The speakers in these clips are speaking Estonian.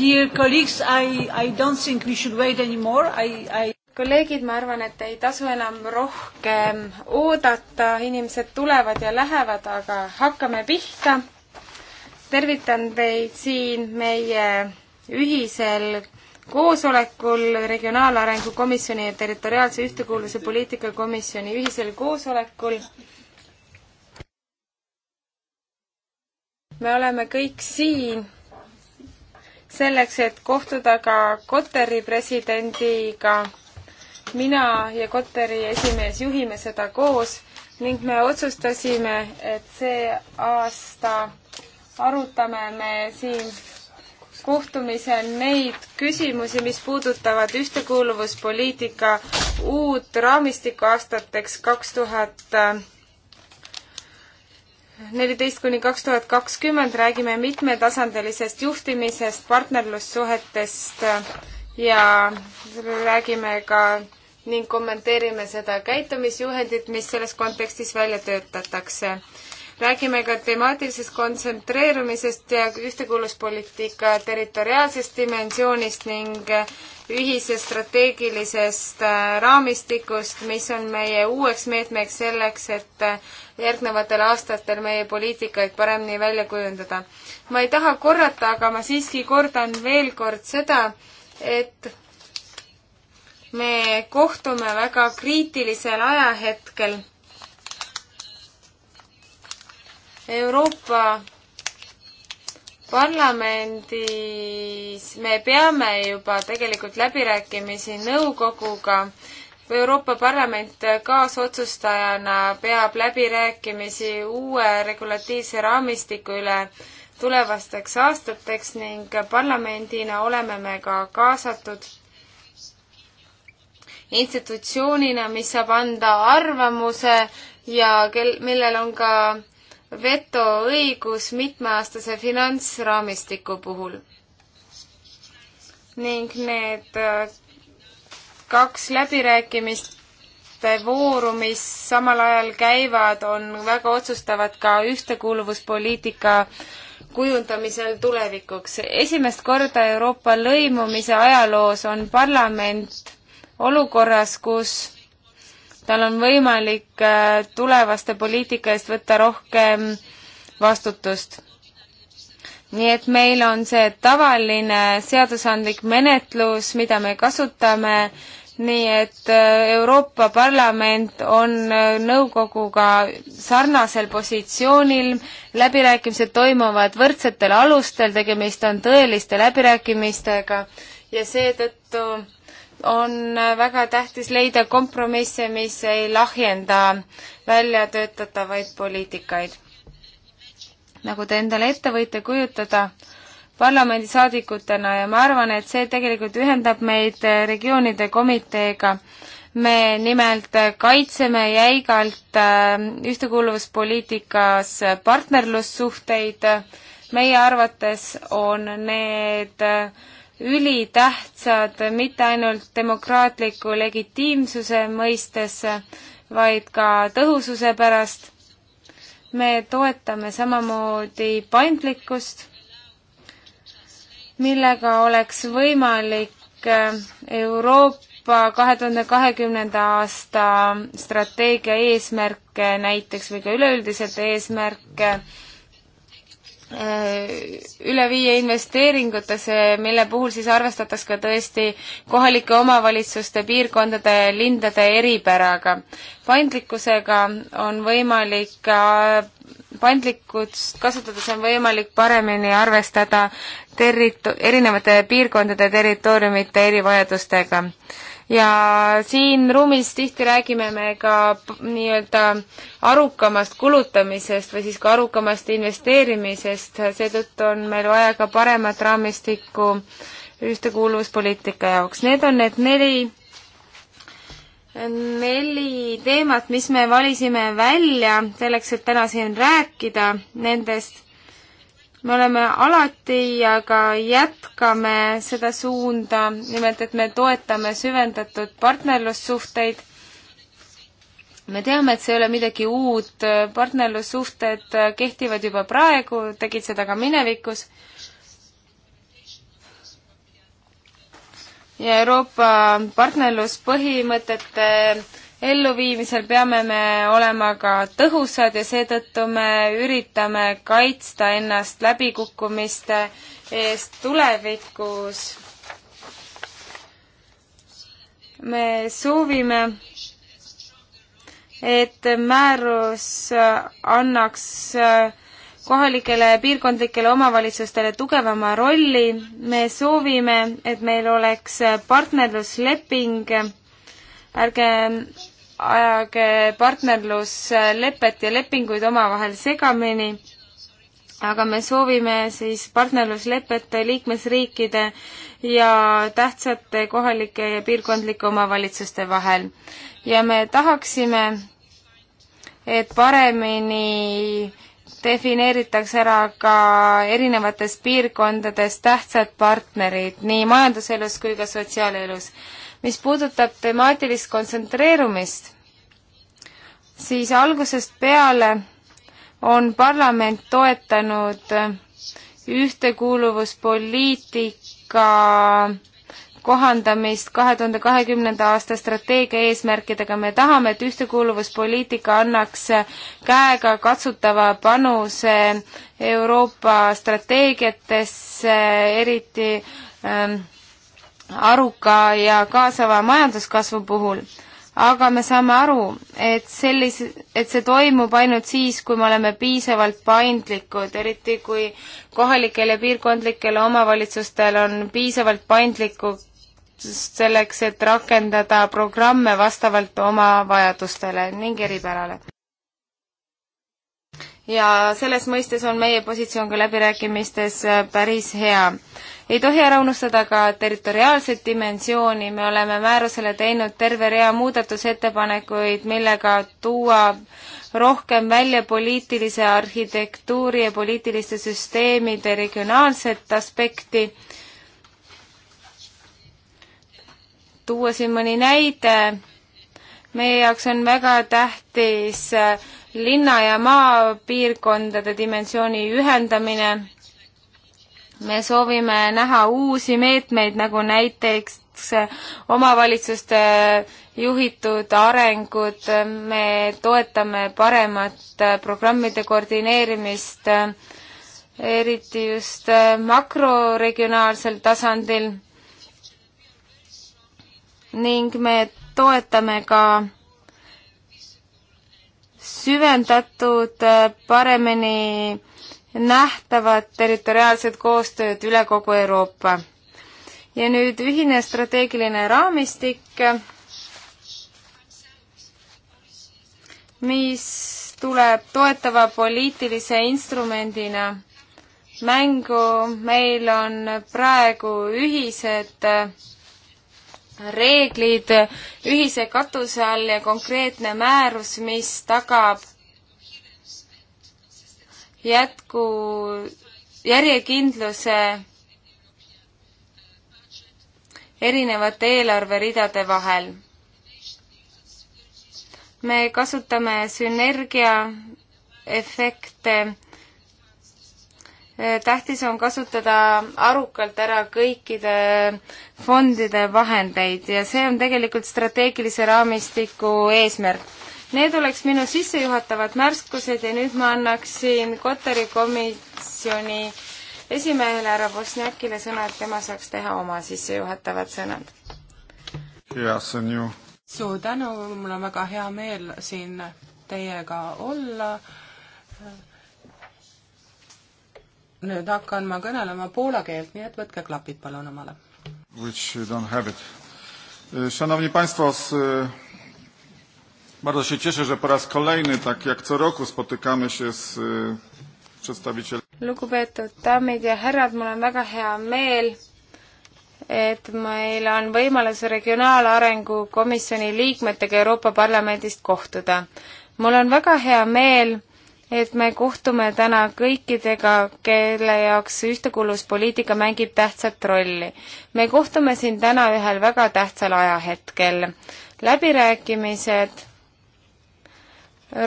Dear colleagues, I, I don't think we should wait anymore. I, I... kolleegid, ma arvan, et ei tasu enam rohkem oodata, inimesed tulevad ja lähevad, aga hakkame pihta. tervitan teid siin meie ühisel koosolekul, Regionaalarengu Komisjoni ja Territoriaalse Ühtekuuluvuse Poliitika Komisjoni ühisel koosolekul me oleme kõik siin selleks, et kohtuda ka Kotari presidendiga. mina ja Kotari esimees juhime seda koos ning me otsustasime, et see aasta arutame me siin kohtumisel neid küsimusi, mis puudutavad ühtekuuluvuspoliitika uut raamistikku aastateks kaks tuhat neliteist kuni kaks tuhat kakskümmend räägime mitmetasandilisest juhtimisest, partnerlussuhetest äh, ja räägime ka ning kommenteerime seda käitumisjuhendit, mis selles kontekstis välja töötatakse räägime ka temaatilisest kontsentreerumisest ja ühtekuuluvuspoliitika territoriaalsest dimensioonist ning ühisest strateegilisest äh, raamistikust, mis on meie uueks meetmeks selleks, et äh, järgnevatel aastatel meie poliitikaid paremini välja kujundada. ma ei taha korrata, aga ma siiski kordan veel kord seda, et me kohtume väga kriitilisel ajahetkel Euroopa Parlamendis me peame juba tegelikult läbirääkimisi nõukoguga. Euroopa Parlament kaasotsustajana peab läbirääkimisi uue regulatiivse raamistiku üle tulevasteks aastateks ning parlamendina oleme me ka kaasatud institutsioonina, mis saab anda arvamuse ja kel, millel on ka vetoõigus mitmeaastase finantsraamistiku puhul. ning need äh, kaks läbirääkimiste vooru, mis samal ajal käivad, on väga otsustavad ka ühtekuuluvuspoliitika kujundamisel tulevikuks. esimest korda Euroopa lõimumise ajaloos on parlament olukorras, kus tal on võimalik äh, tulevaste poliitika eest võtta rohkem vastutust. nii et meil on see tavaline seadusandlik menetlus, mida me kasutame, nii et äh, Euroopa Parlament on äh, nõukoguga sarnasel positsioonil, läbirääkimised toimuvad võrdsetel alustel, tegemist on tõeliste läbirääkimistega ja seetõttu on väga tähtis leida kompromisse, mis ei lahjenda välja töötatavaid poliitikaid. nagu te endale ette võite kujutada, parlamendisaadikutena ja ma arvan, et see tegelikult ühendab meid regioonide komiteega. me nimelt kaitseme jäigalt äh, ühtekuuluvuspoliitikas partnerlussuhteid. meie arvates on need äh, ülitähtsad mitte ainult demokraatliku legitiimsuse mõistes, vaid ka tõhususe pärast. me toetame samamoodi paindlikkust, millega oleks võimalik Euroopa kahe tuhande kahekümnenda aasta strateegia eesmärke näiteks või ka üleüldiselt eesmärke Äh, üle viia investeeringutesse, mille puhul siis arvestataks ka tõesti kohalike omavalitsuste, piirkondade, lindade eripäraga. paindlikkusega on võimalik, äh, paindlikkust kasutades on võimalik paremini arvestada territo-, erinevate piirkondade territooriumite erivajadustega ja siin ruumis tihti räägime me ka nii-öelda arukamast kulutamisest või siis ka arukamast investeerimisest, seetõttu on meil vaja ka paremat raamistikku ühtekuuluvuspoliitika jaoks. Need on need neli neli teemat, mis me valisime välja selleks, et täna siin rääkida nendest me oleme alati ja ka jätkame seda suunda, nimelt et me toetame süvendatud partnerlussuhteid. me teame, et see ei ole midagi uut, partnerlussuhted kehtivad juba praegu, tegid seda ka minevikus. ja Euroopa partnerluspõhimõtete äh, elluviimisel peame me olema ka tõhusad ja seetõttu me üritame kaitsta ennast läbikukkumiste eest tulevikus. me soovime, et määrus annaks kohalikele piirkondlikele omavalitsustele tugevama rolli. me soovime, et meil oleks partnerlusleping. ärge ajage partnerluslepet ja lepinguid omavahel segamini, aga me soovime siis partnerluslepete liikmesriikide ja tähtsate kohalike ja piirkondlike omavalitsuste vahel. ja me tahaksime, et paremini defineeritakse ära ka erinevates piirkondades tähtsad partnerid nii majanduselus kui ka sotsiaalelus mis puudutab temaatilist kontsentreerumist, siis algusest peale on parlament toetanud ühtekuuluvuspoliitika kohandamist kahe tuhande kahekümnenda aasta strateegia eesmärkidega. me tahame, et ühtekuuluvuspoliitika annaks käega katsutava panuse Euroopa strateegiatesse, eriti ähm, aruka ja kaasava majanduskasvu puhul, aga me saame aru, et sellise, et see toimub ainult siis, kui me oleme piisavalt paindlikud, eriti kui kohalikel ja piirkondlikel omavalitsustel on piisavalt paindlikud selleks, et rakendada programme vastavalt oma vajadustele ning eripärale ja selles mõistes on meie positsioon ka läbirääkimistes äh, päris hea. ei tohi ära unustada ka territoriaalset dimensiooni, me oleme määrusele teinud terve rea muudatusettepanekuid, millega tuua rohkem välja poliitilise arhitektuuri ja poliitiliste süsteemide regionaalset aspekti tuua siin mõni näide. meie jaoks on väga tähtis äh, linna ja maapiirkondade dimensiooni ühendamine. me soovime näha uusi meetmeid, nagu näiteks omavalitsuste juhitud arengud, me toetame paremat programmide koordineerimist, eriti just makroregionaalsel tasandil ning me toetame ka süvendatud, äh, paremini nähtavad territoriaalsed koostööd üle kogu Euroopa. ja nüüd ühine strateegiline raamistik, mis tuleb toetava poliitilise instrumendina mängu, meil on praegu ühised äh, reeglid ühise katuse all ja konkreetne määrus, mis tagab jätku, järjekindluse erinevate eelarveridade vahel. me kasutame sünergia efekte Eh, tähtis on kasutada arukalt ära kõikide fondide vahendeid ja see on tegelikult strateegilise raamistiku eesmärk. Need oleks minu sissejuhatavad märkused ja nüüd ma annaksin Kotari komisjoni esimehele härra Bosniakile sõna, et tema saaks teha oma sissejuhatavad sõnad. suur tänu, mul on väga hea meel siin teiega olla nüüd hakkan ma kõnelema poola keelt, nii et võtke klapid palun omale. Which you don't have it. E, Szanowni Państwo, z, e, bardzo się cieszę, że po raz kolejny, tak jak co roku, spotykamy się z e, przedstawicielami. Lugupeetud daamid ja härrad, mul on väga hea meel, et meil on võimalus Regionaalarengu Komisjoni liikmetega Euroopa Parlamendist kohtuda. mul on väga hea meel et me kohtume täna kõikidega, kelle jaoks ühtekuuluvuspoliitika mängib tähtsat rolli. me kohtume siin täna ühel väga tähtsal ajahetkel. läbirääkimised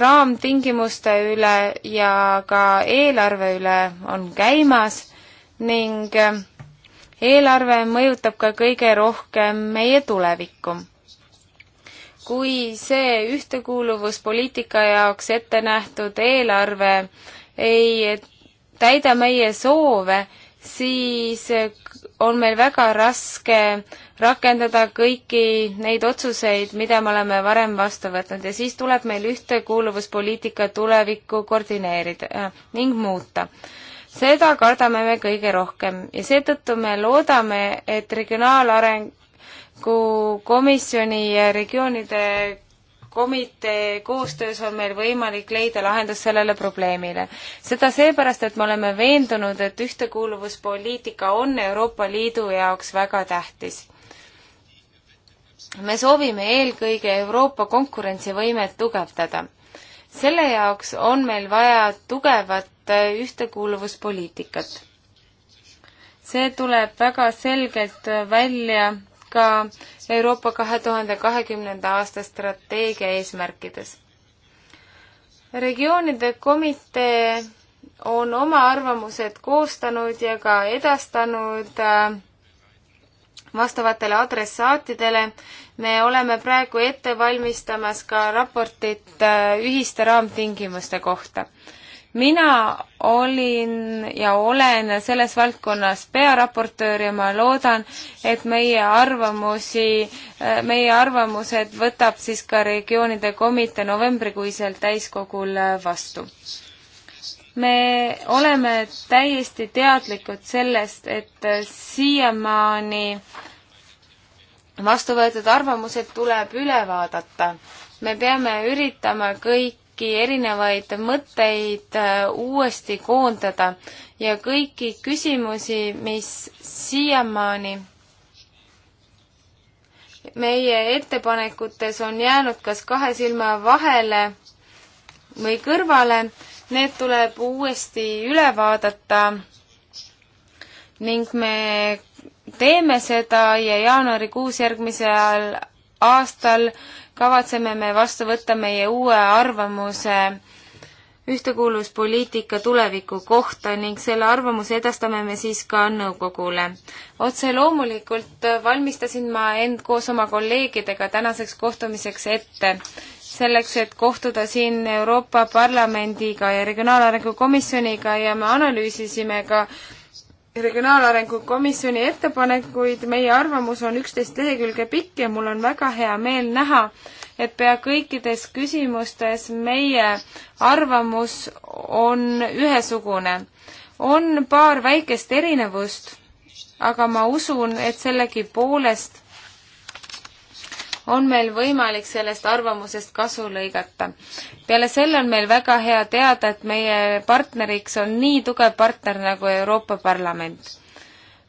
raamtingimuste üle ja ka eelarve üle on käimas ning eelarve mõjutab ka kõige rohkem meie tulevikku kui see ühtekuuluvuspoliitika jaoks ette nähtud eelarve ei täida meie soove, siis on meil väga raske rakendada kõiki neid otsuseid, mida me oleme varem vastu võtnud ja siis tuleb meil ühtekuuluvuspoliitika tulevikku koordineerida äh, ning muuta. seda kardame me kõige rohkem ja seetõttu me loodame, et regionaalareng Arengu Komisjoni ja regioonide komitee koostöös on meil võimalik leida lahendus sellele probleemile. seda seepärast, et me oleme veendunud, et ühtekuuluvuspoliitika on Euroopa Liidu jaoks väga tähtis. me soovime eelkõige Euroopa konkurentsivõimet tugevdada. selle jaoks on meil vaja tugevat ühtekuuluvuspoliitikat. see tuleb väga selgelt välja ka Euroopa kahe tuhande kahekümnenda aasta strateegia eesmärkides. regioonide komitee on oma arvamused koostanud ja ka edastanud äh, vastavatele adressaatidele. me oleme praegu ette valmistamas ka raportit äh, ühiste raamtingimuste kohta mina olin ja olen selles valdkonnas pearaportöör ja ma loodan, et meie arvamusi, äh, meie arvamused võtab siis ka regioonide komitee novembrikuisel täiskogul äh, vastu. me oleme täiesti teadlikud sellest, et äh, siiamaani vastu võetud arvamused tuleb üle vaadata. me peame üritama kõik kõiki erinevaid mõtteid äh, uuesti koondada ja kõiki küsimusi, mis siiamaani meie ettepanekutes on jäänud kas kahe silma vahele või kõrvale, need tuleb uuesti üle vaadata ning me teeme seda ja jaanuarikuus järgmisel aastal kavatseme me vastu võtta meie uue arvamuse ühtekuuluvuspoliitika tuleviku kohta ning selle arvamuse edastame me siis ka nõukogule. otse loomulikult valmistasin ma end koos oma kolleegidega tänaseks kohtumiseks ette, selleks, et kohtuda siin Euroopa Parlamendiga ja Regionaalarengu Komisjoniga ja me analüüsisime ka regionaalarengu komisjoni ettepanekuid, meie arvamus on üksteist lehekülge pikk ja mul on väga hea meel näha, et pea kõikides küsimustes meie arvamus on ühesugune. on paar väikest erinevust, aga ma usun, et sellegipoolest on meil võimalik sellest arvamusest kasu lõigata. peale selle on meil väga hea teada, et meie partneriks on nii tugev partner nagu Euroopa Parlament.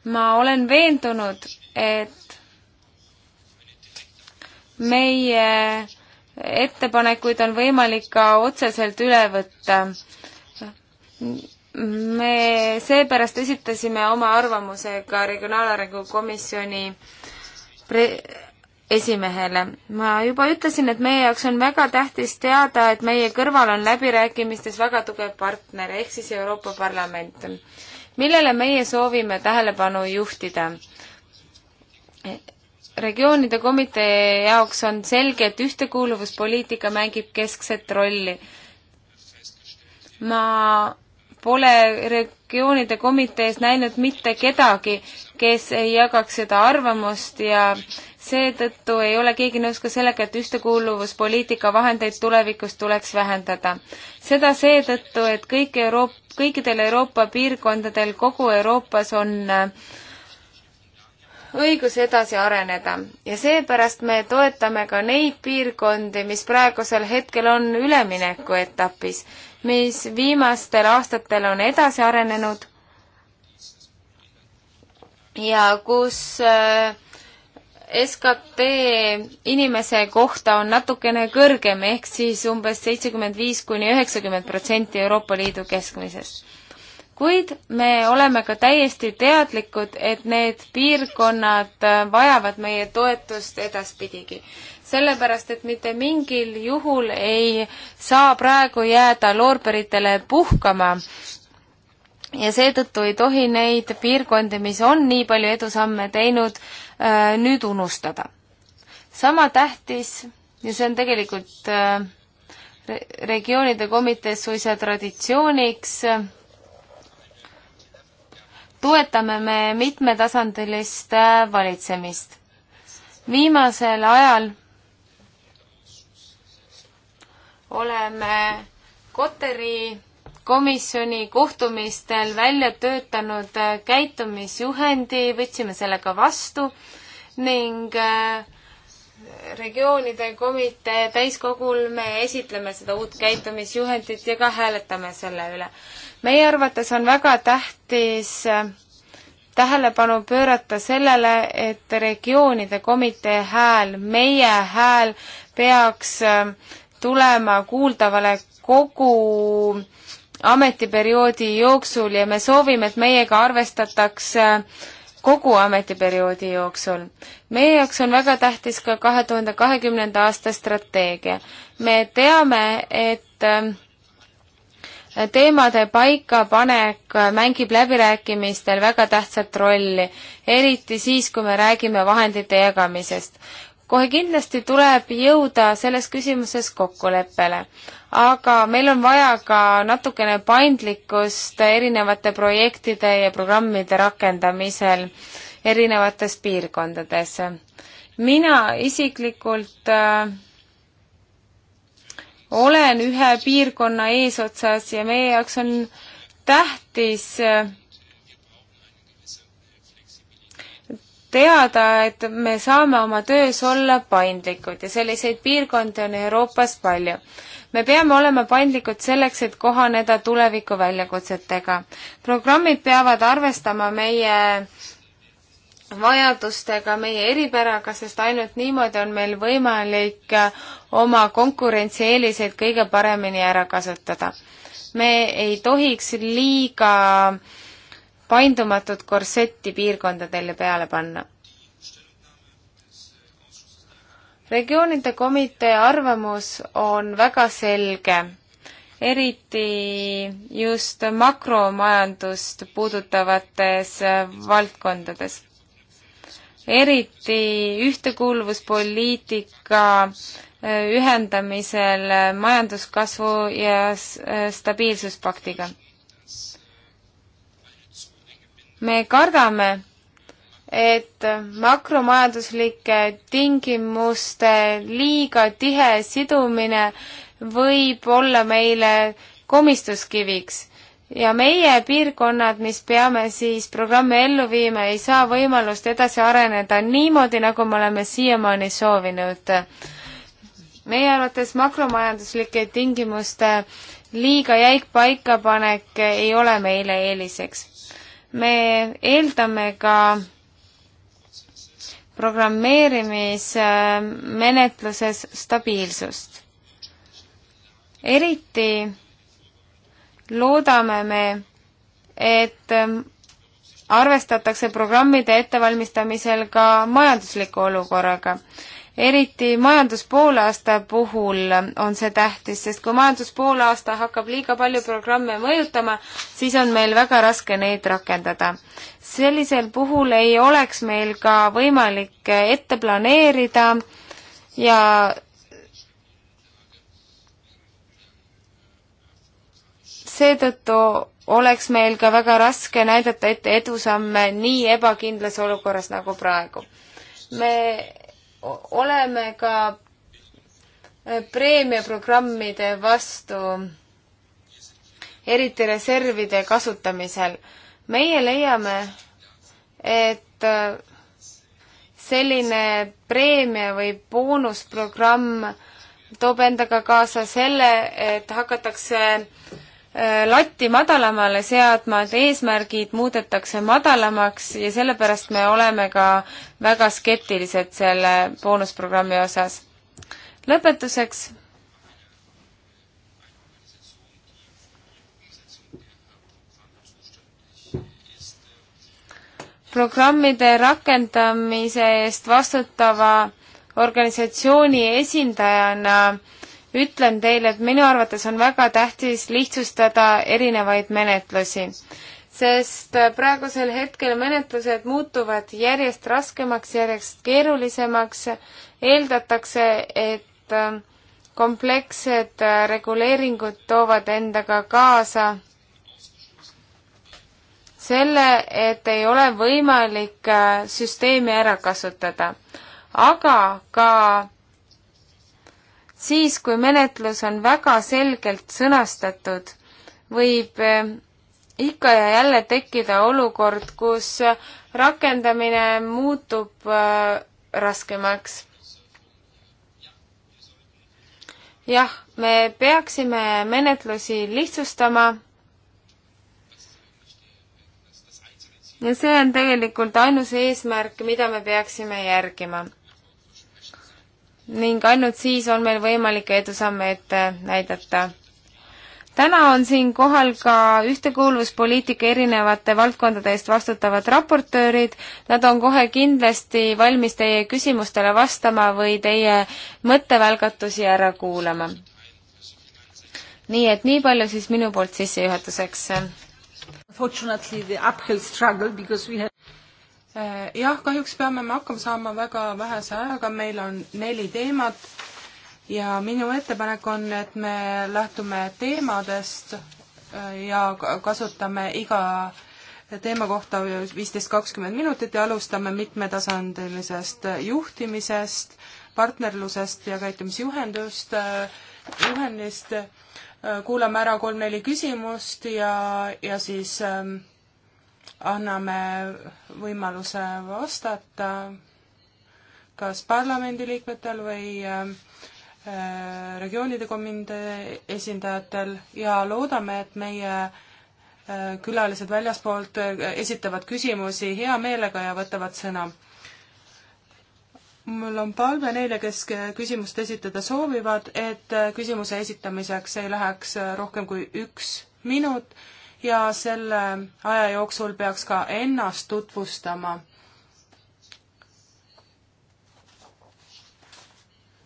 ma olen veendunud, et meie ettepanekuid on võimalik ka otseselt üle võtta. me seepärast esitasime oma arvamuse ka Regionaalarengu Komisjoni pre-, esimehele. ma juba ütlesin, et meie jaoks on väga tähtis teada, et meie kõrval on läbirääkimistes väga tugev partner ehk siis Euroopa Parlament, millele meie soovime tähelepanu juhtida. regioonide komitee jaoks on selge, et ühtekuuluvuspoliitika mängib keskset rolli. ma pole regioonide komitees näinud mitte kedagi, kes ei jagaks seda arvamust ja seetõttu ei ole keegi nõus ka sellega, et ühtekuuluvuspoliitika vahendeid tulevikus tuleks vähendada. seda seetõttu, et kõik Euroop-, kõikidel Euroopa piirkondadel kogu Euroopas on äh, õigus edasi areneda ja seepärast me toetame ka neid piirkondi, mis praegusel hetkel on ülemineku etapis, mis viimastel aastatel on edasi arenenud ja kus äh, SKT inimese kohta on natukene kõrgem, ehk siis umbes seitsekümmend viis kuni üheksakümmend protsenti Euroopa Liidu keskmisest. kuid me oleme ka täiesti teadlikud, et need piirkonnad vajavad meie toetust edaspidigi. sellepärast, et mitte mingil juhul ei saa praegu jääda loorberitele puhkama ja seetõttu ei tohi neid piirkondi, mis on nii palju edusamme teinud, Äh, nüüd unustada. sama tähtis ja see on tegelikult äh, re regioonide komitees suisa traditsiooniks, toetame me mitmetasandilist äh, valitsemist. viimasel ajal oleme Koteri komisjoni kohtumistel välja töötanud äh, käitumisjuhendi, võtsime selle ka vastu ning äh, regioonide komitee täiskogul me esitleme seda uut käitumisjuhendit ja ka hääletame selle üle. meie arvates on väga tähtis äh, tähelepanu pöörata sellele, et regioonide komitee hääl, meie hääl peaks tulema kuuldavale kogu äh, ametiperioodi jooksul ja me soovime, et meiega arvestataks äh, kogu ametiperioodi jooksul. meie jaoks on väga tähtis ka kahe tuhande kahekümnenda aasta strateegia. me teame, et äh, teemade paikapanek äh, mängib läbirääkimistel väga tähtsat rolli, eriti siis, kui me räägime vahendite jagamisest kohe kindlasti tuleb jõuda selles küsimuses kokkuleppele aga meil on vaja ka natukene paindlikkust erinevate projektide ja programmide rakendamisel erinevates piirkondades. mina isiklikult äh, olen ühe piirkonna eesotsas ja meie jaoks on tähtis äh, teada, et me saame oma töös olla paindlikud ja selliseid piirkondi on Euroopas palju me peame olema paindlikud selleks, et kohaneda tuleviku väljakutsetega. programmid peavad arvestama meie vajadustega, meie eripäraga, sest ainult niimoodi on meil võimalik oma konkurentsieeliseid kõige paremini ära kasutada. me ei tohiks liiga paindumatut korsetti piirkondadele peale panna regioonide komitee arvamus on väga selge, eriti just makromajandust puudutavates äh, valdkondades. eriti ühtekuuluvuspoliitika äh, ühendamisel äh, majanduskasvu ja stabiilsuspaktiga. me kardame, et makromajanduslike tingimuste liiga tihe sidumine võib olla meile komistuskiviks ja meie piirkonnad, mis peame siis programmi ellu viima, ei saa võimalust edasi areneda niimoodi, nagu me oleme siiamaani soovinud. meie arvates makromajanduslike tingimuste liiga jäik paikapanek ei ole meile eeliseks. me eeldame ka programmeerimismenetluses stabiilsust. eriti loodame me, et arvestatakse programmide ettevalmistamisel ka majandusliku olukorraga eriti majanduspoolaasta puhul on see tähtis, sest kui majanduspoolaasta hakkab liiga palju programme mõjutama, siis on meil väga raske neid rakendada. sellisel puhul ei oleks meil ka võimalik ette planeerida ja seetõttu oleks meil ka väga raske näidata ette edusamme nii ebakindlas olukorras nagu praegu. me oleme ka preemiaprogrammide vastu, eriti reservide kasutamisel. meie leiame, et äh, selline preemia või boonusprogramm toob endaga kaasa selle, et hakatakse Äh, latti madalamale seadma, et eesmärgid muudetakse madalamaks ja sellepärast me oleme ka väga skeptilised selle boonusprogrammi osas. lõpetuseks. programmide rakendamise eest vastutava organisatsiooni esindajana äh, ütlen teile, et minu arvates on väga tähtis lihtsustada erinevaid menetlusi, sest äh, praegusel hetkel menetlused muutuvad järjest raskemaks, järjest keerulisemaks, eeldatakse, et äh, komplekssed äh, reguleeringud toovad endaga kaasa selle, et ei ole võimalik süsteemi ära kasutada. aga ka siis, kui menetlus on väga selgelt sõnastatud, võib eh, ikka ja jälle tekkida olukord, kus rakendamine muutub eh, raskemaks. jah, me peaksime menetlusi lihtsustama. ja see on tegelikult ainus eesmärk, mida me peaksime järgima ning ainult siis on meil võimalik edusamme ette näidata. täna on siin kohal ka ühtekuuluvuspoliitika erinevate valdkondade eest vastutavad raportöörid, nad on kohe kindlasti valmis teie küsimustele vastama või teie mõttevälgatusi ära kuulama. nii et nii palju siis minu poolt sissejuhatuseks. Unfortunately the uphill struggle because we have Äh, jah, kahjuks peame me hakkama saama väga vähese ajaga, meil on neli teemat ja minu ettepanek on, et me lähtume teemadest äh, ja kasutame iga teema kohta viisteist, kakskümmend minutit ja alustame mitmetasandilisest juhtimisest, partnerlusest ja käitumisjuhendust, äh, juhendist, kuulame ära kolm-neli küsimust ja, ja siis ähm, anname võimaluse vastata kas parlamendiliikmetel või äh, äh, regioonide komitee esindajatel ja loodame, et meie äh, külalised väljaspoolt esitavad küsimusi hea meelega ja võtavad sõna. mul on palve neile, kes küsimust esitada soovivad, et küsimuse esitamiseks ei läheks rohkem kui üks minut ja selle aja jooksul peaks ka ennast tutvustama.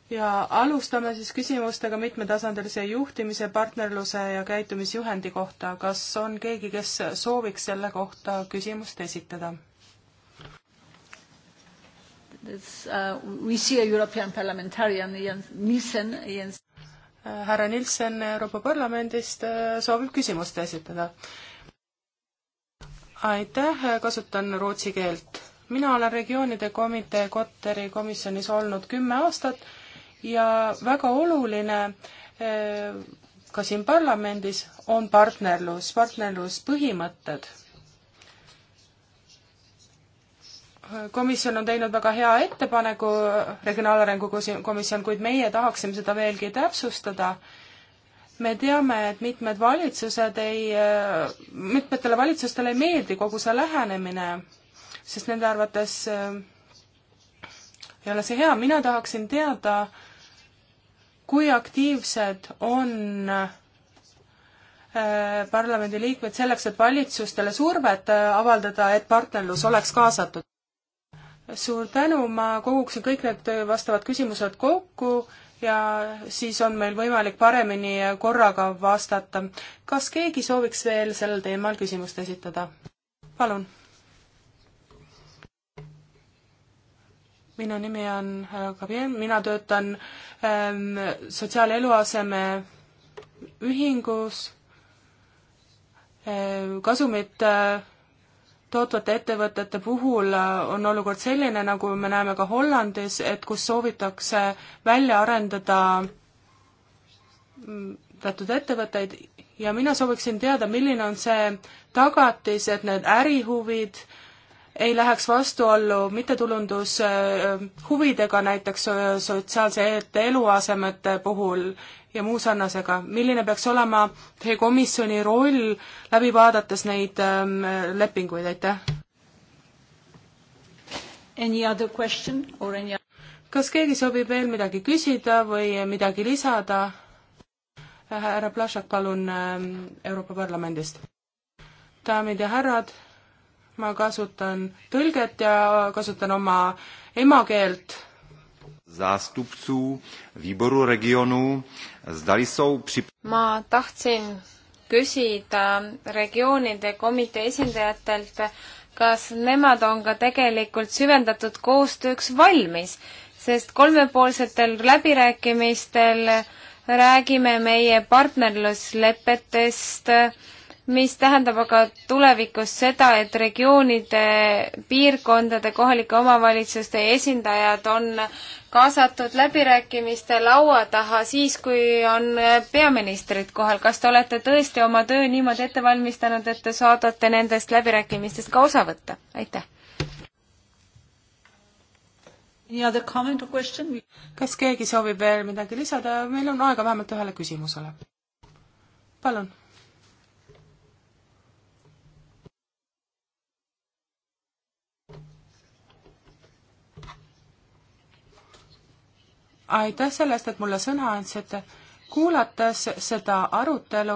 ja alustame siis küsimustega mitmetasandilise juhtimise, partnerluse ja käitumisjuhendi kohta. kas on keegi, kes sooviks selle kohta küsimust esitada? Uh, we see a European parliamentarian Jens Nielsen. Jens härra Nilsen Euroopa Parlamendist äh, soovib küsimust esitada. aitäh, kasutan rootsi keelt. mina olen regioonide komitee Kotteri komisjonis olnud kümme aastat ja väga oluline äh, ka siin parlamendis on partnerlus, partnerluspõhimõtted komisjon on teinud väga hea ettepaneku, Regionaalarengu komisjon, kuid meie tahaksime seda veelgi täpsustada. me teame, et mitmed valitsused ei, mitmetele valitsustele ei meeldi kogu see lähenemine, sest nende arvates äh, ei ole see hea, mina tahaksin teada, kui aktiivsed on äh, parlamendiliikmed selleks, et valitsustele survet äh, avaldada, et partnerlus oleks kaasatud suur tänu, ma koguksin kõik need vastavad küsimused kokku ja siis on meil võimalik paremini korraga vastata. kas keegi sooviks veel sellel teemal küsimust esitada? palun. minu nimi on härra äh, Gabriel, mina töötan ähm, sotsiaaleluaseme ühingus äh,. kasumit äh, tootvate ettevõtete puhul äh, on olukord selline, nagu me näeme ka Hollandis, et kus soovitakse välja arendada mm, teatud ettevõtteid ja mina sooviksin teada, milline on see tagatis, et need ärihuvid ei läheks vastuollu mittetulundushuvidega äh, näiteks sotsiaalsete eluasemete puhul ja muu sarnasega. milline peaks olema teie komisjoni roll läbi vaadates neid ähm, lepinguid, aitäh! Any other question or any kas keegi soovib veel midagi küsida või midagi lisada? Äh, härra Plašak, palun ähm, Euroopa Parlamendist. daamid ja härrad, ma kasutan tõlget ja kasutan oma emakeelt. Zástupců výboru regionu ma tahtsin küsida regioonide komitee esindajatelt, kas nemad on ka tegelikult süvendatud koostööks valmis, sest kolmepoolsetel läbirääkimistel räägime meie partnerluslepetest äh, mis tähendab aga tulevikus seda, et regioonide, piirkondade, kohalike omavalitsuste esindajad on kaasatud läbirääkimiste laua taha siis, kui on peaministrid kohal. kas te olete tõesti oma töö niimoodi ette valmistanud, et te saadate nendest läbirääkimistest ka osa võtta? aitäh! kas keegi soovib veel midagi lisada? meil on aega vähemalt ühele küsimusele. palun aitäh selle eest, et mulle sõna andsite. kuulates seda arutelu,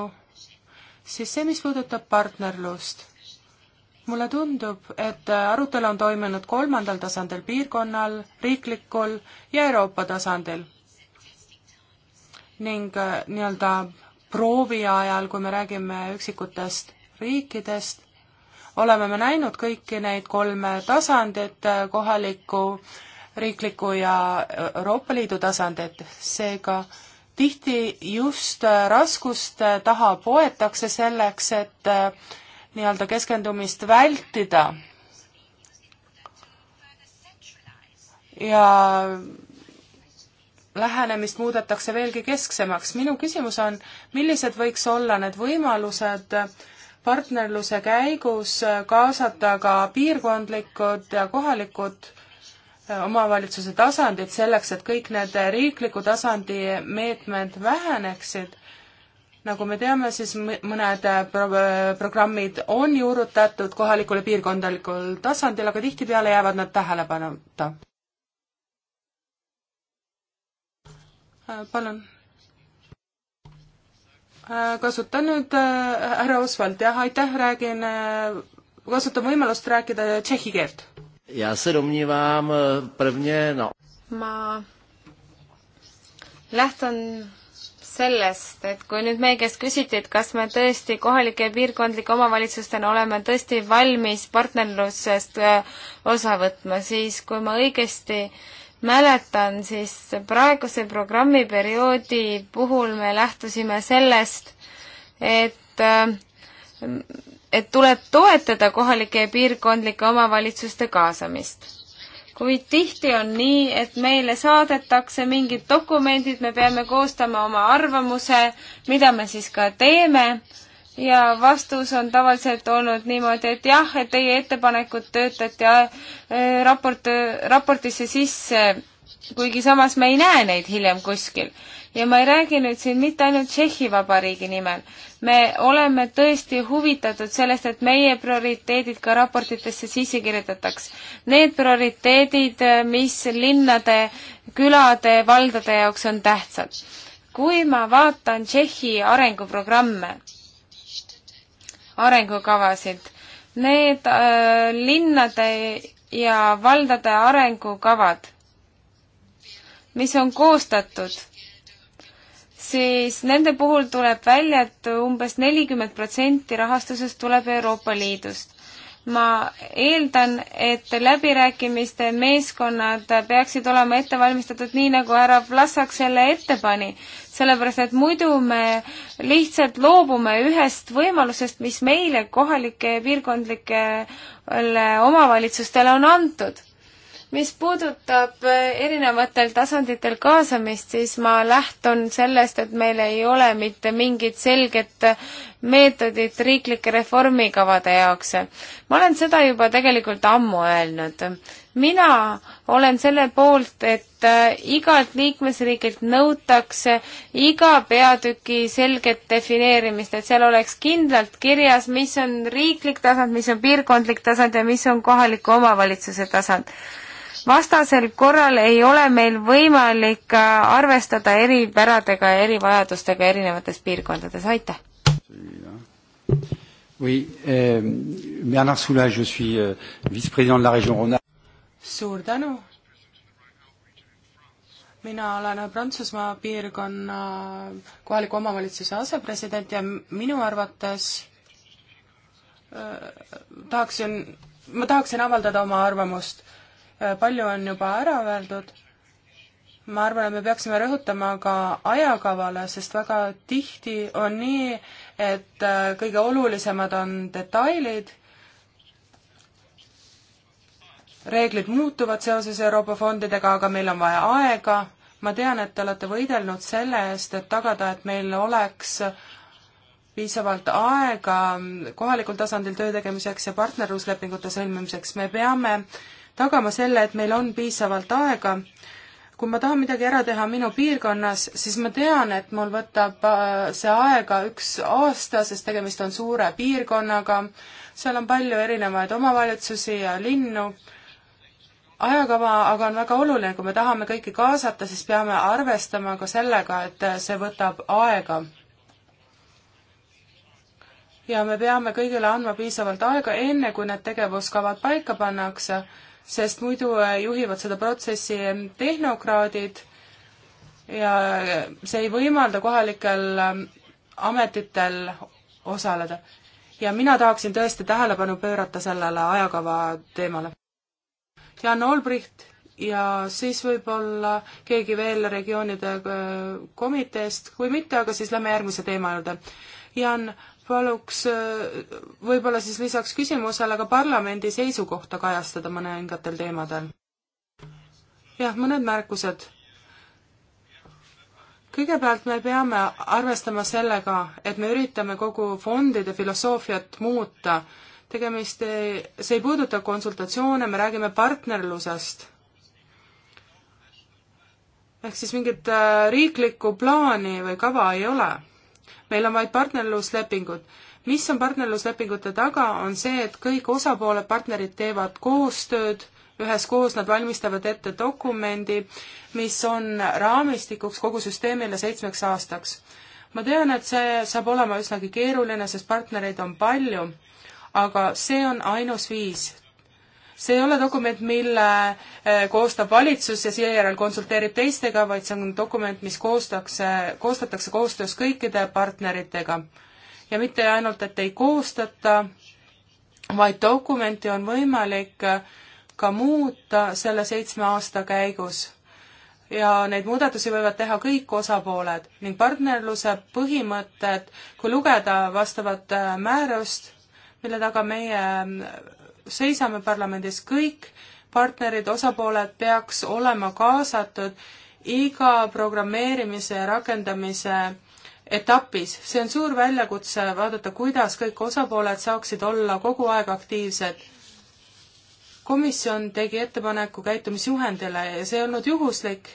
siis see, mis puudutab partnerlust, mulle tundub, et arutelu on toimunud kolmandal tasandil piirkonnal, riiklikul ja Euroopa tasandil. ning äh, nii-öelda proovi ajal, kui me räägime üksikutest riikidest, oleme me näinud kõiki neid kolme tasandit, äh, kohalikku äh, riiklikku ja Euroopa Liidu tasandit, seega tihti just äh, raskust taha poetakse selleks, et äh, nii-öelda keskendumist vältida. ja lähenemist muudetakse veelgi kesksemaks. minu küsimus on, millised võiks olla need võimalused partnerluse käigus kaasata ka piirkondlikud ja kohalikud omavalitsuse tasandit selleks, et kõik need riikliku tasandi meetmed väheneksid. nagu me teame, siis mõned äh, pro programmid on juurutatud kohalikul ja piirkondlikul tasandil, aga tihtipeale jäävad nad tähelepanuta. Äh, palun. Äh, kasutan nüüd, härra Osvald, jah, aitäh, räägin, kasutan võimalust rääkida tšehhi keelt Já se domnívám eh, prvně, no. Ma lähtun sellest, et kui nüüd meie käest küsiti, et kas me tõesti kohalike piirkondlike omavalitsustena oleme tõesti valmis partnerlusest eh, osa võtma, siis kui ma õigesti mäletan, siis praeguse programmiperioodi puhul me lähtusime sellest, et eh, et tuleb toetada kohalike ja piirkondlike omavalitsuste kaasamist. kuid tihti on nii, et meile saadetakse mingid dokumendid, me peame koostama oma arvamuse, mida me siis ka teeme ja vastus on tavaliselt olnud niimoodi, et jah, et teie ettepanekud töötati äh, raport, raportisse sisse, kuigi samas me ei näe neid hiljem kuskil ja ma ei räägi nüüd siin mitte ainult Tšehhi Vabariigi nimel. me oleme tõesti huvitatud sellest, et meie prioriteedid ka raportitesse sisse kirjutataks. Need prioriteedid, mis linnade, külade, valdade jaoks on tähtsad. kui ma vaatan Tšehhi arenguprogramme, arengukavasid, need äh, linnade ja valdade arengukavad, mis on koostatud siis nende puhul tuleb välja, et umbes nelikümmend protsenti rahastusest tuleb Euroopa Liidust. ma eeldan, et läbirääkimiste meeskonnad peaksid olema ette valmistatud nii, nagu härra Vlasak selle ette pani, sellepärast et muidu me lihtsalt loobume ühest võimalusest, mis meile kohalike piirkondlikele omavalitsustele on antud mis puudutab äh, erinevatel tasanditel kaasamist, siis ma lähtun sellest, et meil ei ole mitte mingit selget äh, meetodit riiklike reformikavade jaoks. ma olen seda juba tegelikult ammu öelnud. mina olen selle poolt, et äh, igalt liikmesriigilt nõutakse iga peatüki selget defineerimist, et seal oleks kindlalt kirjas, mis on riiklik tasand, mis on piirkondlik tasand ja mis on kohaliku omavalitsuse tasand vastasel korral ei ole meil võimalik äh, arvestada eripäradega ja erivajadustega erinevates piirkondades, aitäh! Oui, euh, Bernard Soula, je suis euh, vice-président de la région Rhône. Suur tänu. mina olen Prantsusmaa piirkonna kohaliku omavalitsuse asepresident ja minu arvates äh, tahaksin, ma tahaksin avaldada oma arvamust palju on juba ära öeldud. ma arvan, et me peaksime rõhutama ka ajakavale, sest väga tihti on nii, et äh, kõige olulisemad on detailid reeglid muutuvad seoses Euroopa fondidega, aga meil on vaja aega. ma tean, et te olete võidelnud selle eest, et tagada, et meil oleks piisavalt aega kohalikul tasandil töö tegemiseks ja partnerluslepingute sõlmimiseks. me peame tagama selle, et meil on piisavalt aega. kui ma tahan midagi ära teha minu piirkonnas, siis ma tean, et mul võtab äh, see aega üks aasta, sest tegemist on suure piirkonnaga, seal on palju erinevaid omavalitsusi ja linnu, ajakava aga on väga oluline, kui me tahame kõiki kaasata, siis peame arvestama ka sellega, et see võtab aega ja me peame kõigile andma piisavalt aega, enne kui need tegevuskavad paika pannakse, sest muidu äh, juhivad seda protsessi tehnokraadid ja äh, see ei võimalda kohalikel ähm, ametitel osaleda. ja mina tahaksin tõesti tähelepanu pöörata sellele ajakava teemale. Jan Olbricht ja siis võib-olla keegi veel regioonide äh, komiteest, kui mitte, aga siis lähme järgmise teema juurde. Jan, paluks äh, võib-olla siis lisaks küsimusele ka parlamendi seisukohta kajastada mõningatel teemadel. jah, mõned märkused. kõigepealt me peame arvestama sellega, et me üritame kogu fondide filosoofiat muuta. tegemist, see ei puuduta konsultatsioone, me räägime partnerlusest. ehk siis mingit äh, riiklikku plaani või kava ei ole meil on vaid partnerluslepingud. mis on partnerluslepingute taga, on see, et kõik osapooled, partnerid teevad koostööd, üheskoos nad valmistavad ette dokumendi, mis on raamistikuks kogu süsteemile seitsmeks aastaks. ma tean, et see saab olema üsnagi keeruline, sest partnereid on palju, aga see on ainus viis see ei ole dokument, mille eh, koostab valitsus ja seejärel konsulteerib teistega, vaid see on dokument, mis koostakse, koostatakse koostöös kõikide partneritega. ja mitte ainult, et ei koostata, vaid dokumenti on võimalik eh, ka muuta selle seitsme aasta käigus. ja neid muudatusi võivad teha kõik osapooled ning partnerluse põhimõtted, kui lugeda vastavat eh, määrust, mille taga meie seisame parlamendis, kõik partnerid, osapooled peaks olema kaasatud iga programmeerimise ja rakendamise etapis. see on suur väljakutse vaadata, kuidas kõik osapooled saaksid olla kogu aeg aktiivsed. komisjon tegi ettepaneku käitumisjuhendile ja see ei olnud juhuslik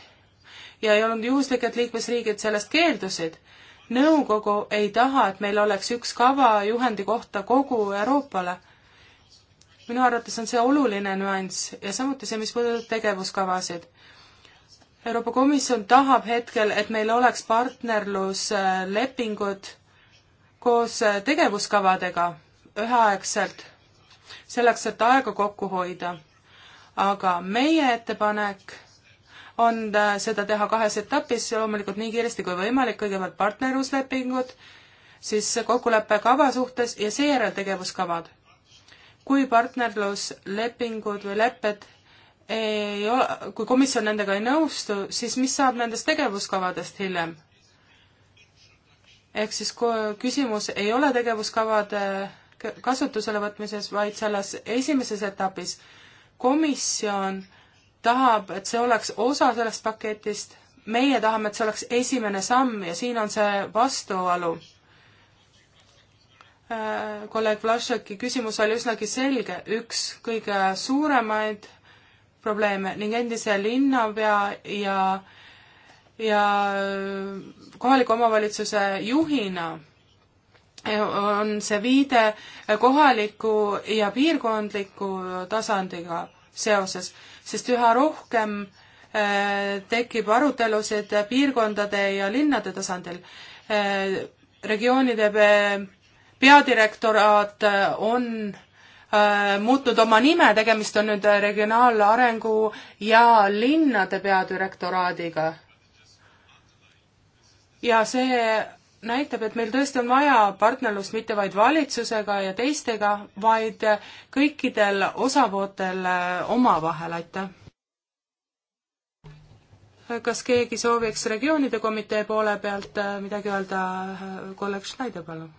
ja ei olnud juhuslik, et liikmesriigid sellest keeldusid. nõukogu ei taha, et meil oleks üks kava juhendi kohta kogu Euroopale minu arvates on see oluline nüanss ja samuti see, mis puudutab tegevuskavasid. Euroopa Komisjon tahab hetkel, et meil oleks partnerluslepingud koos tegevuskavadega üheaegselt, selleks, et aega kokku hoida. aga meie ettepanek on äh, seda teha kahes etapis, loomulikult nii kiiresti kui võimalik, kõigepealt partnerluslepingud, siis kokkulepe kava suhtes ja seejärel tegevuskavad kui partnerluslepingud või lepped ei ole, kui komisjon nendega ei nõustu, siis mis saab nendest tegevuskavadest hiljem? ehk siis küsimus ei ole tegevuskavade kasutusele võtmises, vaid selles esimeses etapis. komisjon tahab, et see oleks osa sellest paketist, meie tahame, et see oleks esimene samm ja siin on see vastuolu Äh, kolleeg Vlašeki küsimus oli üsnagi selge, üks kõige suuremaid probleeme ning endise linnapea ja, ja kohaliku omavalitsuse juhina on see viide kohaliku ja piirkondliku tasandiga seoses, sest üha rohkem äh, tekib arutelusid piirkondade ja linnade tasandil äh, regioonide peadirektoraat äh, on äh, muutnud oma nime, tegemist on nüüd äh, regionaalarengu ja linnade peadirektoraadiga. ja see näitab, et meil tõesti on vaja partnerlust mitte vaid valitsusega ja teistega, vaid kõikidel osapooltel omavahel, aitäh. kas keegi sooviks regioonide komitee poole pealt midagi öelda, kolleeg Schneider, palun?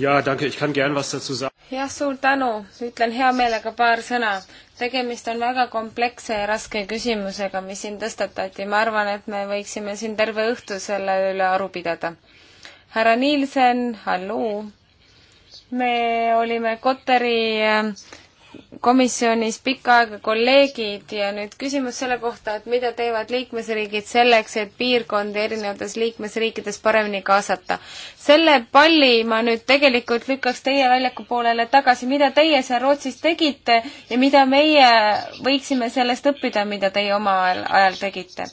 jah, suur tänu, ütlen hea meelega paar sõna. tegemist on väga kompleksse ja raske küsimusega, mis siin tõstatati, ma arvan, et me võiksime siin terve õhtu selle üle aru pidada. härra Nielsen, halloo! me olime Kotari äh, komisjonis pikka aega kolleegid ja nüüd küsimus selle kohta, et mida teevad liikmesriigid selleks, et piirkondi erinevates liikmesriikides paremini kaasata. selle palli ma nüüd tegelikult lükkaks teie väljaku poolele tagasi, mida teie seal Rootsis tegite ja mida meie võiksime sellest õppida, mida teie oma ajal, ajal tegite?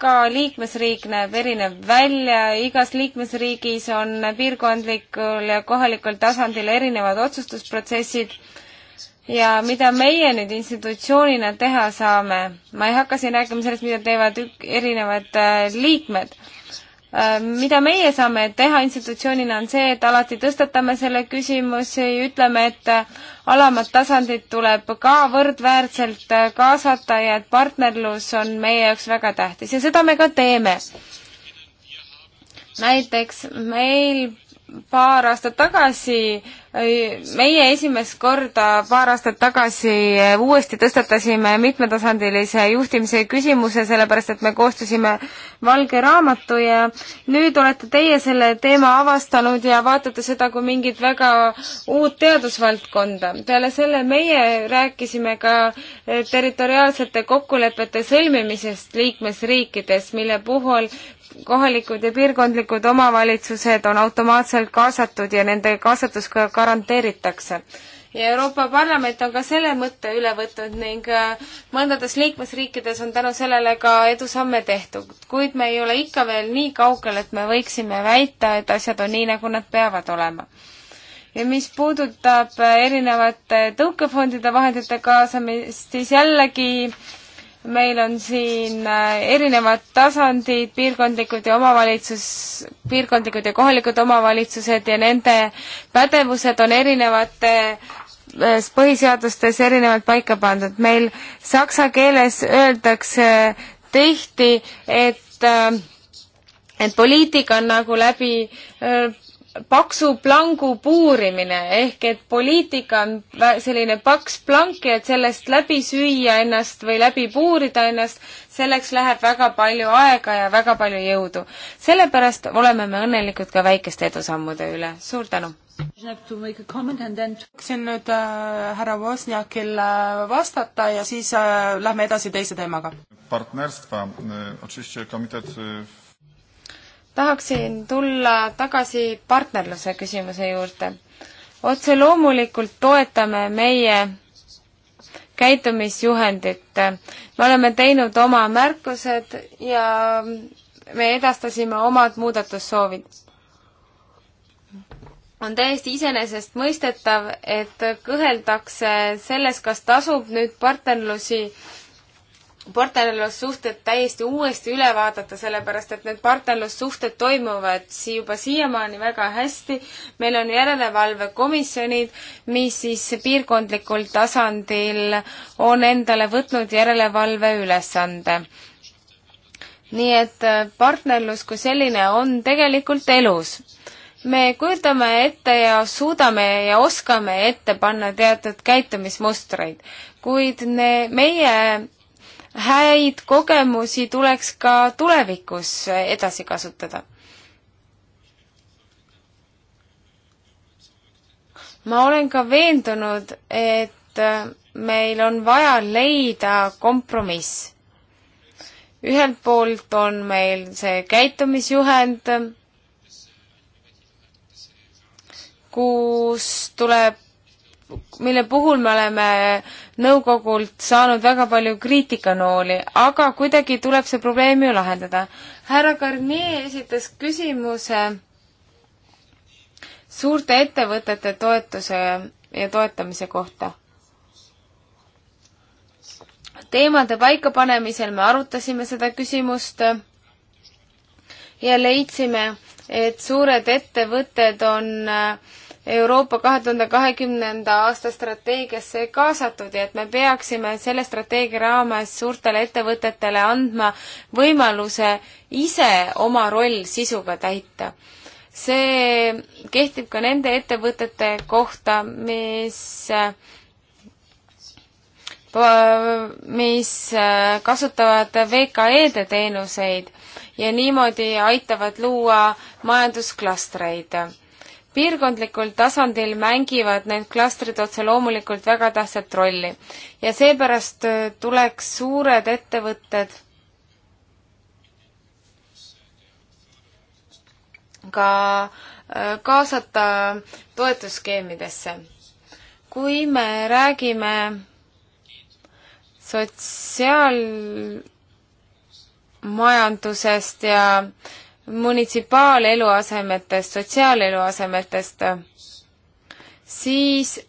iga liikmesriik näeb erinev välja, igas liikmesriigis on piirkondlikul ja kohalikul tasandil erinevad otsustusprotsessid ja mida meie nüüd institutsioonina teha saame, ma ei hakka siin rääkima sellest, mida teevad erinevad äh, liikmed Äh, mida meie saame teha institutsioonina, on see, et alati tõstatame selle küsimusi, ütleme, et äh, alamat tasandit tuleb ka võrdväärselt äh, kaasata ja et partnerlus on meie jaoks väga tähtis ja seda me ka teeme. näiteks meil paar aastat tagasi, meie esimest korda paar aastat tagasi uuesti tõstatasime mitmetasandilise juhtimise küsimuse, sellepärast et me koostasime valge raamatu ja nüüd olete teie selle teema avastanud ja vaatate seda kui mingit väga uut teadusvaldkonda. peale selle meie rääkisime ka territoriaalsete kokkulepete sõlmimisest liikmesriikides, mille puhul kohalikud ja piirkondlikud omavalitsused on automaatselt kaasatud ja nende kaasatus ka garanteeritakse. ja Euroopa Parlament on ka selle mõtte üle võtnud ning äh, mõndades liikmesriikides on tänu sellele ka edusamme tehtud, kuid me ei ole ikka veel nii kaugel, et me võiksime väita, et asjad on nii, nagu nad peavad olema ja mis puudutab erinevate tõukefondide vahendite kaasamist, siis jällegi äh, meil on siin äh, erinevad tasandid, piirkondlikud ja omavalitsus, piirkondlikud ja kohalikud omavalitsused ja nende pädevused on erinevate äh, põhiseadustes erinevalt paika pandud. meil saksa keeles öeldakse tihti, et äh, et poliitika on nagu läbi paksu plangu puurimine ehk et poliitika on selline paks plank ja et sellest läbi süüa ennast või läbi puurida ennast, selleks läheb väga palju aega ja väga palju jõudu. sellepärast oleme me õnnelikud ka väikeste edusammude üle. suur tänu! tahaksin nüüd äh, härra Vosniakil äh, vastata ja siis äh, lähme edasi teise teemaga. partnerstva äh,, oczywiście komitet äh, tahaksin tulla tagasi partnerluse küsimuse juurde. otse loomulikult toetame meie käitumisjuhendit. me oleme teinud oma märkused ja me edastasime omad muudatussoovid. on täiesti iseenesestmõistetav, et kõheldakse selles, kas tasub nüüd partnerlusi äh, partnerlussuhted täiesti uuesti üle vaadata, sellepärast et need partnerlussuhted toimuvad sii- juba siiamaani väga hästi. meil on järelevalvekomisjonid, mis siis piirkondlikul tasandil on endale võtnud järelevalve ülesande. nii et äh, partnerlus kui selline on tegelikult elus me kujutame ette ja suudame ja oskame ette panna teatud käitumismustreid, kuid ne, meie häid kogemusi tuleks ka tulevikus edasi kasutada. ma olen ka veendunud, et meil on vaja leida kompromiss. ühelt poolt on meil see käitumisjuhend, kus tuleb mille puhul me oleme nõukogult saanud väga palju kriitikanooli, aga kuidagi tuleb see probleem ju lahendada. härra Garnier esitas küsimuse suurte ettevõtete toetuse ja toetamise kohta. teemade paikapanemisel me arutasime seda küsimust ja leidsime, et suured ettevõtted on äh, Euroopa kahe tuhande kahekümnenda aasta strateegiasse kaasatud ja et me peaksime selle strateegia raames suurtele ettevõtetele andma võimaluse ise oma roll sisuga täita. see kehtib ka nende ettevõtete kohta, mis mis kasutavad VKE-de teenuseid ja niimoodi aitavad luua majandusklastreid piirkondlikul tasandil mängivad need klastrid otse loomulikult väga tähtsat rolli ja seepärast äh, tuleks suured ettevõtted ka äh, kaasata toetusskeemidesse. kui me räägime sotsiaalmajandusest ja äh, munitsipaaleluasemetest, sotsiaaleluasemetest, siis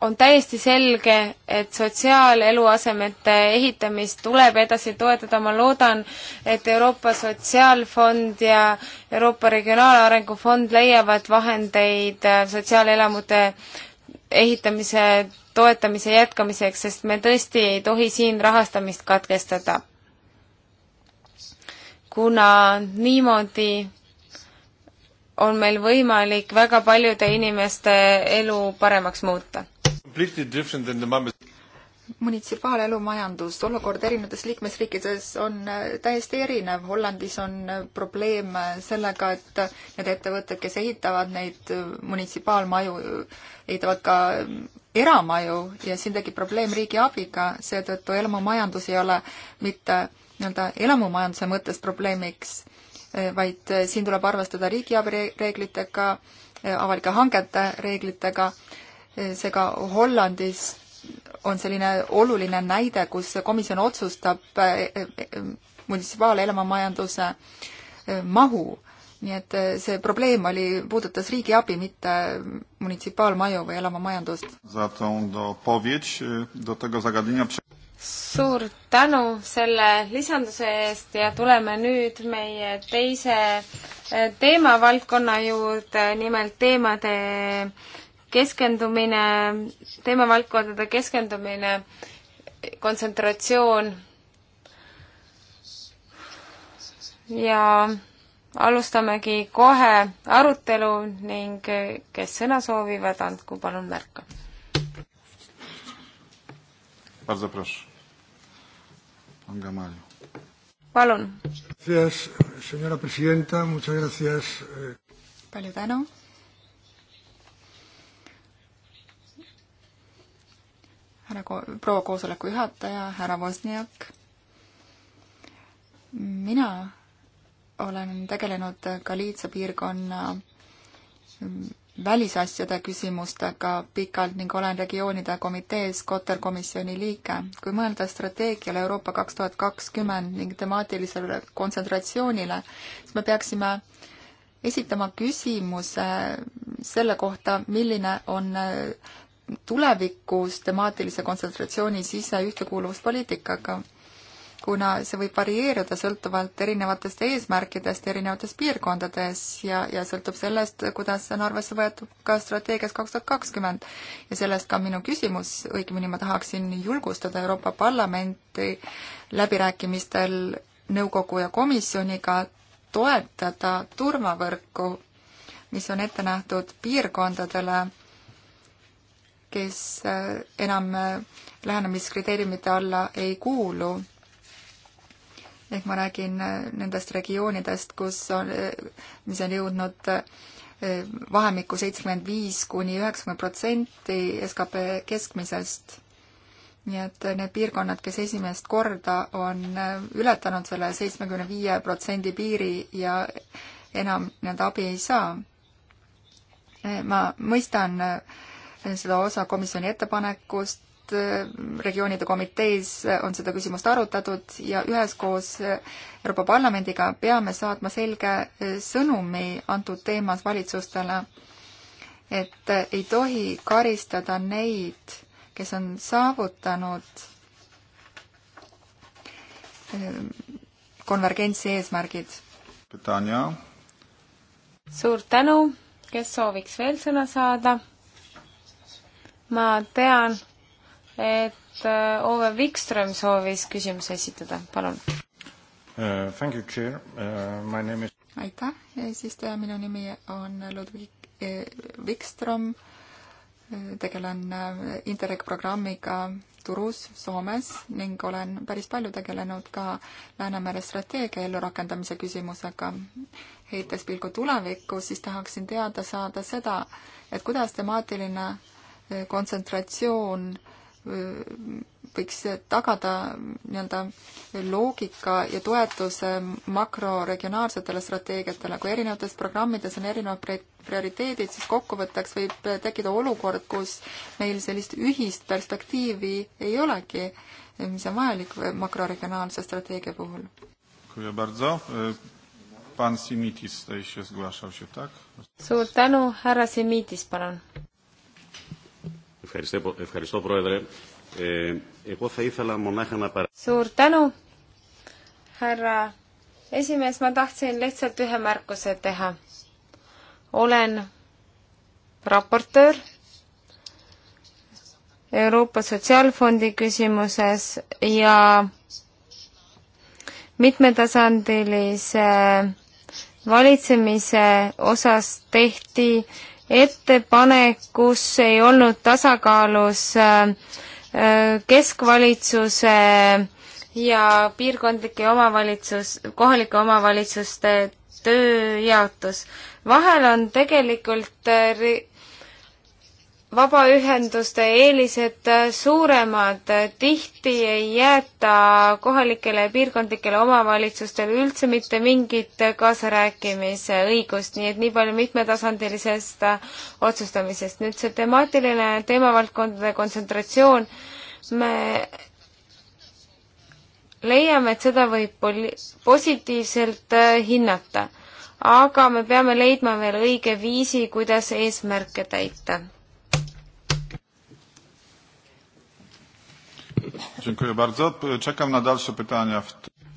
on täiesti selge, et sotsiaaleluasemete ehitamist tuleb edasi toetada, ma loodan, et Euroopa Sotsiaalfond ja Euroopa Regionaalarengu Fond leiavad vahendeid sotsiaalelamute ehitamise toetamise jätkamiseks, sest me tõesti ei tohi siin rahastamist katkestada kuna niimoodi on meil võimalik väga paljude inimeste elu paremaks muuta. munitsipaalelumajandus, olukord erinevates liikmesriikides on äh, täiesti erinev, Hollandis on äh, probleem äh, sellega, et need ettevõtted, kes ehitavad neid munitsipaalmaju, ehitavad ka eramaju ja siin tekib probleem riigi abiga, seetõttu elamumajandus ei ole mitte nii-öelda elamumajanduse mõttes probleemiks, vaid eh, siin tuleb arvestada riigiabi reeglitega, eh, avalike hangete reeglitega, eh, seega Hollandis on selline oluline näide, kus komisjon otsustab munitsipaalelumajanduse mahu nii et eh, see probleem oli, puudutas riigiabi, mitte munitsipaalmaju või elamumajandust. suur tänu selle lisanduse eest ja tuleme nüüd meie teise e, teemavaldkonna juurde, nimelt teemade keskendumine, teemavaldkondade keskendumine, kontsentratsioon ja alustamegi kohe arutelu ning kes sõna soovivad, andku palun märku. palun. Eh. palju tänu. härra ko-, proua koosoleku juhataja, härra Vosniak. mina olen tegelenud Galiitsa piirkonna välisasjade küsimustega pikalt ning olen regioonide komitees Kotter komisjoni liige. kui mõelda strateegiale Euroopa kaks tuhat kakskümmend ning temaatilisele kontsentratsioonile, siis me peaksime esitama küsimuse selle kohta, milline on tulevikus temaatilise kontsentratsiooni sise ühtekuuluvuspoliitikaga kuna see võib varieeruda sõltuvalt erinevatest eesmärkidest erinevates piirkondades ja, ja sõltub sellest, kuidas on arvesse võetud ka strateegias kaks tuhat kakskümmend. ja sellest ka minu küsimus, õigemini ma tahaksin julgustada Euroopa Parlamenti läbirääkimistel nõukogu ja komisjoniga toetada turvavõrku, mis on ette nähtud piirkondadele, kes eh, enam eh, lähenemiskriteeriumite alla ei kuulu ehk ma räägin äh, nendest regioonidest, kus on, äh, mis on jõudnud äh, vahemikku seitsekümmend viis kuni üheksakümmend protsenti skp keskmisest. nii et need piirkonnad, kes esimest korda on ületanud selle seitsmekümne viie protsendi piiri ja enam nii-öelda abi ei saa. ma mõistan seda osa komisjoni ettepanekust, et äh, regioonide komitees äh, on seda küsimust arutatud ja üheskoos äh, Euroopa Parlamendiga peame saatma selge sõnumi antud teemas valitsustele, et ei tohi karistada neid, kes on saavutanud konvergentsi eesmärgid. suur tänu, kes sooviks veel sõna saada? ma tean, et äh, Ove Wikström soovis küsimuse esitada, palun uh,. Thank you, chair uh,, my name is aitäh, eesistuja, minu nimi on Ludvig eh, äh, Wikström, äh, tegelen Interreg programmiga Turus, Soomes ning olen päris palju tegelenud ka Läänemere strateegia ellurakendamise küsimusega. heites pilgu tulevikku, siis tahaksin teada saada seda, et kuidas temaatiline kontsentratsioon äh, võiks tagada nii-öelda loogika ja toetuse makroregionaalsetele strateegiatele. kui erinevates programmides on erinevad prioriteedid, siis kokkuvõtteks võib tekkida olukord, kus meil sellist ühist perspektiivi ei olegi, mis on vajalik makroregionaalse strateegia puhul. suur tänu, härra Simitis, palun! Ευχαριστώ, ευχαριστώ πρόεδρε. Ε, εγώ θα ήθελα μονάχα να παρα... Suur tänu, härra esimees, ma tahtsin lihtsalt ühe märkuse teha. olen raportöör Euroopa Sotsiaalfondi küsimuses ja mitmetasandilise valitsemise osas tehti äh, ettepanekus ei olnud tasakaalus äh, äh, keskvalitsuse ja piirkondlike omavalitsus, kohalike omavalitsuste tööjaotus. vahel on tegelikult äh, vabaühenduste eelised suuremad, tihti ei jäeta kohalikele ja piirkondlikele omavalitsustele üldse mitte mingit kaasarääkimise õigust, nii et nii palju mitmetasandilisest otsustamisest. nüüd see temaatiline teemavaldkondade kontsentratsioon, me leiame, et seda võib poli-, positiivselt äh, hinnata, aga me peame leidma veel õige viisi, kuidas eesmärke täita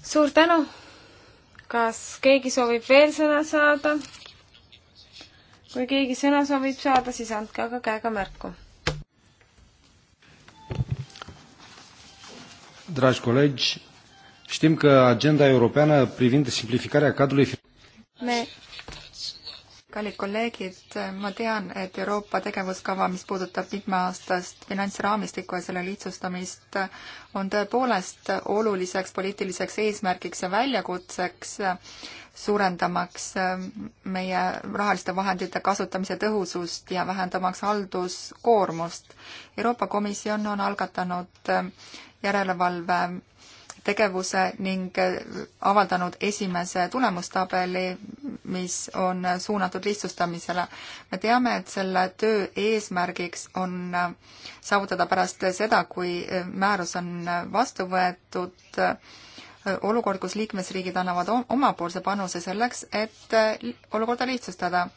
suur tänu. kas keegi soovib veel sõna saada? kui keegi sõna soovib saada, siis andke aga käega märku. Dragi colegi, știm că agenda europeană privind simplificarea cadrului me kallid kolleegid, ma tean, et Euroopa tegevuskava, mis puudutab mitmeaastast finantsraamistikku ja selle lihtsustamist, on tõepoolest oluliseks poliitiliseks eesmärgiks ja väljakutseks, suurendamaks meie rahaliste vahendite kasutamise tõhusust ja vähendamaks halduskoormust. Euroopa Komisjon on algatanud järelevalve tegevuse ning avaldanud esimese tulemustabeli, mis on suunatud lihtsustamisele. me teame, et selle töö eesmärgiks on saavutada pärast seda, kui määrus on vastu võetud, olukord, kus liikmesriigid annavad omapoolse panuse selleks, et olukorda lihtsustada.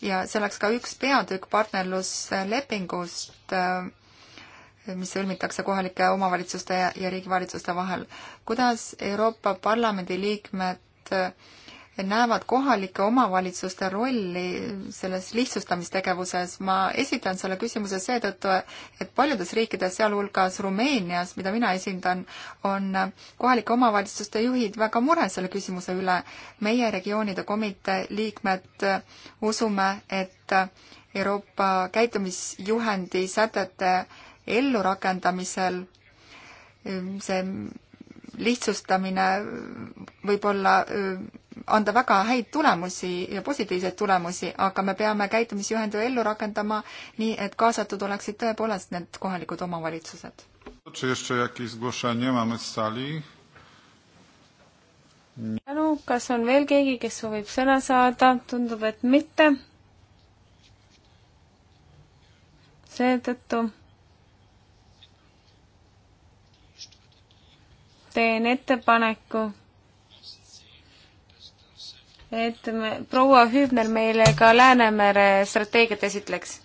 ja see oleks ka üks peatükk partnerluslepingust, mis sõlmitakse kohalike omavalitsuste ja riigivalitsuste vahel. kuidas Euroopa Parlamendi liikmed eh, näevad kohalike omavalitsuste rolli selles lihtsustamistegevuses, ma esitan selle küsimuse seetõttu, et paljudes riikides, sealhulgas Rumeenias, mida mina esindan, on kohalike omavalitsuste juhid väga mures selle küsimuse üle. meie regioonide komitee liikmed eh, usume, et Euroopa käitumisjuhendi sätete ellurakendamisel see lihtsustamine võib olla, äh, anda väga häid tulemusi ja positiivseid tulemusi, aga me peame käitumisjuhendu ellu rakendama nii, et kaasatud oleksid tõepoolest need kohalikud omavalitsused. tänu, kas on veel keegi, kes soovib sõna saada, tundub, et mitte. seetõttu teen ettepaneku, et me, proua Hübner meile ka Läänemere strateegiat esitleks.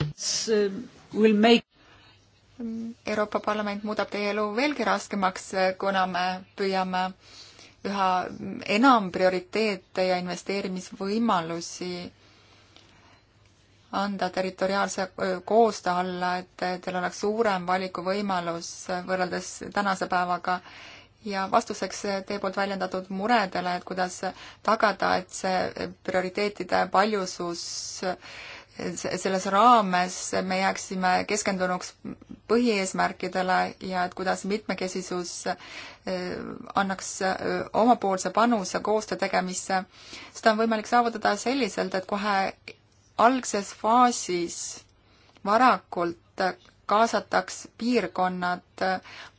Euroopa Parlament muudab teie elu veelgi raskemaks, kuna me püüame üha enam prioriteete ja investeerimisvõimalusi anda territoriaalse koostöö alla, et teil oleks suurem valikuvõimalus võrreldes tänase päevaga ja vastuseks teie poolt väljendatud muredele, et kuidas tagada, et see prioriteetide paljusus selles raames me jääksime keskendunuks põhieesmärkidele ja et kuidas mitmekesisus eh, annaks eh, omapoolse panuse koostöö tegemisse. seda on võimalik saavutada selliselt, et kohe algses faasis varakult kaasataks piirkonnad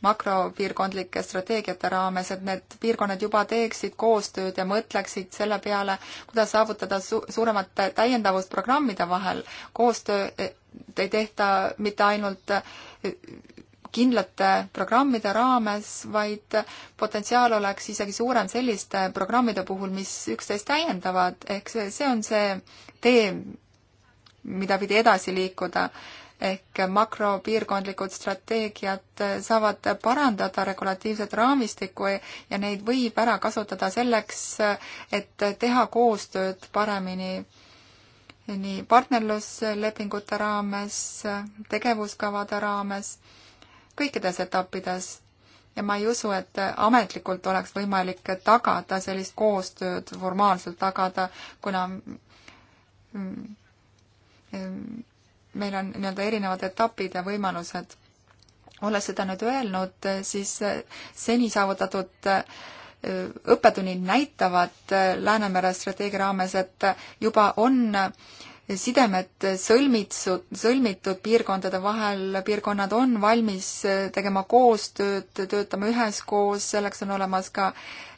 makropiirkondlike strateegiate raames, et need piirkonnad juba teeksid koostööd ja mõtleksid selle peale, kuidas saavutada su suuremat täiendavust programmide vahel. koostöö e-, ei tehta mitte ainult e-, kindlate programmide raames, vaid potentsiaal oleks isegi suurem selliste programmide puhul, mis üksteist täiendavad, ehk see, see on see tee, mida pidi edasi liikuda ehk makropiirkondlikud strateegiad saavad parandada regulatiivset raamistikku ja neid võib ära kasutada selleks, et teha koostööd paremini nii partnerluslepingute raames, tegevuskavade raames, kõikides etappides. ja ma ei usu, et ametlikult oleks võimalik tagada sellist koostööd, formaalselt tagada, kuna mm, mm, meil on nii-öelda erinevad etapid ja võimalused. olles seda nüüd öelnud, siis äh, seni saavutatud äh, õppetunnid näitavad äh, Läänemere strateegia raames, et juba on sidemed sõlmitud, sõlmitud piirkondade vahel, piirkonnad on valmis tegema koostööd, töötama üheskoos, selleks on olemas ka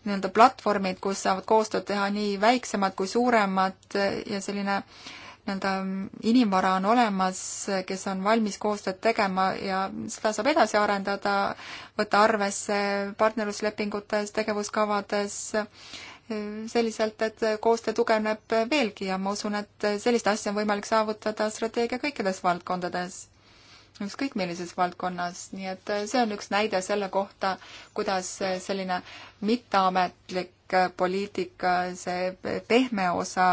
nii-öelda platvormid, kus saavad koostööd teha nii väiksemad kui suuremad ja selline äh, nii-öelda inimvara on olemas, kes on valmis koostööd tegema ja seda saab edasi arendada, võtta arvesse partnerluslepingutes, tegevuskavades, selliselt, et koostöö tugevneb veelgi ja ma usun, et sellist asja on võimalik saavutada strateegia kõikides valdkondades ükskõik millises valdkonnas, nii et see on üks näide selle kohta, kuidas selline mitteametlik poliitika, see pehme osa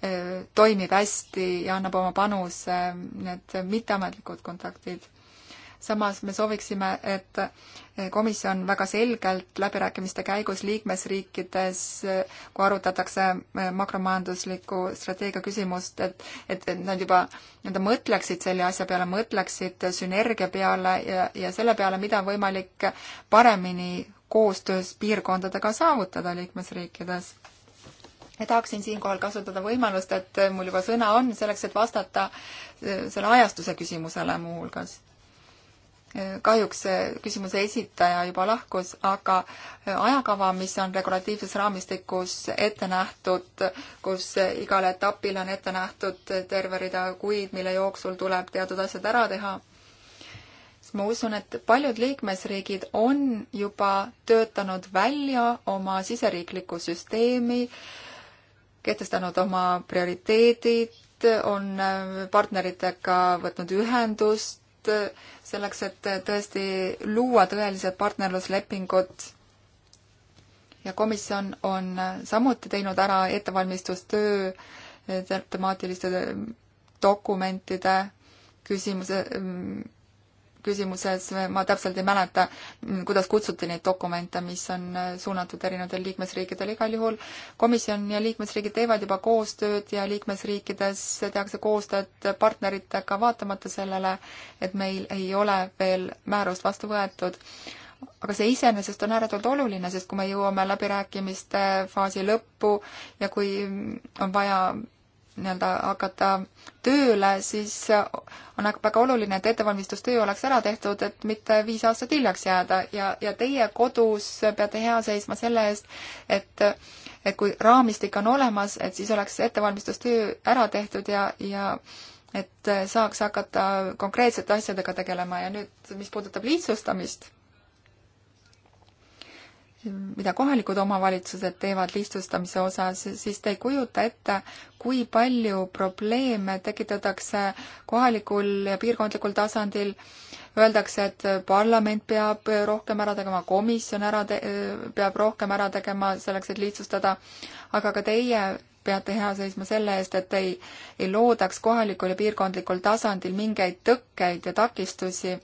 Äh, toimib hästi ja annab oma panuse, need mitteametlikud kontaktid. samas me sooviksime, et äh, komisjon väga selgelt läbirääkimiste käigus liikmesriikides, äh, kui arutatakse makromajandusliku strateegia küsimust, et, et nad juba nii-öelda mõtleksid selle asja peale, mõtleksid sünergia peale ja, ja selle peale, mida on võimalik paremini koostöös piirkondadega saavutada liikmesriikides ja tahaksin siinkohal kasutada võimalust, et mul juba sõna on, selleks, et vastata äh, selle ajastuse küsimusele muuhulgas. Äh, kahjuks küsimuse esitaja juba lahkus, aga äh, ajakava, mis on regulatiivses raamistikus ette nähtud, kus igale etapile on ette nähtud terve rida kuid, mille jooksul tuleb teatud asjad ära teha, siis ma usun, et paljud liikmesriigid on juba töötanud välja oma siseriikliku süsteemi äh, kehtestanud oma prioriteedid, on äh, partneritega võtnud ühendust äh, selleks, et äh, tõesti luua tõelised partnerluslepingud. ja komisjon on samuti teinud ära ettevalmistustöö temaatiliste dokumentide küsimuse mm, küsimuses ma täpselt ei mäleta, mm, kuidas kutsuti neid dokumente, mis on äh, suunatud erinevatele liikmesriikidele, igal juhul komisjon ja liikmesriigid teevad juba koostööd ja liikmesriikides tehakse koostööd partneritega, vaatamata sellele, et meil ei ole veel määrust vastu võetud. aga see iseenesest on ääretult oluline, sest kui me jõuame läbirääkimiste faasi lõppu ja kui mm, on vaja nii-öelda hakata tööle, siis on väga oluline, et ettevalmistustöö oleks ära tehtud, et mitte viis aastat hiljaks jääda ja, ja teie kodus peate hea seisma selle eest, et et kui raamistik on olemas, et siis oleks ettevalmistustöö ära tehtud ja, ja et saaks hakata konkreetsete asjadega tegelema ja nüüd, mis puudutab lihtsustamist mida kohalikud omavalitsused teevad lihtsustamise osas, siis te ei kujuta ette, kui palju probleeme tekitatakse kohalikul ja piirkondlikul tasandil. Öeldakse, et parlament peab rohkem ära tegema, komisjon ära te-, peab rohkem ära tegema selleks, et lihtsustada, aga ka teie peate hea seisma selle eest, et ei, ei loodaks kohalikul ja piirkondlikul tasandil mingeid tõkkeid ja takistusi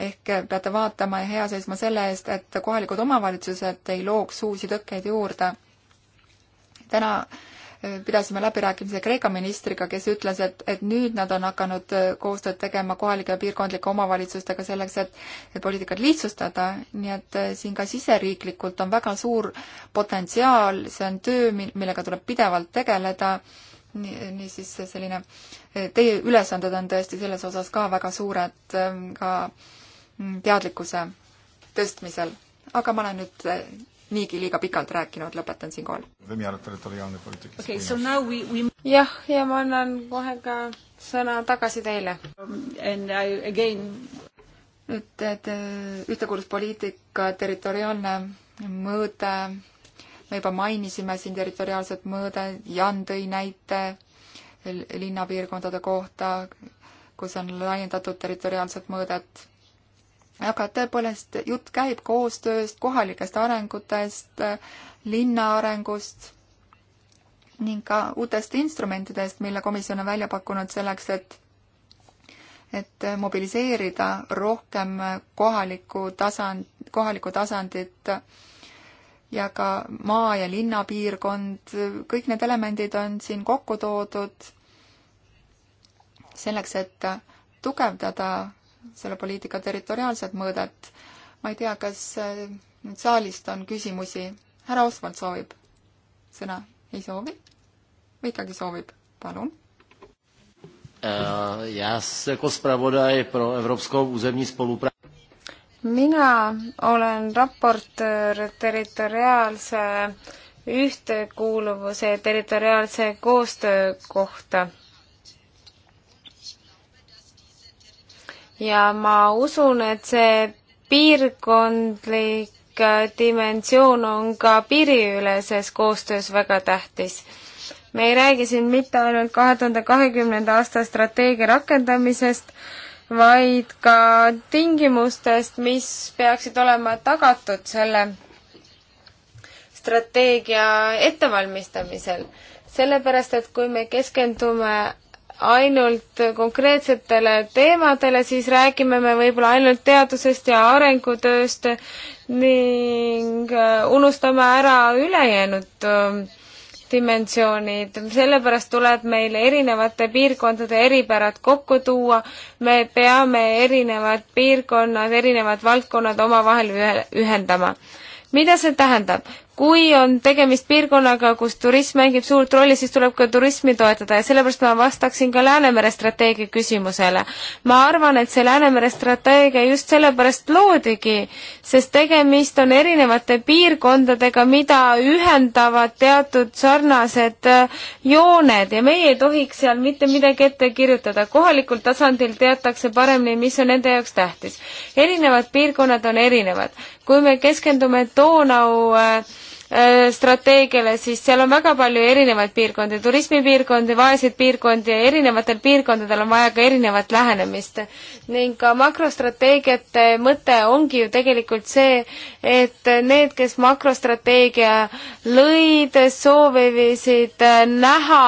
ehk peate vaatama ja hea seisma selle eest, et kohalikud omavalitsused ei looks uusi tõkkeid juurde. täna äh, pidasime läbirääkimise Kreeka ministriga, kes ütles, et, et nüüd nad on hakanud äh, koostööd tegema kohalike ja piirkondlike omavalitsustega selleks, et, et poliitikat lihtsustada, nii et äh, siin ka siseriiklikult on väga suur potentsiaal, see on töö, millega tuleb pidevalt tegeleda nii, niisiis selline, teie ülesanded on tõesti selles osas ka väga suured, ka Mm, teadlikkuse tõstmisel, aga ma olen nüüd eh, niigi liiga pikalt rääkinud, lõpetan siinkohal. Okay, we... jah, ja ma annan kohe ka sõna tagasi teile. Um, again... et, et eh, ühtekuuluvuspoliitika territoriaalne mõõde, me juba mainisime siin territoriaalset mõõde, Jan tõi näite linnapiirkondade kohta, kus on laiendatud territoriaalset mõõdet aga tõepoolest, jutt käib koostööst, kohalikest arengutest, linna arengust ning ka uutest instrumentidest, mille komisjon on välja pakkunud selleks, et et mobiliseerida rohkem kohalikku tasand, kohalikku tasandit ja ka maa- ja linnapiirkond, kõik need elemendid on siin kokku toodud selleks, et tugevdada selle poliitika territoriaalset mõõdet. ma ei tea, kas äh, nüüd saalist on küsimusi. härra Osvald soovib sõna? ei soovi? või ikkagi soovib? palun. Äh, mina olen raportöör territoriaalse ühtekuuluvuse ja territoriaalse koostöö kohta ja ma usun, et see piirkondlik äh, dimensioon on ka piiriüleses koostöös väga tähtis. me ei räägi siin mitte ainult kahe tuhande kahekümnenda aasta strateegia rakendamisest, vaid ka tingimustest, mis peaksid olema tagatud selle strateegia ettevalmistamisel. sellepärast, et kui me keskendume ainult konkreetsetele teemadele, siis räägime me võib-olla ainult teadusest ja arengutööst ning äh, unustame ära ülejäänud ähm, dimensioonid, sellepärast tuleb meil erinevate piirkondade eripärad kokku tuua, me peame erinevad piirkonnad, erinevad valdkonnad omavahel ühendama mida see tähendab? kui on tegemist piirkonnaga, kus turism mängib suurt rolli, siis tuleb ka turismi toetada ja sellepärast ma vastaksin ka Läänemere strateegia küsimusele. ma arvan, et see Läänemere strateegia just sellepärast loodigi, sest tegemist on erinevate piirkondadega, mida ühendavad teatud sarnased äh, jooned ja meie ei tohiks seal mitte midagi ette kirjutada. kohalikul tasandil teatakse paremini, mis on nende jaoks tähtis. erinevad piirkonnad on erinevad. kui me keskendume Donau äh, Äh, strateegiale, siis seal on väga palju erinevaid piirkondi, turismipiirkondi, vaeseid piirkondi ja erinevatel piirkondadel on vaja ka erinevat lähenemist. ning ka makrostrateegiate mõte ongi ju tegelikult see, et need, kes makrostrateegia lõid, soovisid näha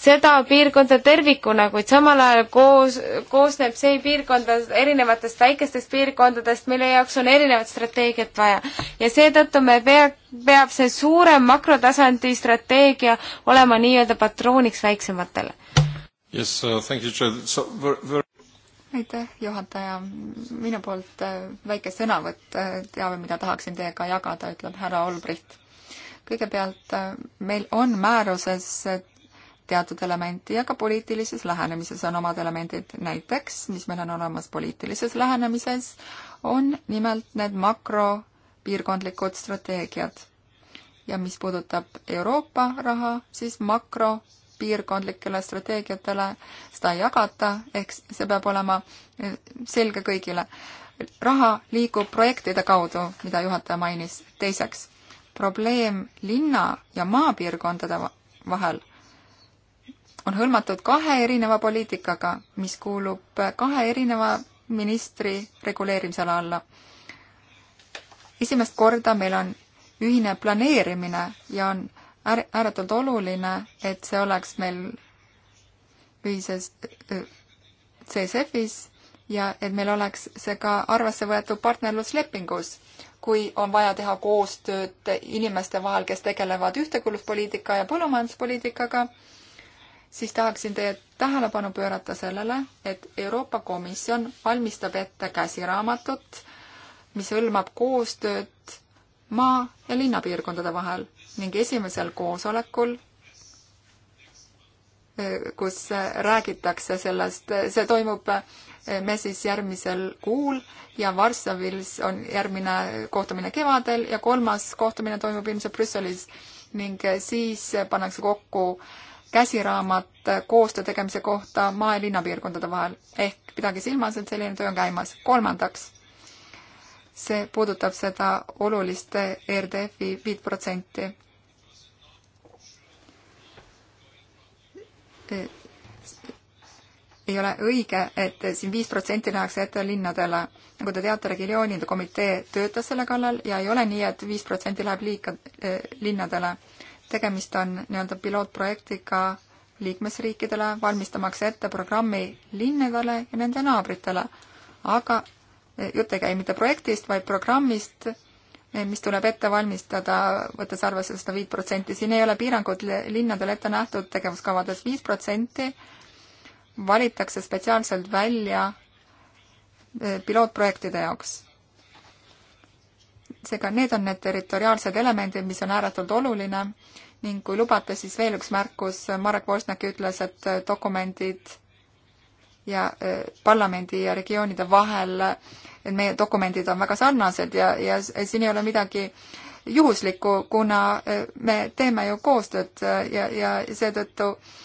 seda piirkonda tervikuna, kuid samal ajal koos, koosneb see piirkond erinevatest väikestest piirkondadest, mille jaoks on erinevat strateegiat vaja. ja seetõttu me pea, peab see suurem makrotasandi strateegia olema nii-öelda patrooniks väiksematele. Yes, uh, thank you, Joe. So, very, very aitäh, juhataja. minu poolt äh, väike sõnavõtt, äh, teame, mida tahaksin teiega jagada, ütleb härra Olbricht. kõigepealt äh, meil on määruses teatud elementi ja ka poliitilises lähenemises on omad elemendid. näiteks, mis meil on olemas poliitilises lähenemises, on nimelt need makropiirkondlikud strateegiad. ja mis puudutab Euroopa raha, siis makropiirkondlikele strateegiatele seda ei jagata, ehk see peab olema eh, selge kõigile. raha liigub projektide kaudu, mida juhataja mainis. teiseks, probleem linna ja maapiirkondade vahel on hõlmatud kahe erineva poliitikaga, mis kuulub kahe erineva ministri reguleerimisala alla. esimest korda meil on ühine planeerimine ja on äär-, ääretult oluline, et see oleks meil ühises CSF-is ja et meil oleks see ka arvesse võetud partnerluslepingus, kui on vaja teha koostööd inimeste vahel, kes tegelevad ühtekuuluvuspoliitika ja põllumajanduspoliitikaga siis tahaksin teie tähelepanu pöörata sellele, et Euroopa Komisjon valmistab ette käsiraamatut, mis hõlmab koostööd maa- ja linnapiirkondade vahel ning esimesel koosolekul, kus räägitakse sellest, see toimub eh, messis järgmisel kuul ja Varssavis on järgmine kohtumine kevadel ja kolmas kohtumine toimub ilmselt Brüsselis ning eh, siis pannakse kokku äh, käsiraamat koostöö tegemise kohta maa- ja linnapiirkondade vahel ehk pidage silmas, et selline töö on käimas. kolmandaks, see puudutab seda olulist RDF-i viit protsenti. ei ole õige, et siin viis protsenti nähakse ette linnadele. nagu te teate, regioonide komitee töötas selle kallal ja ei ole nii et, et viis protsenti läheb liika eh, linnadele tegemist on nii-öelda pilootprojektiga liikmesriikidele, valmistamaks ette programmi linnadele ja nende naabritele. aga jutt ei käi mitte projektist, vaid programmist, mis tuleb ette valmistada, võttes arvesse seda viit protsenti, siin ei ole piirangud linnadele ette nähtud tegevuskavades, viis protsenti valitakse spetsiaalselt välja eh, pilootprojektide jaoks seega need on need territoriaalsed elemendid, mis on ääretult oluline ning kui lubate, siis veel üks märkus, Marek Volsnak ütles, et dokumendid ja eh, parlamendi ja regioonide vahel, et meie dokumendid on väga sarnased ja, ja siin ei ole midagi juhuslikku, kuna eh, me teeme ju koostööd eh, ja, ja seetõttu äh,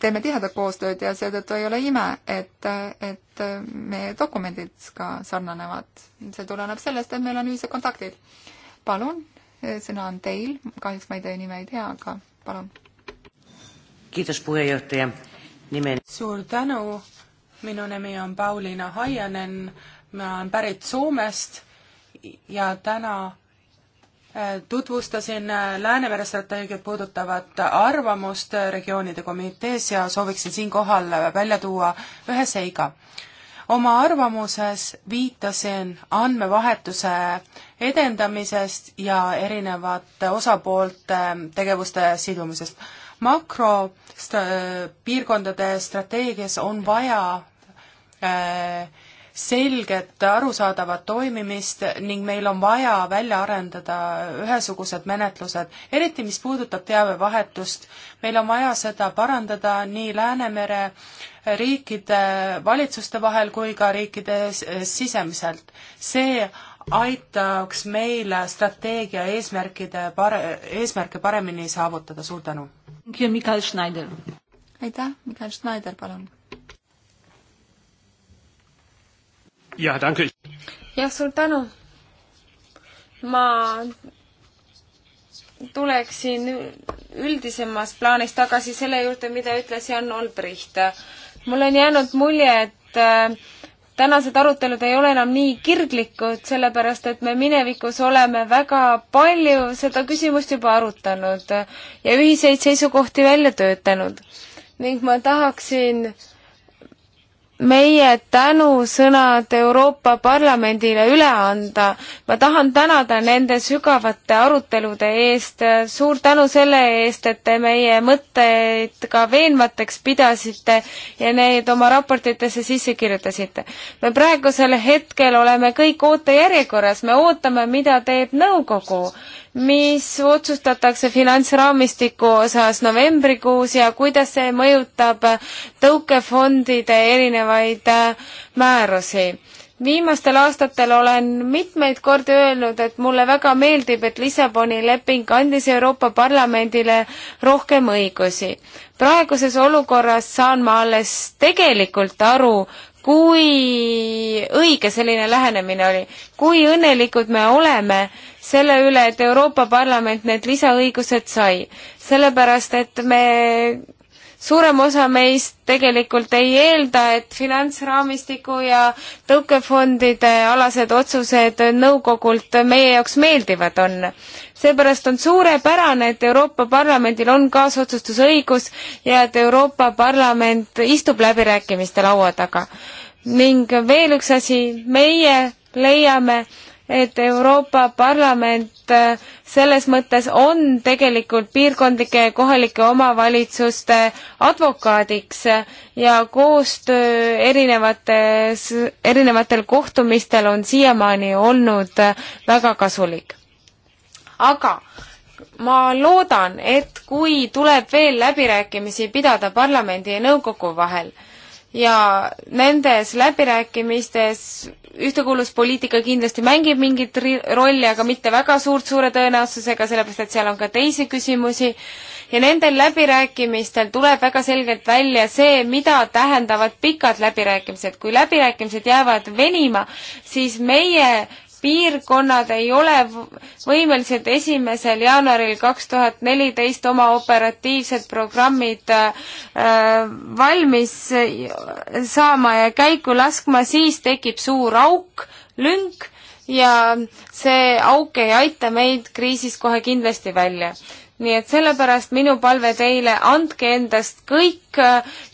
teeme tihedat koostööd ja seetõttu ei ole ime, et, et meie dokumendid ka sarnanevad. see tuleneb sellest, et meil on ühised kontaktid. palun, sõna on teil, kahjuks ma ei teie nime ei tea, aga palun. suur tänu, minu nimi on Pauliina Haianen, ma olen pärit Soomest ja täna tutvustasin äh, Läänemere strateegiat puudutavat arvamust äh, regioonide komitees ja sooviksin siinkohal äh, välja tuua ühe seiga. oma arvamuses viitasin andmevahetuse edendamisest ja erinevate osapoolte tegevuste sidumisest. makropiirkondade strateegias on vaja äh, selget, arusaadavat toimimist ning meil on vaja välja arendada ühesugused menetlused, eriti mis puudutab teabevahetust. meil on vaja seda parandada nii Läänemere riikide valitsuste vahel kui ka riikide sisemiselt. see aitaks meil strateegia eesmärkide par-, eesmärke paremini saavutada, suur tänu! Mikael Schneider. aitäh, Mikael Schneider, palun! jah, tänke. jah, suur tänu. ma tuleksin üldisemas plaanis tagasi selle juurde, mida ütles Jan Olbricht. mul on jäänud mulje, et äh, tänased arutelud ei ole enam nii kirglikud, sellepärast et me minevikus oleme väga palju seda küsimust juba arutanud ja ühiseid seisukohti välja töötanud. ning ma tahaksin äh, meie tänusõnad Euroopa Parlamendile üle anda. ma tahan tänada nende sügavate arutelude eest, suur tänu selle eest, et te meie mõtteid ka veenvateks pidasite ja need oma raportitesse sisse kirjutasite. me praegusel hetkel oleme kõik ootejärjekorras, me ootame, mida teeb nõukogu mis otsustatakse finantsraamistiku osas novembrikuus ja kuidas see mõjutab tõukefondide erinevaid äh, määrusi. viimastel aastatel olen mitmeid kordi öelnud, et mulle väga meeldib, et Lissaboni leping andis Euroopa Parlamendile rohkem õigusi. praeguses olukorras saan ma alles tegelikult aru, kui õige selline lähenemine oli, kui õnnelikud me oleme selle üle, et Euroopa Parlament need lisaõigused sai, sellepärast et me, suurem osa meist tegelikult ei eelda, et finantsraamistiku ja tõukefondide alased otsused nõukogult meie jaoks meeldivad on. seepärast on suurepärane, et Euroopa Parlamendil on kaasotsustusõigus ja et Euroopa Parlament istub läbirääkimiste laua taga ning veel üks asi, meie leiame, et Euroopa Parlament äh, selles mõttes on tegelikult piirkondlike ja kohalike omavalitsuste advokaadiks ja koostöö erinevates, erinevatel kohtumistel on siiamaani olnud väga kasulik. aga ma loodan, et kui tuleb veel läbirääkimisi pidada parlamendi ja nõukogu vahel, ja nendes läbirääkimistes ühtekuuluvuspoliitika kindlasti mängib mingit rolli, aga mitte väga suurt suure tõenäosusega, sellepärast et seal on ka teisi küsimusi. ja nendel läbirääkimistel tuleb väga selgelt välja see, mida tähendavad pikad läbirääkimised. kui läbirääkimised jäävad venima, siis meie piirkonnad ei ole võimelised esimesel jaanuaril kaks tuhat neliteist oma operatiivsed programmid äh, valmis saama ja käiku laskma, siis tekib suur auk, lünk ja see auk ei aita meid kriisist kohe kindlasti välja nii et sellepärast minu palve teile, andke endast kõik,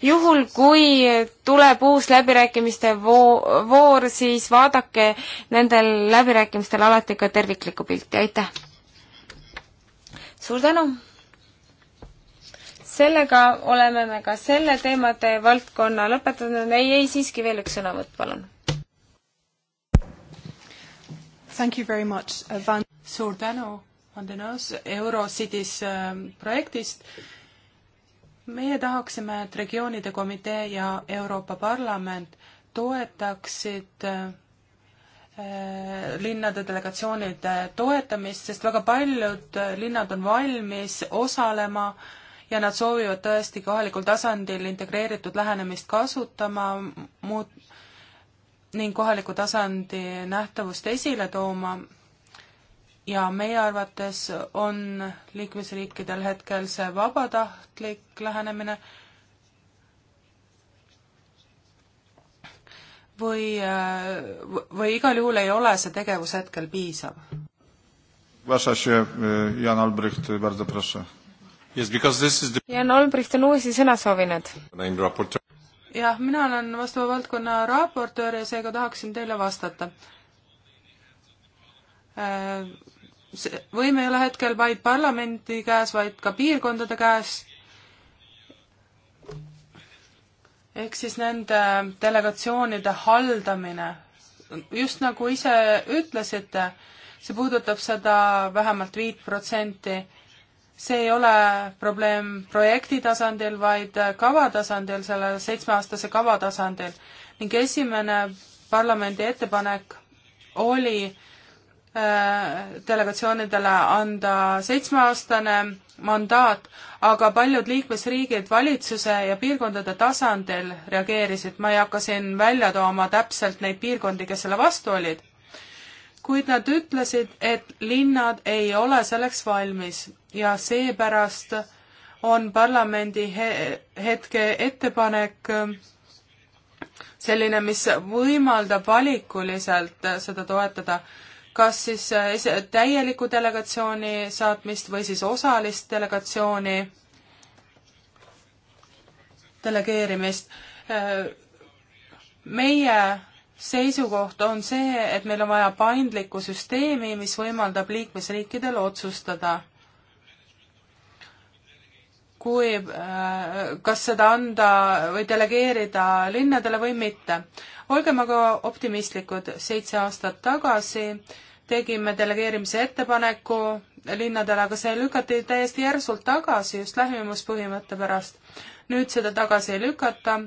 juhul kui tuleb uus läbirääkimiste voo-, voor, siis vaadake nendel läbirääkimistel alati ka terviklikku pilti, aitäh! suur tänu! sellega oleme me ka selle teemade valdkonna lõpetanud, ei, ei siiski veel üks sõnavõtt, palun! Thank you very much, Van, suur tänu! Vandenõus Eurocities ähm, projektist. meie tahaksime, et regioonide komitee ja Euroopa Parlament toetaksid äh, äh, linnade delegatsioonide toetamist, sest väga paljud äh, linnad on valmis osalema ja nad soovivad tõesti kohalikul tasandil integreeritud lähenemist kasutama muud, ning kohaliku tasandi nähtavust esile tooma ja meie arvates on liikmesriikidel hetkel see vabatahtlik lähenemine või, äh, või igal juhul ei ole see tegevus hetkel piisav? Jan Albrecht, bardzo proszę. Yes, because this is the... Jan Olbricht on uusi sõna soovinud. jah, mina olen vastava valdkonna raportöör ja seega tahaksin teile vastata. Äh, see võim ei ole hetkel vaid parlamendi käes, vaid ka piirkondade käes. ehk siis nende delegatsioonide haldamine. just nagu ise ütlesite, see puudutab seda vähemalt viit protsenti. see ei ole probleem projekti tasandil, vaid kava tasandil, selle seitsmeaastase kava tasandil. ning esimene parlamendi ettepanek oli äh, Äh, delegatsioonidele anda seitsmeaastane mandaat, aga paljud liikmesriigid valitsuse ja piirkondade tasandil reageerisid, ma ei hakka siin välja tooma täpselt neid piirkondi, kes selle vastu olid, kuid nad ütlesid, et linnad ei ole selleks valmis ja seepärast on parlamendi he-, hetke ettepanek äh, selline, mis võimaldab valikuliselt äh, seda toetada kas siis äh, täielikku delegatsiooni saatmist või siis osalist delegatsiooni delegeerimist. Äh, meie seisukoht on see, et meil on vaja paindlikku süsteemi, mis võimaldab liikmesriikidel otsustada kui, äh, kas seda anda või delegeerida linnadele või mitte. olgem aga optimistlikud, seitse aastat tagasi tegime delegeerimise ettepaneku linnadele, aga see lükati täiesti järsult tagasi just lähimuspõhimõtte pärast. nüüd seda tagasi ei lükata.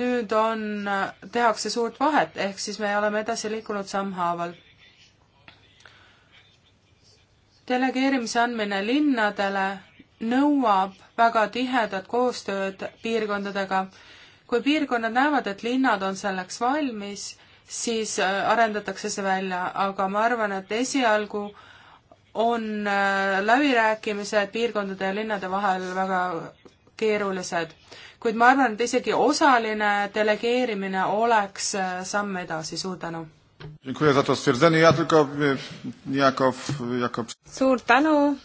nüüd on, tehakse suurt vahet, ehk siis me oleme edasi liikunud sammhaaval delegeerimise andmine linnadele nõuab väga tihedat koostööd piirkondadega. kui piirkonnad näevad, et linnad on selleks valmis, siis äh, arendatakse see välja, aga ma arvan, et esialgu on äh, läbirääkimised piirkondade ja linnade vahel väga keerulised. kuid ma arvan, et isegi osaline delegeerimine oleks äh, samm edasi, suur tänu. suur tänu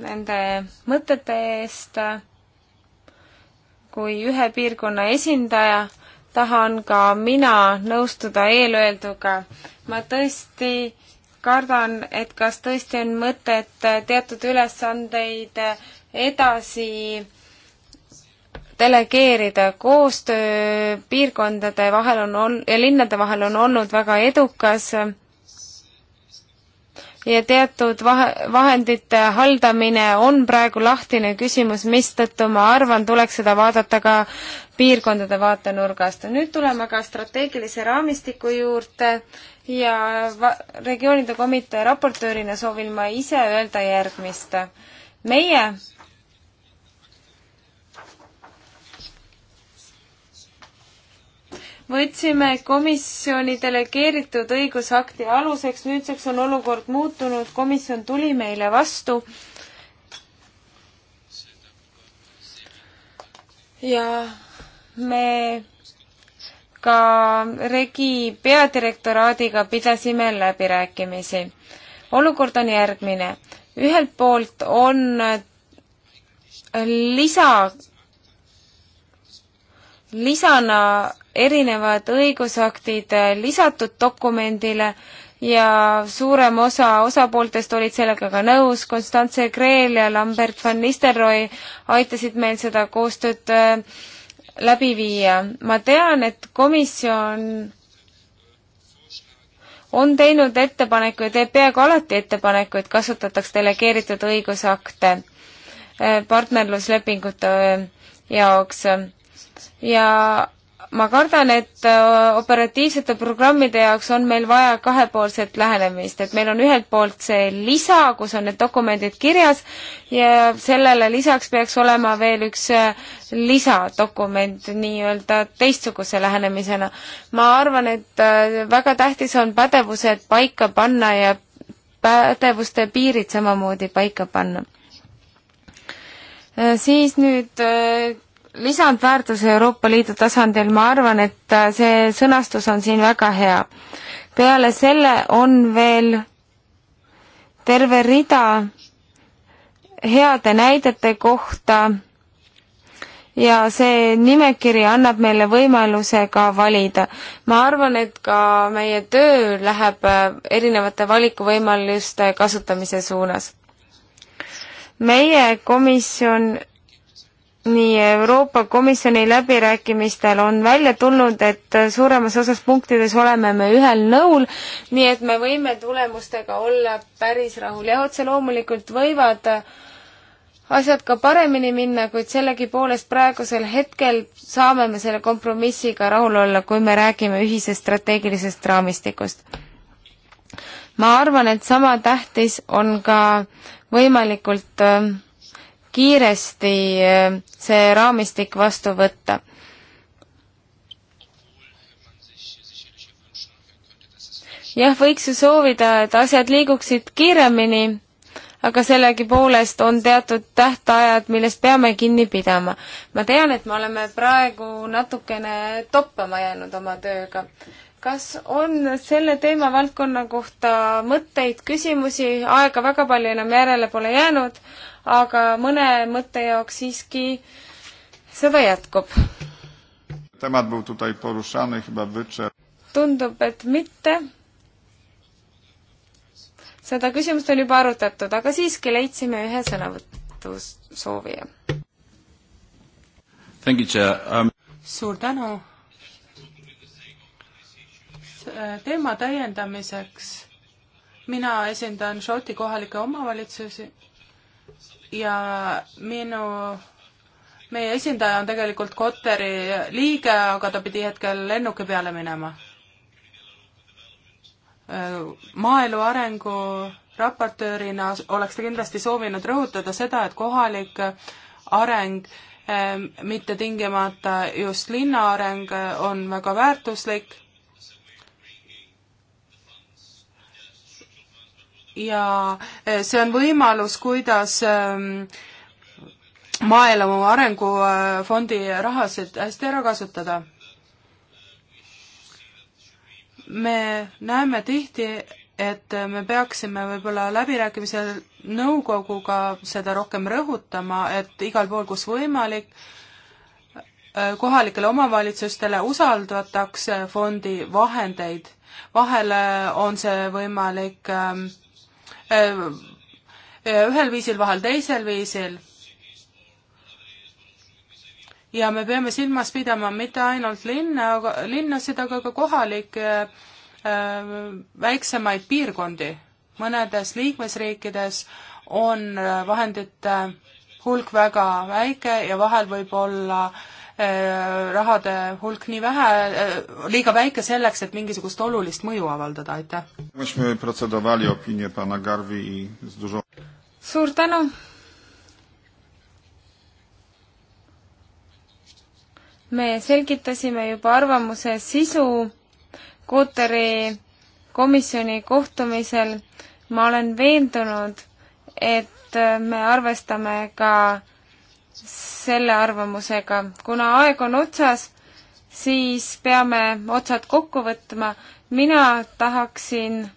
nende mõtete eest. kui ühe piirkonna esindaja tahan ka mina nõustuda eelöelduga. ma tõesti kardan, et kas tõesti on mõtet teatud ülesandeid edasi delegeerida, koostöö piirkondade vahel on ol-, ja linnade vahel on olnud väga edukas ja teatud vahe, vahendite haldamine on praegu lahtine küsimus, mistõttu ma arvan, tuleks seda vaadata ka piirkondade vaatenurgast. nüüd tuleme aga strateegilise raamistiku juurde ja regioonide komitee raportöörina soovin ma ise öelda järgmist. meie võtsime komisjoni delegeeritud õigusakti aluseks, nüüdseks on olukord muutunud, komisjon tuli meile vastu ja me ka Regi peadirektoraadiga pidasime läbirääkimisi. olukord on järgmine. ühelt poolt on lisa lisana erinevad õigusaktid lisatud dokumendile ja suurem osa osapooltest olid sellega ka nõus, Konstantse Kreel ja Lambert van Nistelrooy aitasid meil seda koostööd äh, läbi viia. ma tean, et komisjon on teinud ettepaneku ja teeb peaaegu alati ettepaneku, et kasutataks delegeeritud õigusakte äh, partnerluslepingute äh, jaoks ja ma kardan, et äh, operatiivsete programmide jaoks on meil vaja kahepoolset lähenemist, et meil on ühelt poolt see lisa, kus on need dokumendid kirjas ja sellele lisaks peaks olema veel üks äh, lisadokument nii-öelda teistsuguse lähenemisena. ma arvan, et äh, väga tähtis on pädevused paika panna ja pädevuste piirid samamoodi paika panna. siis nüüd lisandväärtuse Euroopa Liidu tasandil, ma arvan, et äh, see sõnastus on siin väga hea. peale selle on veel terve rida heade näidete kohta ja see nimekiri annab meile võimaluse ka valida. ma arvan, et ka meie töö läheb äh, erinevate valikuvõimaluste kasutamise suunas. meie komisjon nii Euroopa Komisjoni läbirääkimistel on välja tulnud, et suuremas osas punktides oleme me ühel nõul, nii et me võime tulemustega olla päris rahul ja otse loomulikult võivad asjad ka paremini minna, kuid sellegipoolest praegusel hetkel saame me selle kompromissiga rahul olla, kui me räägime ühisest strateegilisest raamistikust. ma arvan, et sama tähtis on ka võimalikult äh, kiiresti eh, see raamistik vastu võtta. jah, võiks ju soovida, et asjad liiguksid kiiremini, aga sellegipoolest on teatud tähtajad, millest peame kinni pidama. ma tean, et me oleme praegu natukene toppama jäänud oma tööga kas on selle teemavaldkonna kohta mõtteid, küsimusi, aega väga palju enam järele pole jäänud, aga mõne mõtte jaoks siiski sõda jätkub. tundub, et mitte. seda küsimust on juba arutatud, aga siiski leidsime ühe sõnavõtu soovija. Um... suur tänu. Äh, teema täiendamiseks mina esindan Šoti kohalikke omavalitsusi ja minu, meie esindaja on tegelikult Kotteri liige, aga ta pidi hetkel lennuki peale minema. maaelu arengu raportöörina oleks ta kindlasti soovinud rõhutada seda, et kohalik areng eh, mitte tingimata just linna areng eh, on väga väärtuslik ja eh, see on võimalus, kuidas ehm, maaelu arengufondi rahasid hästi ära kasutada. me näeme tihti, et me peaksime võib-olla läbirääkimisel nõukoguga seda rohkem rõhutama, et igal pool, kus võimalik, eh, kohalikele omavalitsustele usaldatakse fondi vahendeid. vahel eh, on see võimalik ähm, Ehm, eh, ühel viisil, vahel teisel viisil. ja me peame silmas pidama mitte ainult linna, linnasid, aga ka kohalikke eh, eh, väiksemaid piirkondi. mõnedes liikmesriikides on vahendite hulk väga väike ja vahel võib olla äh, Äh, rahade hulk nii vähe, äh, liiga väike selleks, et mingisugust olulist mõju avaldada, aitäh. suur tänu. me selgitasime juba arvamuse sisu Kotari komisjoni kohtumisel. ma olen veendunud, et me arvestame ka selle arvamusega. kuna aeg on otsas, siis peame otsad kokku võtma. mina tahaksin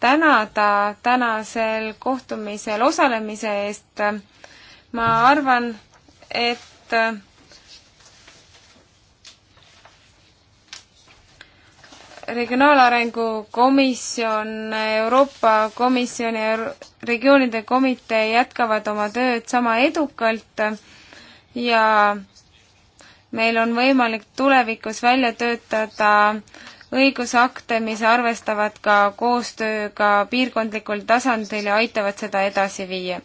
tänada tänasel kohtumisel osalemise eest. ma arvan, et Regionaalarengu Komisjon, Euroopa Komisjon ja regioonide komitee jätkavad oma tööd sama edukalt ja meil on võimalik tulevikus välja töötada õigusakte, mis arvestavad ka koostööga piirkondlikul tasandil ja aitavad seda edasi viia.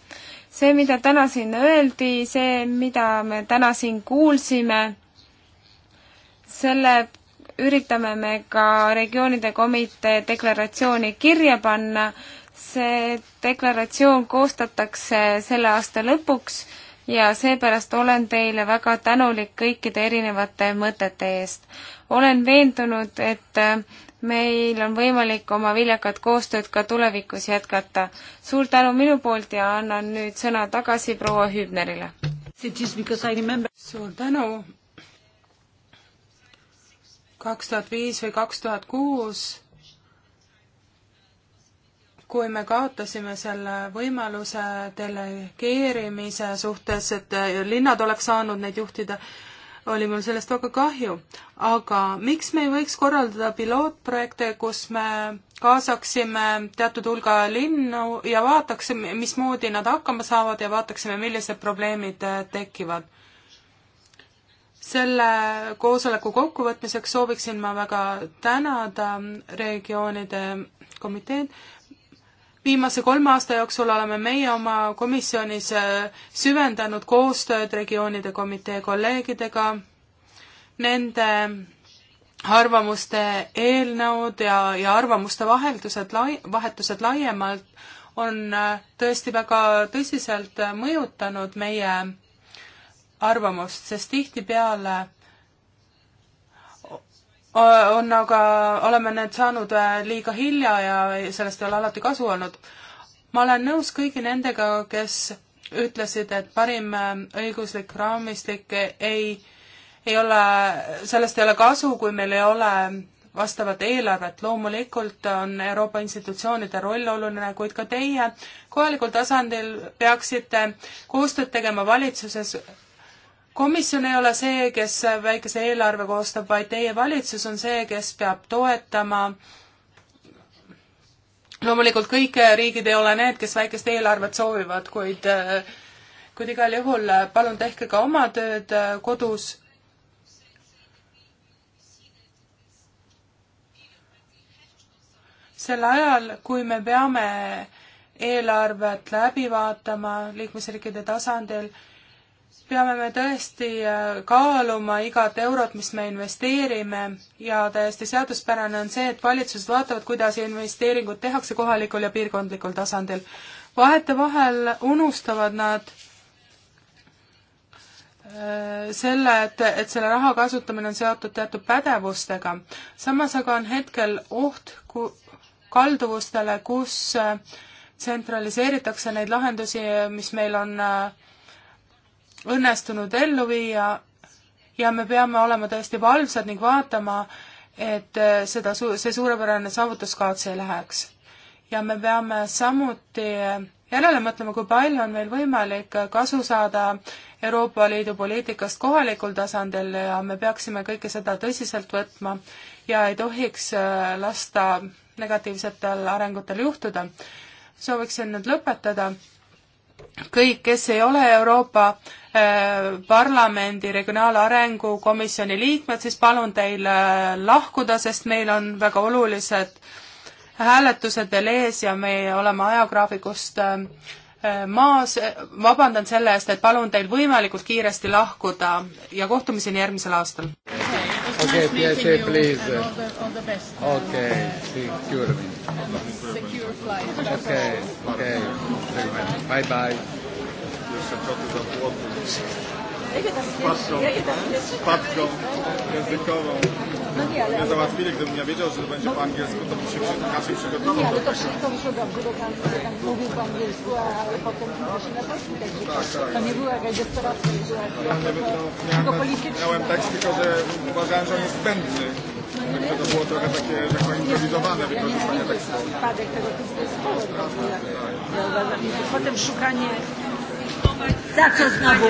see, mida täna siin öeldi, see, mida me täna siin kuulsime, selle üritame me ka regioonide komitee deklaratsiooni kirja panna. see deklaratsioon koostatakse selle aasta lõpuks ja seepärast olen teile väga tänulik kõikide erinevate mõtete eest. olen veendunud, et meil on võimalik oma viljakat koostööd ka tulevikus jätkata. suur tänu minu poolt ja annan nüüd sõna tagasi proua Hübnerile. suur tänu kaks tuhat viis või kaks tuhat kuus, kui me kaotasime selle võimaluse delegeerimise suhtes, et äh, linnad oleks saanud neid juhtida, oli mul sellest väga kahju. aga miks me ei võiks korraldada pilootprojekte, kus me kaasaksime teatud hulga linnu ja vaataksime, mismoodi nad hakkama saavad ja vaataksime, millised probleemid äh, tekivad selle koosoleku kokkuvõtmiseks sooviksin ma väga tänada regioonide komiteed. viimase kolme aasta jooksul oleme meie oma komisjonis äh, süvendanud koostööd regioonide komitee kolleegidega, nende arvamuste eelnõud ja, ja arvamuste vaheldused lai-, vahetused laiemalt on äh, tõesti väga tõsiselt mõjutanud meie arvamust, sest tihtipeale on aga, oleme need saanud äh, liiga hilja ja sellest ei ole alati kasu olnud. ma olen nõus kõigi nendega, kes ütlesid, et parim äh, õiguslik raamistik ei, ei ole, sellest ei ole kasu, kui meil ei ole vastavat eelarvet. loomulikult on Euroopa institutsioonide roll oluline, kuid ka teie kohalikul tasandil peaksite koostööd tegema valitsuses komisjon ei ole see, kes väikese eelarve koostab, vaid teie valitsus on see, kes peab toetama loomulikult kõik riigid ei ole need, kes väikest eelarvet soovivad, kuid kuid igal juhul palun tehke ka oma tööd kodus sel ajal, kui me peame eelarvet läbi vaatama liikmesriikide tasandil, peame me tõesti äh, kaaluma igat eurot, mis me investeerime ja täiesti seaduspärane on see, et valitsused vaatavad, kuidas investeeringud tehakse kohalikul ja piirkondlikul tasandil. vahetevahel unustavad nad äh, selle, et, et selle raha kasutamine on seotud teatud pädevustega. samas aga on hetkel oht ku-, kalduvustele, kus äh, tsentraliseeritakse neid lahendusi, mis meil on äh, õnnestunud ellu viia ja me peame olema tõesti valvsad ning vaatama, et eh, seda su-, see suurepärane saavutus kaotsi ei läheks. ja me peame samuti järele mõtlema, kui palju on meil võimalik kasu saada Euroopa Liidu poliitikast kohalikul tasandil ja me peaksime kõike seda tõsiselt võtma ja ei tohiks eh, lasta negatiivsetel arengutel juhtuda. sooviksin nüüd lõpetada kõik, kes ei ole Euroopa äh, Parlamendi Regionaalarengu Komisjoni liikmed, siis palun teil äh, lahkuda, sest meil on väga olulised hääletused veel ees ja me oleme ajagraafikust äh, maas, vabandan selle eest, et palun teil võimalikult kiiresti lahkuda ja kohtumiseni järgmisel aastal. okei, Piaget, please. okei, secure me. okei, okei. Bye bye. Bye bye spadką, spadką językową. No nie, ale... Mnie załatwili, gdybym nie wiedział, że to będzie no, po angielsku, to bym się inaczej przygotował. No nie, ale to wszystko wyszło dobrze, bo pan, pan mówił po angielsku, ale potem się na polsku, także tak, tak. to nie była jakaś desperacja, nie była tylko polityczna. Miałem tekst, tylko że uważałem, że on jest zbędny. Tylko to było trochę takie, tak powiem, improwizowane wykorzystanie tekstu. Spadek tego typu jest Ja uważam, że potem szukanie... Za co znowu?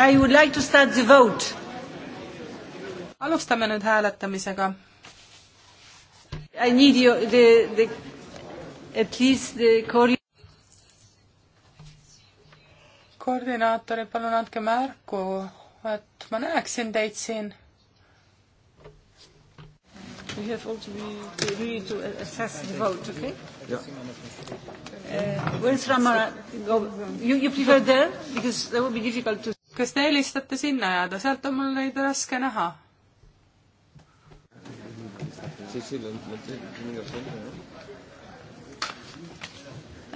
I would like to start the vote. alustame nüüd hääletamisega. I need you the, the at least the koori-. koordinaatorid, palun andke märku, et ma näeksin teid siin. We have also to read to assess the vote, okay? Yeah. Uh, where's Ramara? You, you prefer there? Because that would be difficult to kas te eelistate sinna jääda, sealt on mul neid raske näha.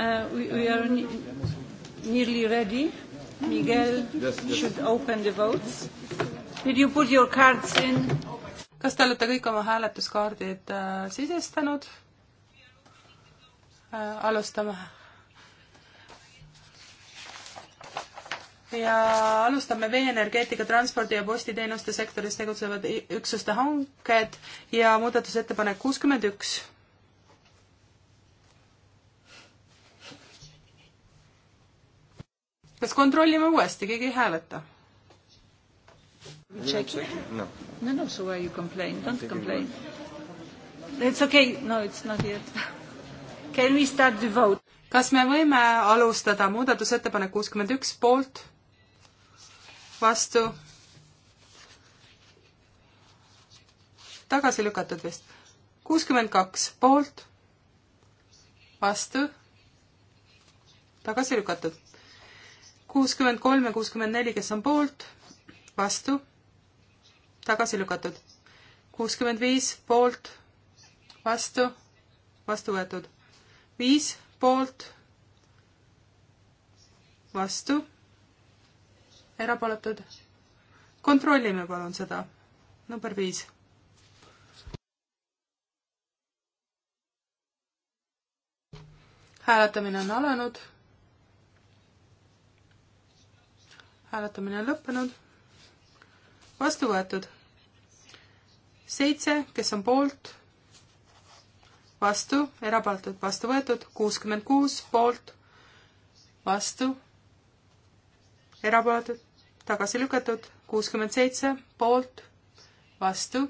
Uh, we, we are ne nearly ready. Miguel yes, yes. should open the votes. Did you put your cards in? kas te olete kõik oma hääletuskaardid äh, sisestanud äh,? alustame ja alustame vee-energeetika, transpordi ja postiteenuste sektoris tegutsevad üksuste hanked ja muudatusettepanek kuuskümmend üks. kas kontrollime uuesti, keegi ei hääleta? Checking? No. No, no, so why you complain? Don't complain. It's okay. No, it's not yet. Can we start the vote? kas me võime alustada muudatusettepanek kuuskümmend üks poolt? vastu. tagasi lükatud vist. kuuskümmend kaks poolt, vastu, tagasi lükatud. kuuskümmend kolm ja kuuskümmend neli, kes on poolt, vastu, tagasi lükatud. kuuskümmend viis poolt, vastu, vastu võetud. viis poolt, vastu erapooletud. kontrollime palun seda. number viis. hääletamine on alanud. hääletamine on lõppenud. vastu võetud. seitse, kes on poolt, vastu, erapooletud, vastu võetud, kuuskümmend kuus poolt, vastu erapooletud, tagasi lükatud, kuuskümmend seitse poolt, vastu,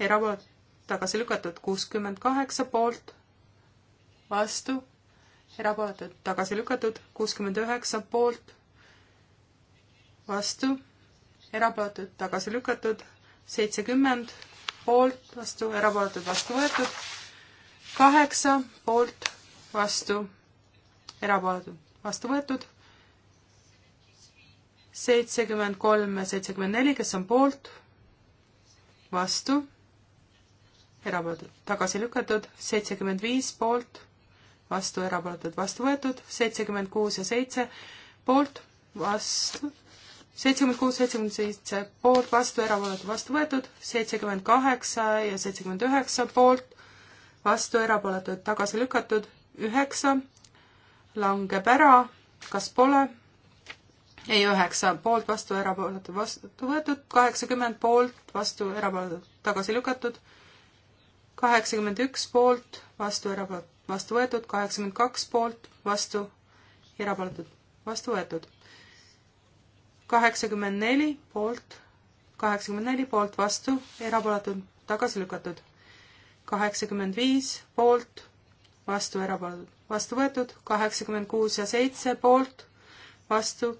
erapooletud, tagasi lükatud, kuuskümmend kaheksa poolt, vastu, erapooletud, tagasi lükatud, kuuskümmend üheksa poolt, vastu, erapooletud, tagasi lükatud, seitsekümmend poolt, vastu, erapooletud, vastu võetud, kaheksa poolt, vastu, erapooletud, vastu võetud seitsekümmend kolm ja seitsekümmend neli, kes on poolt, vastu, erapooletud, tagasi lükatud, seitsekümmend viis poolt, vastu, erapooletud, vastu võetud, seitsekümmend kuus ja seitse poolt, vastu, seitsekümmend kuus, seitsekümmend seitse poolt, vastu, erapooletud, vastu võetud, seitsekümmend kaheksa ja seitsekümmend üheksa poolt, vastu, erapooletud, tagasi lükatud, üheksa langeb ära, kas pole ei üheksa, poolt, vastu, erapooletu, vastu võetud, kaheksakümmend poolt, vastu, erapooletu, tagasi lükatud, kaheksakümmend üks poolt, vastu, erapooletu, vastu võetud, kaheksakümmend kaks poolt, vastu, erapooletud, vastu võetud. kaheksakümmend neli poolt, kaheksakümmend neli poolt, vastu, erapooletud, tagasi lükatud. kaheksakümmend viis poolt, vastu, erapooletud, vastu võetud, kaheksakümmend kuus ja seitse poolt, vastu,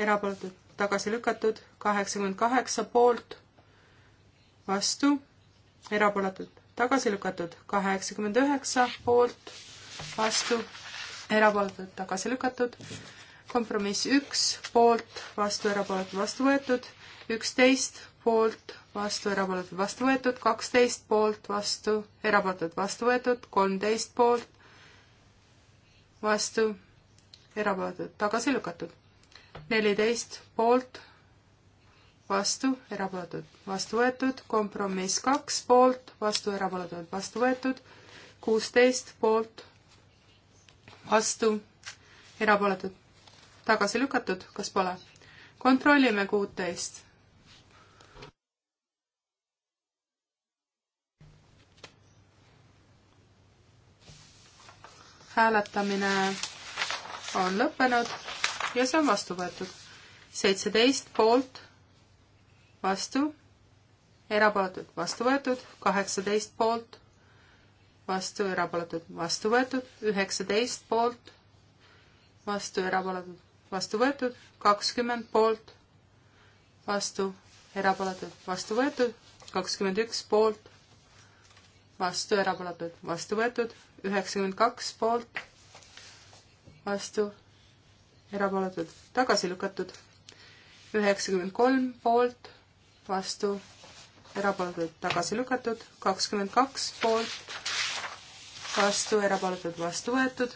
erapooletud tagasi lükatud, kaheksakümmend kaheksa poolt, vastu, erapooletud tagasi lükatud, kaheksakümmend üheksa poolt, vastu, erapooletud tagasi lükatud, kompromiss üks, poolt, vastu, erapooletud, vastu võetud, üksteist, poolt, vastu, erapooletud, vastu võetud, kaksteist poolt, vastu, erapooletud, vastu võetud, kolmteist poolt, vastu, erapooletud, tagasi lükatud neliteist poolt, vastu, erapooletud, vastu võetud, kompromiss kaks poolt, vastu, erapooletud, vastu võetud, kuusteist poolt, vastu, erapooletud, tagasi lükatud, kas pole? kontrollime kuuteist. hääletamine on lõppenud ja see on vastu võetud. seitseteist poolt, vastu, erapooletud, vastu võetud, kaheksateist poolt, vastu, erapooletud, vastu võetud, üheksateist poolt, vastu, erapooletud, vastu võetud, kakskümmend poolt, vastu, erapooletud, vastu võetud, kakskümmend üks poolt, vastu, erapooletud, vastu võetud, üheksakümmend kaks poolt, vastu, erapooletud, tagasi lükatud. üheksakümmend kolm poolt, vastu, erapooletud, tagasi lükatud. kakskümmend kaks poolt, vastu, erapooletud, vastu võetud.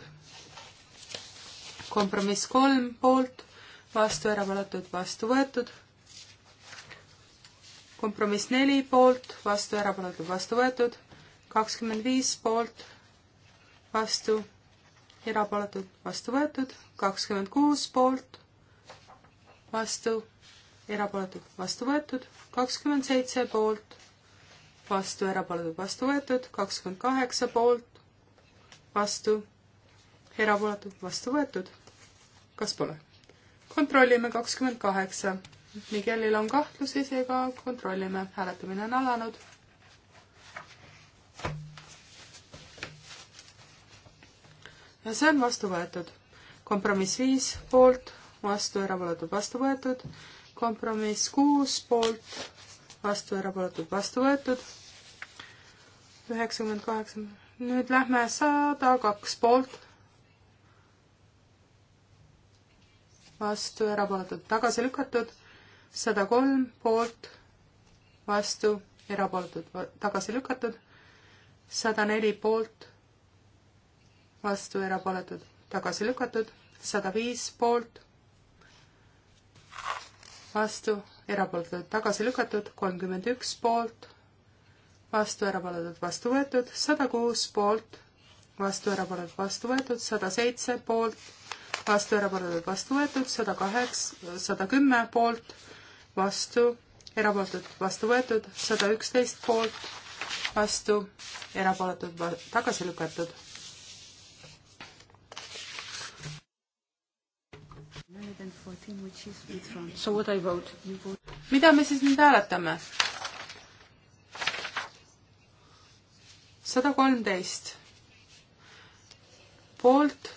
kompromiss kolm poolt, vastu, erapooletud, vastu võetud kompromiss neli poolt, vastu, erapooletud, vastu võetud, kakskümmend viis poolt, vastu, erapooletud, vastu võetud, kakskümmend kuus poolt, vastu, erapooletud, vastu võetud, kakskümmend seitse poolt, vastu, erapooletud, vastu võetud, kakskümmend kaheksa poolt, vastu, erapooletud, vastu võetud. kas pole? kontrollime kakskümmend kaheksa. Mikelil on kahtlusi, seega kontrollime. hääletamine on alanud see on vastu võetud. kompromiss viis poolt, vastu, erapooletud, vastu võetud. kompromiss kuus poolt, vastu, erapooletud, vastu võetud. üheksakümmend kaheksa, nüüd lähme sada kaks poolt. vastu, erapooletud, tagasi lükatud. sada kolm poolt, vastu, erapooletud, tagasi lükatud. sada neli poolt vastu, erapooletud, tagasi lükatud, sada viis poolt, vastu, erapooletud, tagasi lükatud, kolmkümmend üks poolt, vastu, erapooletud, vastu võetud, sada kuus poolt, vastu, erapooletud, vastu võetud, sada seitse poolt, vastu, erapooletud, vastu võetud, sada kaheksa, sada kümme poolt, vastu, erapooletud, vastu võetud, sada üksteist poolt, vastu, erapooletud, tagasi lükatud mida me siis nüüd hääletame? sada kolmteist poolt,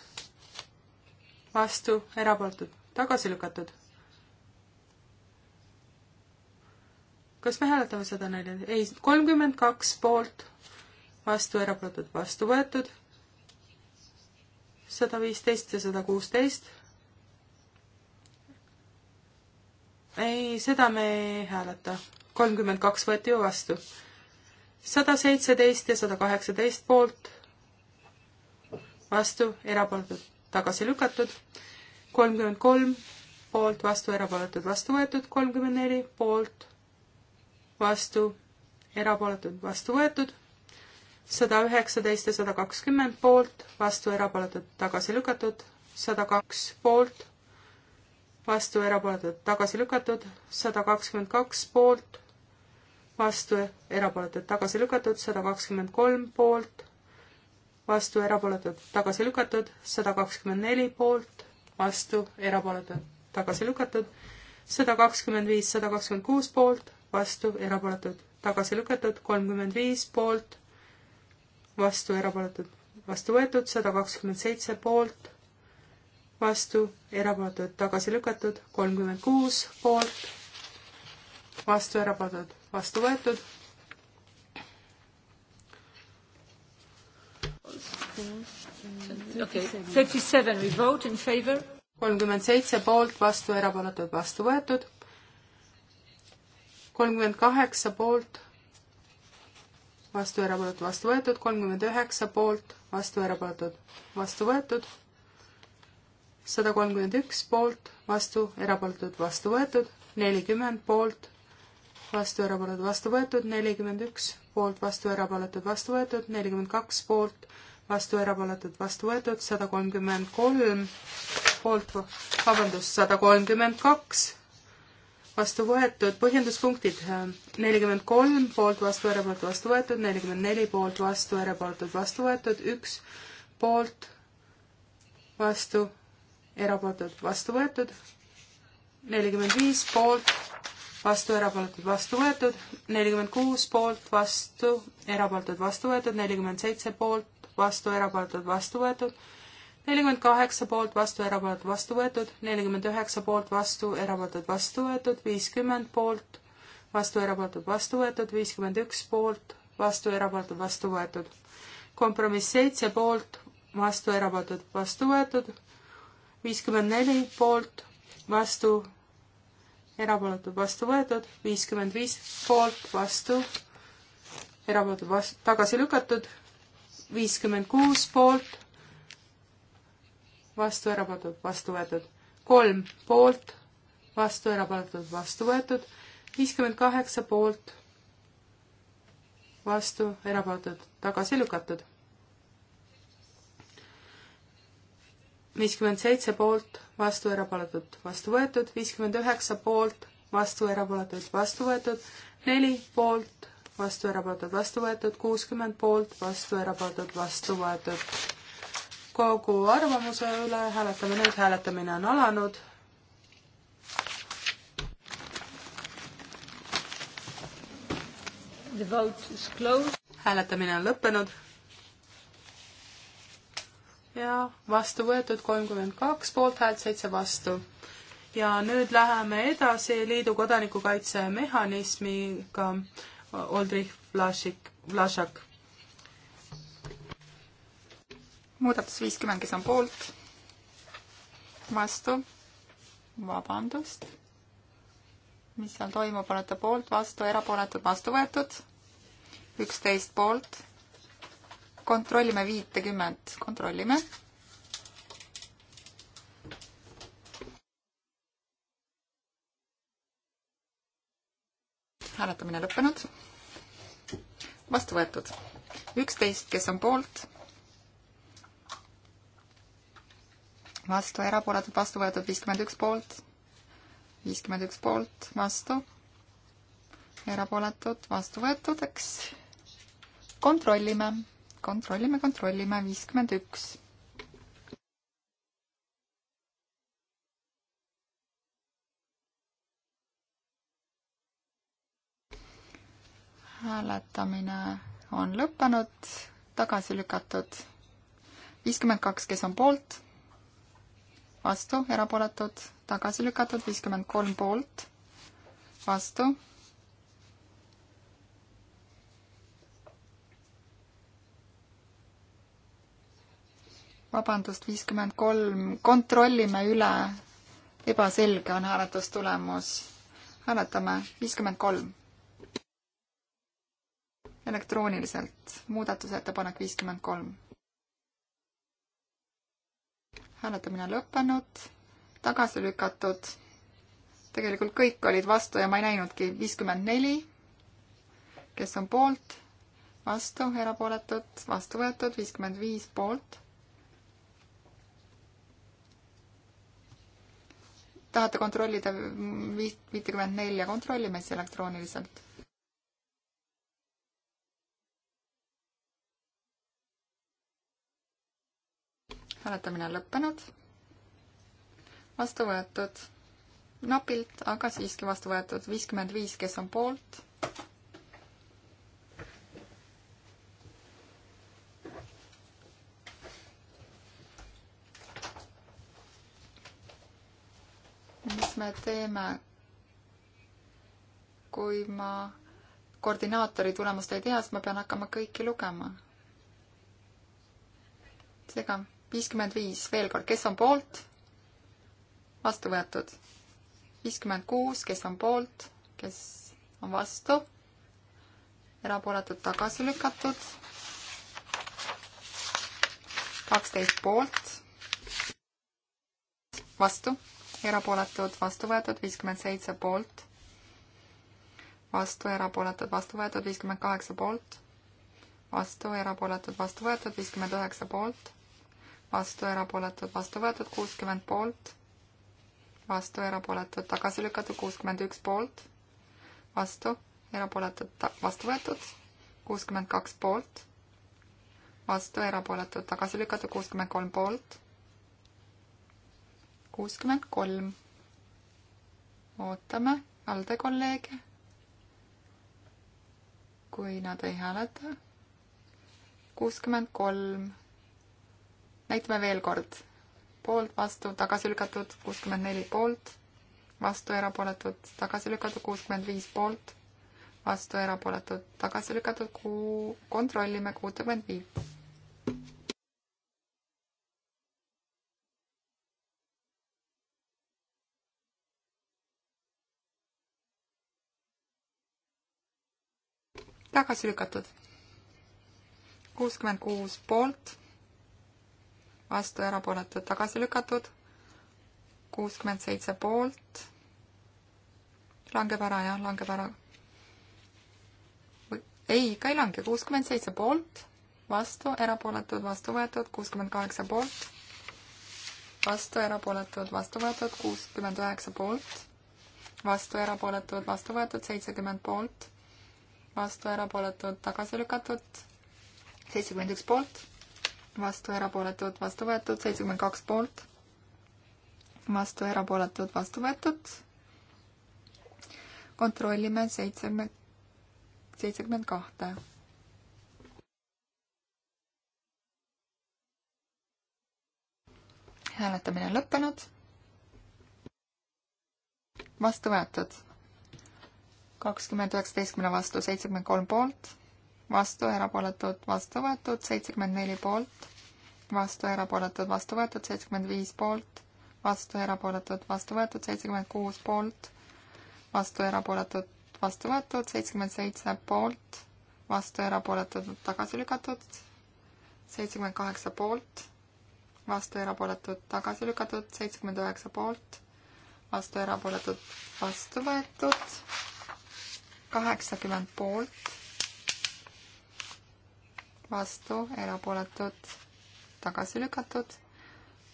vastu, erapooletud, tagasi lükatud. kas me hääletame sada neli, ei, kolmkümmend kaks poolt, vastu, erapooletud, vastu võetud, sada viisteist ja sada kuusteist ei, seda me ei hääleta. kolmkümmend kaks võeti ju vastu. sada seitseteist ja sada kaheksateist poolt, vastu, erapooletud, tagasi lükatud. kolmkümmend kolm poolt, vastu, erapooletud, vastu võetud. kolmkümmend neli poolt, vastu, erapooletud, vastu võetud sada üheksateist ja sada kakskümmend poolt, vastu erapooletud tagasi lükatud, sada kaks poolt, vastu, erapooletud, tagasi lükatud, sada kakskümmend kaks poolt, vastu, erapooletud, tagasi lükatud, sada kakskümmend kolm poolt, vastu, erapooletud, tagasi lükatud, sada kakskümmend neli poolt, vastu, erapooletud, tagasi lükatud, sada kakskümmend viis, sada kakskümmend kuus poolt, vastu, erapooletud, tagasi lükatud, kolmkümmend viis poolt, vastu, erapooletud, vastu võetud, sada kakskümmend seitse poolt vastu, erapooletud, tagasi lükatud, kolmkümmend kuus poolt, vastu, erapooletud, vastu võetud. kolmkümmend seitse poolt, vastu, erapooletud, vastu võetud. kolmkümmend kaheksa poolt, vastu, erapooletud, vastu võetud, kolmkümmend üheksa poolt, vastu, erapooletud, vastu võetud sada kolmkümmend üks poolt, vastu, erapooletud, vastu võetud, nelikümmend poolt, vastu, erapooletud, vastu võetud, nelikümmend üks poolt, vastu, erapooletud, vastu võetud, nelikümmend kaks poolt, vastu, erapooletud, vastu võetud, sada kolmkümmend kolm poolt, vabandust, sada kolmkümmend kaks vastu võetud, põhjenduspunktid nelikümmend kolm poolt, vastu, erapooletud, vastu võetud, nelikümmend neli poolt, vastu, erapooletud, vastu võetud, üks poolt, vastu, erapooletud, vastu võetud, nelikümmend viis poolt, vastu, erapooletud, vastu võetud, nelikümmend kuus poolt, vastu, erapooletud, vastu võetud, nelikümmend seitse poolt, vastu, erapooletud, vastu võetud, nelikümmend kaheksa poolt, vastu, erapooletud, vastu võetud, nelikümmend üheksa poolt, vastu, erapooletud, vastu võetud, viiskümmend poolt, vastu, erapooletud, vastu võetud, viiskümmend üks poolt, vastu, erapooletud, vastu võetud. kompromiss seitse poolt, vastu, erapooletud, vastu võetud viiskümmend neli poolt, vastu, erapooletud, vastu võetud, viiskümmend viis poolt, vastu, erapooletud, vastu, tagasi lükatud, viiskümmend kuus poolt, vastu, erapooletud, vastu võetud, kolm poolt, vastu, erapooletud, vastu võetud, viiskümmend kaheksa poolt, vastu, erapooletud, tagasi lükatud viiskümmend seitse poolt, vastu erapooletud, vastu võetud, viiskümmend üheksa poolt, vastu erapooletud, vastu võetud, neli poolt, vastu erapooletud, vastu võetud, kuuskümmend poolt, vastu erapooletud, vastu võetud. kogu arvamuse üle hääletame nüüd, hääletamine on alanud hääletamine on lõppenud ja vastu võetud kolmkümmend kaks poolthäält, seitse vastu. ja nüüd läheme edasi liidu kodanikukaitsemehhanismiga, Oldrich Vlašik, Vlašak. muudatus viiskümmend, kes on poolt, vastu, vabandust, mis seal toimub, olete poolt, vastu, erapooletud, vastu võetud, üksteist poolt kontrollime viitekümmet, kontrollime. hääletamine lõppenud. vastu võetud. üksteist, kes on poolt? vastu, erapooletud, vastu võetud, viiskümmend üks poolt, viiskümmend üks poolt, vastu, erapooletud, vastu võetud, eks kontrollime kontrollime, kontrollime, viiskümmend üks. hääletamine on lõppenud, tagasi lükatud. viiskümmend kaks, kes on poolt, vastu, erapooletud, tagasi lükatud, viiskümmend kolm poolt, vastu vabandust, viiskümmend kolm, kontrollime üle, ebaselge on hääletustulemus. hääletame viiskümmend kolm. elektrooniliselt, muudatusettepanek viiskümmend kolm. hääletamine lõppenud, tagasi lükatud. tegelikult kõik olid vastu ja ma ei näinudki, viiskümmend neli, kes on poolt, vastu, erapooletud, vastu võetud, viiskümmend viis poolt tahate kontrollida viitekümmet nelja, kontrollime siis elektrooniliselt. hääletamine on lõppenud. vastu võetud napilt, aga siiski vastu võetud viiskümmend viis, kes on poolt me teeme, kui ma koordinaatori tulemust ei tea, siis ma pean hakkama kõiki lugema. seega viiskümmend viis, veel kord, kes on poolt? vastu võetud. viiskümmend kuus, kes on poolt, kes on vastu? erapooletud tagasi lükatud. kaksteist poolt, vastu erapooletud, vastu võetud, viiskümmend seitse poolt, vastu, erapooletud, vastu võetud, viiskümmend kaheksa poolt, vastu, erapooletud, vastu võetud, viiskümmend üheksa poolt, vastu, erapooletud, vastu võetud, kuuskümmend poolt, vastu, erapooletud, tagasi lükatud, kuuskümmend üks poolt, vastu, erapooletud, vastu võetud, kuuskümmend kaks poolt, vastu, erapooletud, tagasi lükatud, kuuskümmend kolm poolt kuuskümmend kolm. ootame ALDE kolleege. kui nad ei hääleta. kuuskümmend kolm. näitame veel kord. poolt, vastu, tagasi lükatud, kuuskümmend neli poolt, vastu, erapooletud, tagasi lükatud, kuuskümmend viis poolt, vastu, erapooletud, tagasi lükatud, kuu, kontrollime kuutekümmend viit tagasi lükatud. kuuskümmend kuus poolt, vastu erapooletud, tagasi lükatud. kuuskümmend seitse poolt, langeb ära jah, langeb ära. ei, ikka ei lange, kuuskümmend seitse poolt, vastu erapooletud, vastu võetud, kuuskümmend kaheksa poolt, vastu erapooletud, vastu võetud, kuuskümmend üheksa poolt, vastu erapooletud, vastu võetud, seitsekümmend poolt vastu, erapooletud, tagasi lükatud, seitsekümmend üks poolt, vastu, erapooletud, vastu võetud, seitsekümmend kaks poolt, vastu, erapooletud, vastu võetud. kontrollime seitsekümmend, seitsekümmend kahte. hääletamine on lõppenud. vastu võetud kakskümmend üheksateistkümne vastu, seitsekümmend kolm poolt, vastu, erapooletud, vastu võetud, seitsekümmend neli poolt, vastu, erapooletud, vastu võetud, seitsekümmend viis poolt, vastu, erapooletud, vastu võetud, seitsekümmend kuus poolt, vastu, erapooletud, vastu võetud, seitsekümmend seitse poolt, vastu, erapooletud, tagasi lükatud, seitsekümmend kaheksa poolt, vastu, erapooletud, tagasi lükatud, seitsekümmend üheksa poolt, vastu, erapooletud, vastu võetud kaheksakümmend poolt, vastu, erapooletud, tagasi lükatud.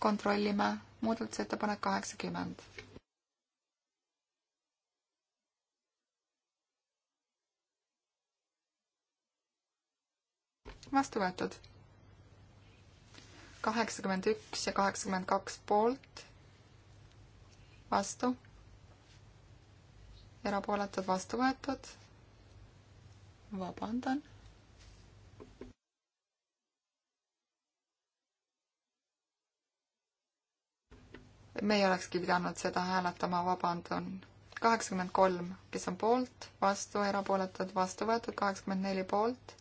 kontrollime muudatusettepanek kaheksakümmend. vastu võetud. kaheksakümmend üks ja kaheksakümmend kaks poolt, vastu erapooletud, vastu võetud. vabandan. me ei olekski pidanud seda hääletama, vabandan. kaheksakümmend kolm, kes on poolt, vastu, erapooletud, vastu võetud, kaheksakümmend neli poolt,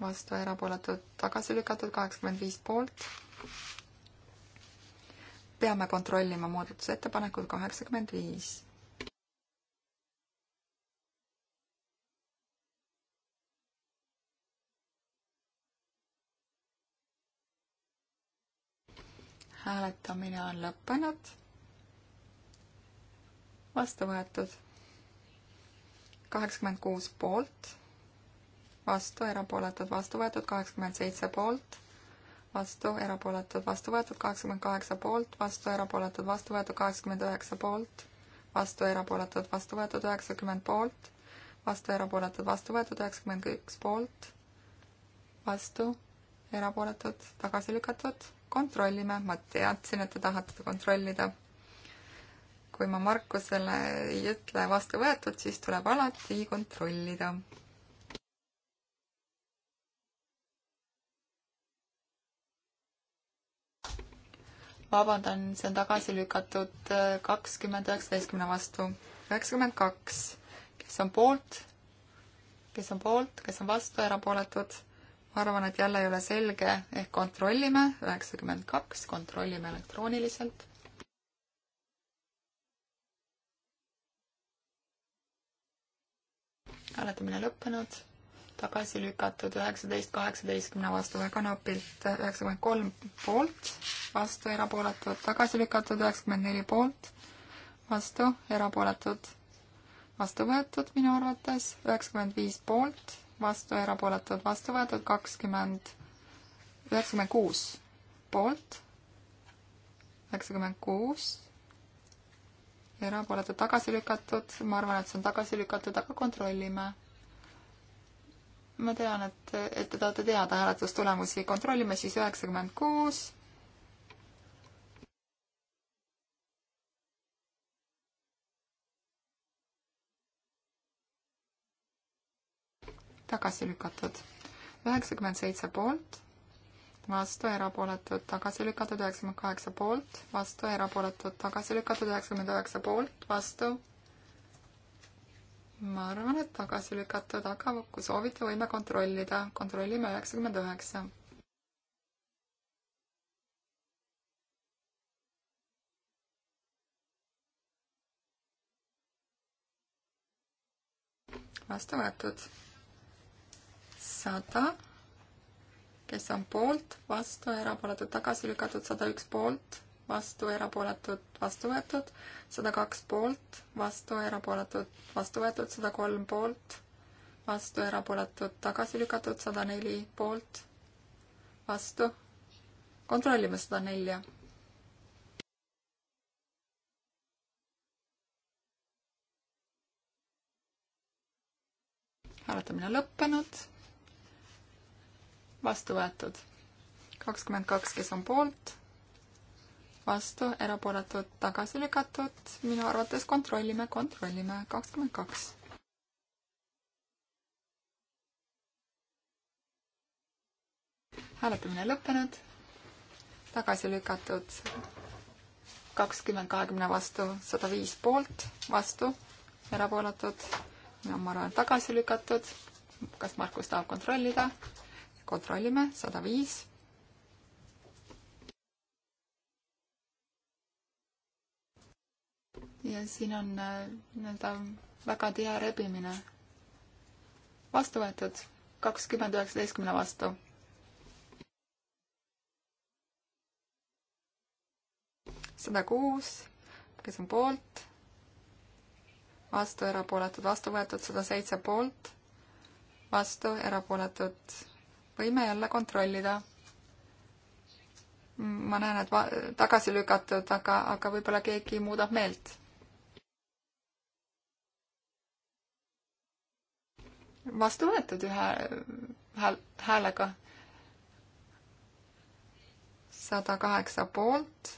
vastu, erapooletud, tagasi lükatud, kaheksakümmend viis poolt peame kontrollima muudatusettepanekut kaheksakümmend viis. hääletamine on lõppenud. vastu võetud kaheksakümmend kuus poolt, vastu, erapooletud, vastu võetud kaheksakümmend seitse poolt, vastu, erapooletud, vastu võetud kaheksakümmend kaheksa poolt, vastu, erapooletud, vastu võetud kaheksakümmend üheksa poolt vastu erapooletud, vastu võetud üheksakümmend poolt, vastu erapooletud, vastu võetud üheksakümmend üks poolt, vastu erapooletud, tagasi lükatud kontrollime, ma teadsin, et te tahate seda kontrollida. kui ma Markusele ei ütle vastu võetud, siis tuleb alati kontrollida. vabandan, see on tagasi lükatud äh, kakskümmend üheksateistkümne vastu. üheksakümmend kaks, kes on poolt, kes on poolt, kes on vastu, erapooletud ma arvan, et jälle ei ole selge, ehk kontrollime, üheksakümmend kaks, kontrollime elektrooniliselt. hääletamine lõppenud, tagasi lükatud üheksateist kaheksateistkümne vastu väga napilt, üheksakümmend kolm poolt, vastu erapooletud, tagasi lükatud üheksakümmend neli poolt, vastu erapooletud, vastu võetud minu arvates, üheksakümmend viis poolt vastu, erapooletud, vastu võetud, kakskümmend, üheksakümmend kuus poolt, üheksakümmend kuus, erapooletud tagasi lükatud, ma arvan, et see on tagasi lükatud, aga kontrollime. ma tean, et, et te tahate teada hääletustulemusi, kontrollime siis üheksakümmend kuus tagasi lükatud. üheksakümmend seitse poolt, vastu, erapooletud, tagasi lükatud, üheksakümmend kaheksa poolt, vastu, erapooletud, tagasi lükatud, üheksakümmend üheksa poolt, vastu. ma arvan, et tagasi lükatud, aga kui soovite, võime kontrollida. kontrollime üheksakümmend üheksa. vastu võetud sada, kes on poolt, vastu, erapooletud, tagasi lükatud, sada üks poolt, vastu, erapooletud, vastu võetud, sada kaks poolt, vastu, erapooletud, vastu võetud, sada kolm poolt, vastu, erapooletud, tagasi lükatud, sada neli poolt, vastu. kontrollime seda nelja hääletamine lõppenud vastu võetud. kakskümmend kaks, kes on poolt, vastu, erapooletud, tagasi lükatud, minu arvates kontrollime, kontrollime, kakskümmend kaks. hääletamine lõppenud, tagasi lükatud kakskümmend kahekümne vastu, sada viis poolt, vastu, erapooletud, minu arvan, tagasi lükatud, kas Markus tahab kontrollida? kontrollime, sada viis. ja siin on äh, nii-öelda väga tihe rebimine. vastu võetud kakskümmend üheksateistkümne vastu. sada kuus, kes on poolt, vastu, erapooletud, vastu võetud sada seitse poolt, vastu, erapooletud võime jälle kontrollida. ma näen, et tagasi lükatud, aga, aga võib-olla keegi muudab meelt. vastu võetud ühe hääl, häälega. sada kaheksa poolt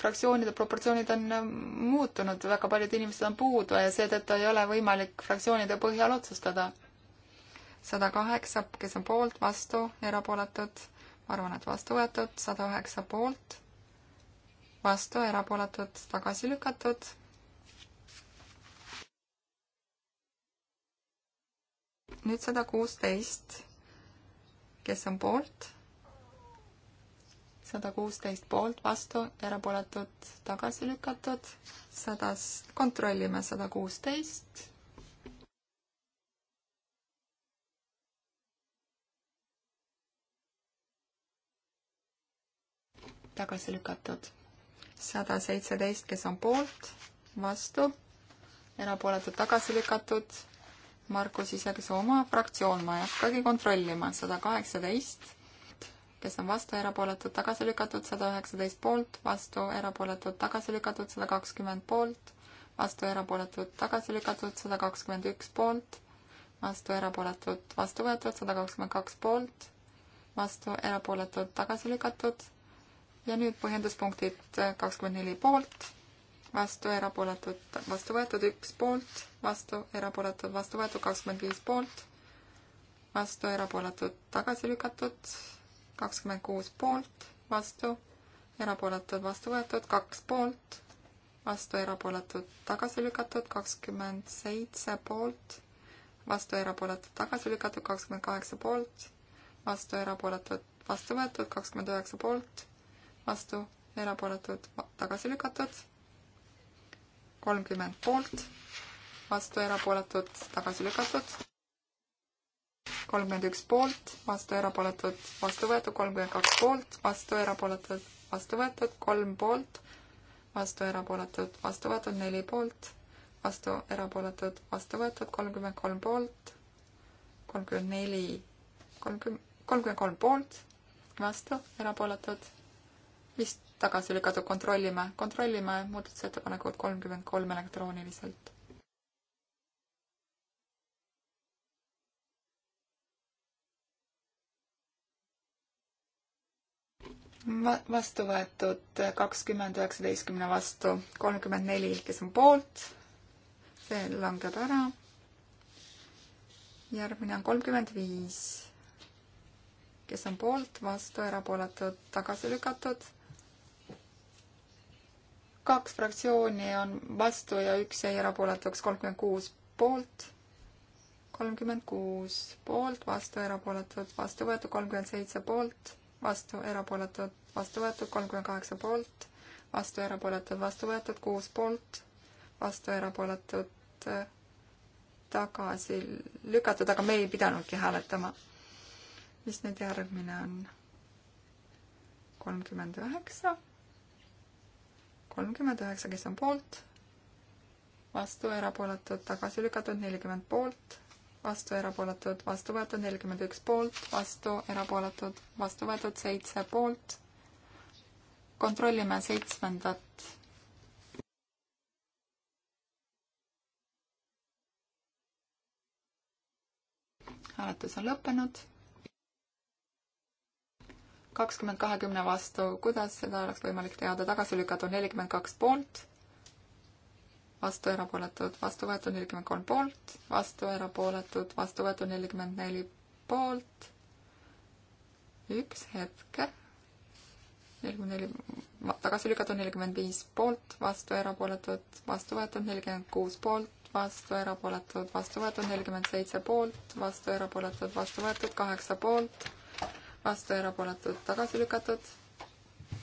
fraktsioonide proportsioonid on äh, muutunud, väga paljud inimesed on puudu ja seetõttu ei ole võimalik fraktsioonide põhjal otsustada. sada kaheksa, kes on poolt, vastu, erapooletud, ma arvan, et vastu võetud, sada üheksa poolt, vastu, erapooletud, tagasi lükatud. nüüd sada kuusteist, kes on poolt sada kuusteist poolt, vastu, erapooletud, tagasi lükatud, sadas, kontrollime sada kuusteist. tagasi lükatud. sada seitseteist, kes on poolt, vastu, erapooletud, tagasi lükatud, Markus isegi oma fraktsioon, ma ei hakkagi kontrollima, sada kaheksateist kes on vastu, erapooletud, tagasi lükatud, sada üheksateist poolt, vastu, erapooletud, tagasi lükatud, sada kakskümmend poolt, vastu, erapooletud, tagasi lükatud, sada kakskümmend üks poolt, vastu, erapooletud, vastu võetud, sada kakskümmend kaks poolt, vastu, erapooletud, tagasi lükatud ja nüüd põhjenduspunktid kakskümmend neli poolt vastu, erapooletud, vastu võetud üks poolt, vastu, erapooletud, vastu võetud kakskümmend viis poolt, vastu, erapooletud, tagasi lükatud kakskümmend kuus poolt, vastu, erapooletud, vastu võetud, kaks poolt, vastu, erapooletud, tagasi lükatud, kakskümmend seitse poolt, vastu, erapooletud, tagasi lükatud, kakskümmend kaheksa poolt, vastu, erapooletud, vastu võetud, kakskümmend üheksa poolt, vastu, erapooletud, tagasi lükatud, kolmkümmend poolt, vastu, erapooletud, tagasi lükatud kolmkümmend üks poolt, vastu erapooletud, vastu võetud, kolmkümmend kaks poolt, vastu erapooletud, vastu võetud, kolm poolt, vastu erapooletud, vastu võetud, neli poolt, vastu erapooletud, vastu võetud, kolmkümmend kolm poolt, kolmkümmend neli, kolmkümmend, kolmkümmend kolm poolt, vastu erapooletud, vist tagasi lükatud, kontrollime, kontrollime muudatusettepanekut kolmkümmend kolm elektrooniliselt vastu võetud kakskümmend üheksateistkümne vastu, kolmkümmend neli, kes on poolt, see langeb ära. järgmine on kolmkümmend viis, kes on poolt, vastu, erapooletud, tagasi lükatud. kaks fraktsiooni on vastu ja üks jäi erapooletuks, kolmkümmend kuus poolt, kolmkümmend kuus poolt, vastu, erapooletud, vastu võetud, kolmkümmend seitse poolt vastu, erapooletud, vastu võetud, kolmkümmend kaheksa poolt, vastu, erapooletud, vastu võetud, kuus poolt, vastu, erapooletud, eh, tagasi lükatud, aga me ei pidanudki hääletama. mis nüüd järgmine on? kolmkümmend üheksa, kolmkümmend üheksa, kes on poolt, vastu, erapooletud, tagasi lükatud, nelikümmend poolt vastu, erapooletud, vastu võetud, nelikümmend üks poolt, vastu, erapooletud, vastu võetud, seitse poolt. kontrollime seitsmendat. hääletus on lõppenud. kakskümmend kahekümne vastu, kuidas seda oleks võimalik teada, tagasi lükatud nelikümmend kaks poolt vastu erapooletud, vastu võetud nelikümmend kolm poolt, vastu erapooletud, vastu võetud nelikümmend neli poolt. üks hetke, nelikümmend neli, tagasi lükatud nelikümmend viis poolt, vastu erapooletud, vastu võetud nelikümmend kuus poolt, vastu erapooletud, vastu võetud nelikümmend seitse poolt, vastu erapooletud, vastu võetud kaheksa poolt, vastu erapooletud, tagasi lükatud.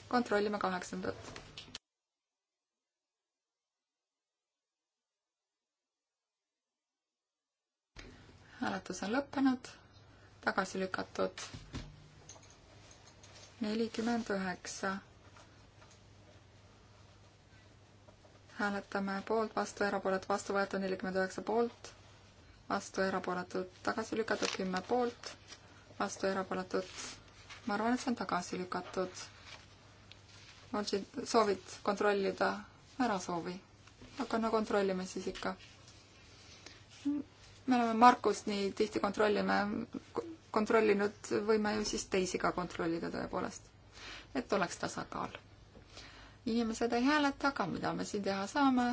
kontrollime kaheksandat hääletus on lõppenud, tagasi lükatud nelikümmend üheksa. hääletame poolt, vastu, erapooletu, vastu võetud nelikümmend üheksa poolt, vastu, erapooletud, tagasi lükatud kümme poolt, vastu, erapooletud. ma arvan, et see on tagasi lükatud. on siin, soovid kontrollida? ära soovi. aga no kontrollime siis ikka me oleme Markust nii tihti kontrollime, kontrollinud, võime ju siis teisi ka kontrollida tõepoolest, et oleks tasakaal. inimesed ei hääleta, aga mida me siin teha saame?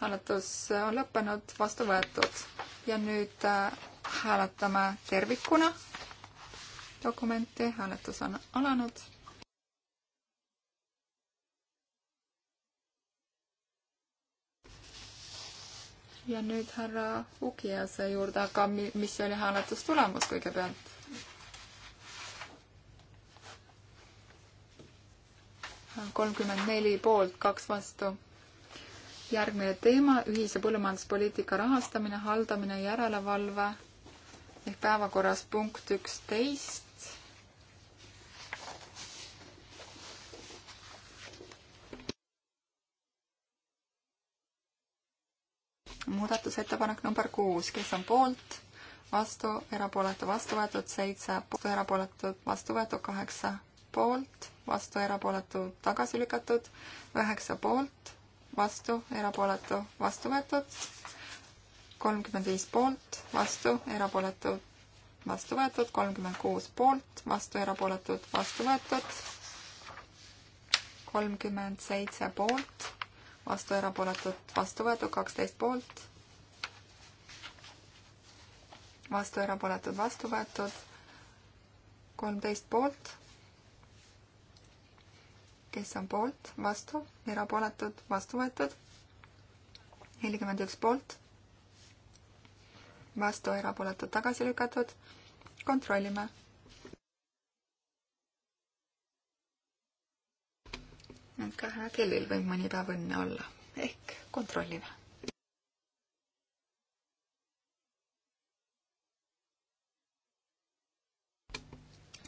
hääletus on lõppenud, vastu võetud ja nüüd äh, hääletame tervikuna dokumenti, hääletus on alanud ja nüüd härra Ugiase juurde, aga mis oli hääletustulemus kõigepealt? kolmkümmend neli poolt, kaks vastu. järgmine teema, ühise põllumajanduspoliitika rahastamine, haldamine, järelevalve ehk päevakorras punkt üksteist. muudatusettepanek number kuus, kes on poolt, vastu, erapooletu, vastu võetud seitse, vastu erapooletu, vastu võetud kaheksa, poolt, vastu erapooletu, tagasi lükatud, üheksa poolt, vastu, erapooletu, vastu võetud, kolmkümmend viis poolt, vastu, erapooletu, vastu võetud, kolmkümmend kuus poolt, vastu, erapooletud, vastu võetud, kolmkümmend seitse poolt vastu erapooletud vastu võetud, kaksteist poolt, vastu erapooletud vastu võetud, kolmteist poolt, kes on poolt, vastu, erapooletud, vastu võetud, nelikümmend üks poolt, vastu erapooletud tagasi lükatud, kontrollime mõtlenudki, kellel võib mõni päev õnne olla, ehk kontrollime.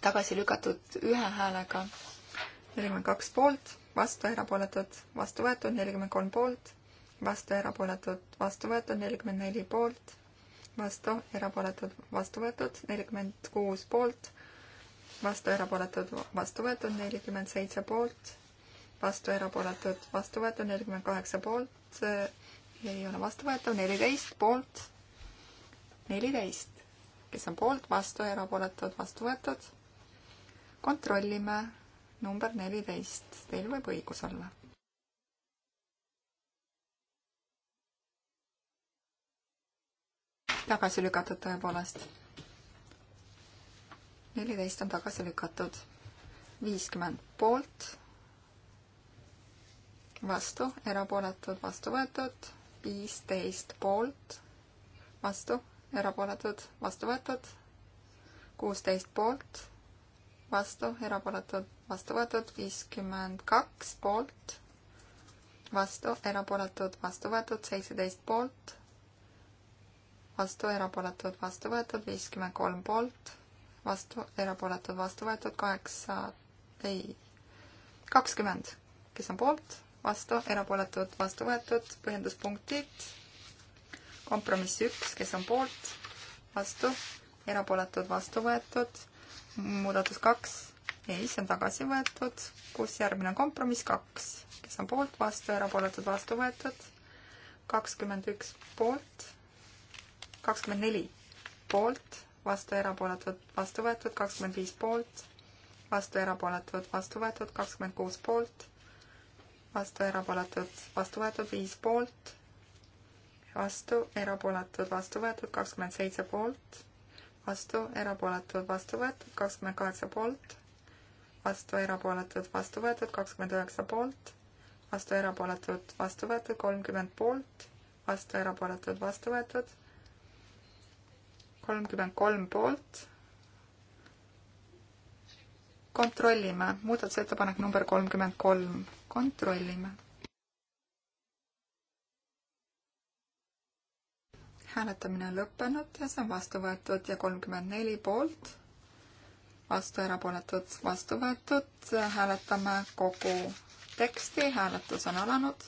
tagasi lükatud ühe häälega nelikümmend kaks poolt, vastu erapooletud, vastu võetud nelikümmend kolm poolt, vastu erapooletud, vastu võetud nelikümmend neli poolt, vastu erapooletud, vastu võetud nelikümmend kuus poolt vastu erapooletud, vastu võetud nelikümmend seitse poolt, vastu erapooletud, vastu võetud nelikümmend kaheksa poolt, ei ole vastu võetav, neliteist poolt, neliteist, kes on poolt, vastu, erapooletud, vastu võetud. kontrollime number neliteist, teil võib õigus olla. tagasi lükatud tõepoolest. neliteist on tagasi lükatud, viiskümmend poolt vastu, erapooletud, vastu võetud, viisteist poolt, vastu, erapooletud, vastu võetud, kuusteist poolt, vastu, erapooletud, vastu võetud, viiskümmend kaks poolt, vastu, erapooletud, vastu võetud, seitseteist poolt, vastu, erapooletud, vastu võetud, viiskümmend kolm poolt, vastu, erapooletud, vastu võetud, kaheksa, ei, kakskümmend, kes on poolt vastu, erapooletud, vastu võetud, põhjenduspunktid, kompromiss üks, kes on poolt, vastu, erapooletud, vastu võetud, muudatus kaks, ei, see on tagasi võetud, kus järgmine on kompromiss kaks, kes on poolt, vastu, erapooletud, vastu võetud, kakskümmend üks poolt, kakskümmend neli poolt, vastu, erapooletud, vastu võetud, kakskümmend viis poolt, vastu, erapooletud, vastu võetud, kakskümmend kuus poolt vastu, erapooletud, vastu võetud, viis poolt, vastu, erapooletud, vastu võetud, kakskümmend seitse poolt, vastu, erapooletud, vastu võetud, kakskümmend kaheksa poolt, vastu, erapooletud, vastu võetud, kakskümmend üheksa poolt, vastu, erapooletud, vastu võetud, kolmkümmend poolt, vastu, erapooletud, vastu võetud, kolmkümmend kolm poolt kontrollime, muudatusettepanek number kolmkümmend kolm kontrollime. hääletamine on lõppenud ja see on vastu võetud ja kolmkümmend neli poolt, vastu erapooletud, vastu võetud, hääletame kogu teksti, hääletus on alanud.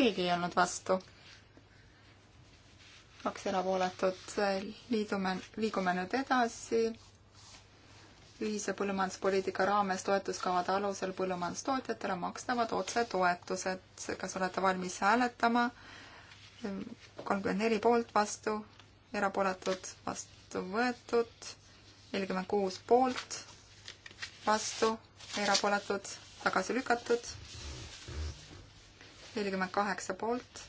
keegi ei olnud vastu kaks erapooletut, liidume, liigume nüüd edasi. ühise põllumajanduspoliitika raames toetuskavade alusel põllumajandustootjatele makstavad otsetoetused. kas olete valmis hääletama? kolmkümmend neli poolt vastu, erapooletud vastu võetud, nelikümmend kuus poolt vastu, erapooletud tagasi lükatud, nelikümmend kaheksa poolt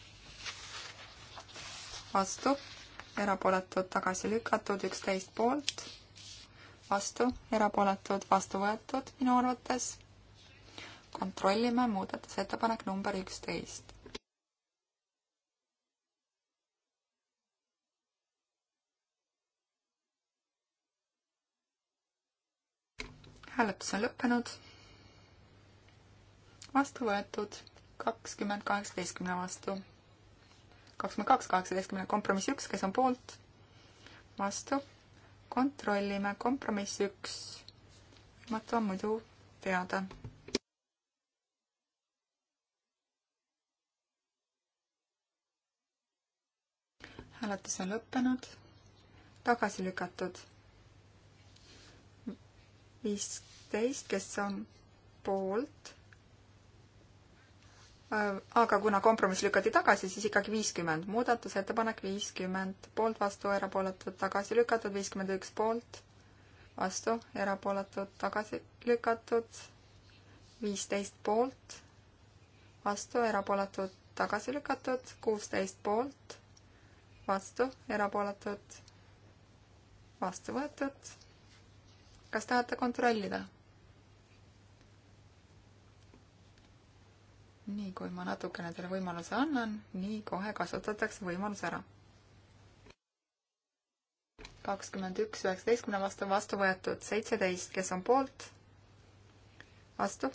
vastu, erapooletud, tagasi lükatud, üksteist poolt, vastu, erapooletud, vastu võetud minu arvates. kontrollime muudatusettepanek number üksteist. hääletus on lõppenud. vastu võetud kakskümmend kaheksateistkümne vastu kakskümmend kaks, kaheksateistkümne kompromiss üks, kes on poolt, vastu, kontrollime, kompromiss üks, võimatu on muidu teada. hääletus on lõppenud, tagasi lükatud. viisteist, kes on poolt Äh, aga kuna kompromiss lükati tagasi, siis ikkagi viiskümmend, muudatusettepanek viiskümmend, poolt, vastu, erapooletud, tagasi lükatud, viiskümmend üks poolt, vastu, erapooletud, tagasi lükatud, viisteist poolt, vastu, erapooletud, tagasi lükatud, kuusteist poolt, vastu, erapooletud, vastu võetud. kas tahate kontrollida? nii kui ma natukene selle võimaluse annan, nii kohe kasutatakse võimalus ära. kakskümmend üks üheksateistkümne vastu vastu võetud seitseteist, kes on poolt? vastu?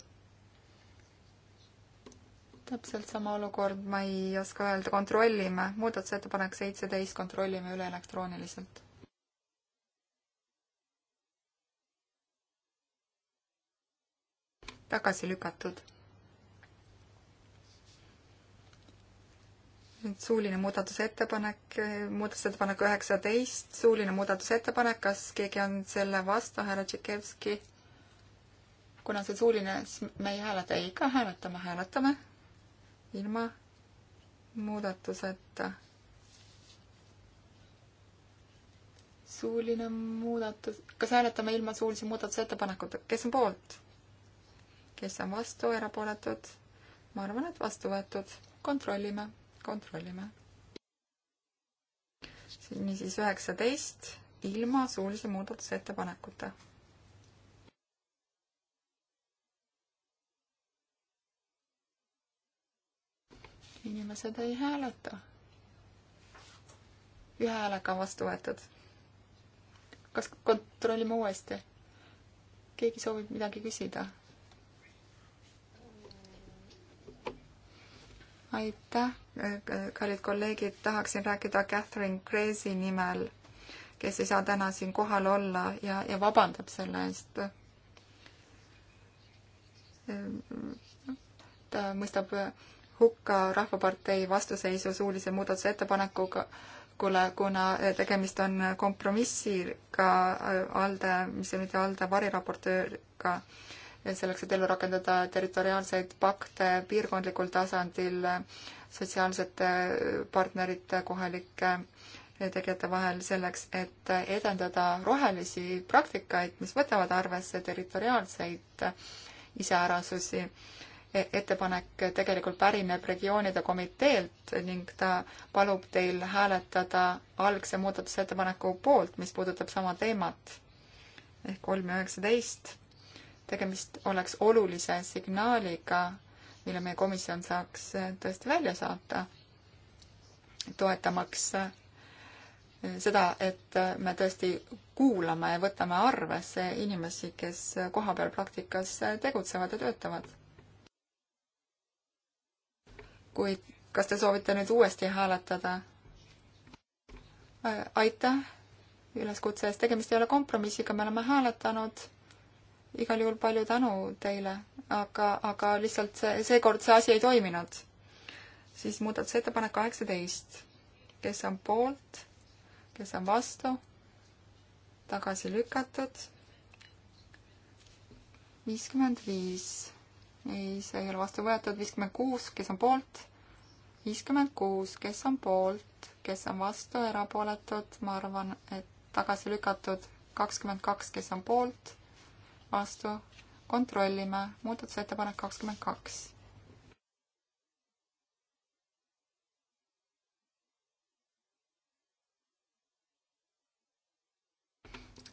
täpselt sama olukord, ma ei oska öelda, kontrollime, muudatusettepanek seitseteist, kontrollime üle elektrooniliselt tagasi lükatud. nüüd suuline muudatusettepanek, eh, muudatusettepanek üheksateist, suuline muudatusettepanek, kas keegi on selle vastu, härra Tšekevski? kuna see suuline, siis me ei hääleta, ei ikka hääletame, hääletame ilma muudatuseta. suuline muudatus, kas hääletame ilma suulise muudatusettepanekuta, kes on poolt? kes on vastu, erapooletud? ma arvan, et vastu võetud, kontrollime kontrollime. niisiis üheksateist ilma suulise muudatusettepanekuta. inimesed ei hääleta. ühe häälega on vastu võetud. kas kontrollime uuesti? keegi soovib midagi küsida? aitäh, kallid kolleegid, tahaksin rääkida Catherine Grace'i nimel, kes ei saa täna siin kohal olla ja, ja vabandab selle eest. ta mõistab hukka Rahvapartei vastuseisu suulise muudatusettepanekuga, kuule, kuna tegemist on kompromissiga ALDE, mis on nüüd ALDE variraportööriga selleks, et ellu rakendada territoriaalseid pakte piirkondlikul tasandil sotsiaalsete partnerite, kohalike tegijate vahel selleks, et edendada rohelisi praktikaid, mis võtavad arvesse territoriaalseid iseärasusi. E-, ettepanek tegelikult pärineb regioonide komiteelt ning ta palub teil hääletada algse muudatusettepaneku poolt, mis puudutab sama teemat ehk kolm ja üheksateist tegemist oleks olulise signaaliga, mille meie komisjon saaks äh, tõesti välja saata, toetamaks äh, seda, et äh, me tõesti kuulame ja võtame arvesse inimesi, kes kohapeal praktikas tegutsevad ja töötavad. kuid kas te soovite nüüd uuesti hääletada? aitäh üleskutse eest, tegemist ei ole kompromissiga, me oleme hääletanud igal juhul palju tänu teile, aga, aga lihtsalt see, seekord see asi ei toiminud. siis muudatusettepanek kaheksateist. kes on poolt, kes on vastu, tagasi lükatud, viiskümmend viis. ei, see ei ole vastu võetud, viiskümmend kuus, kes on poolt, viiskümmend kuus, kes on poolt, kes on vastu, erapooletud, ma arvan, et tagasi lükatud, kakskümmend kaks, kes on poolt vastu, kontrollime, muudatusettepanek kakskümmend kaks.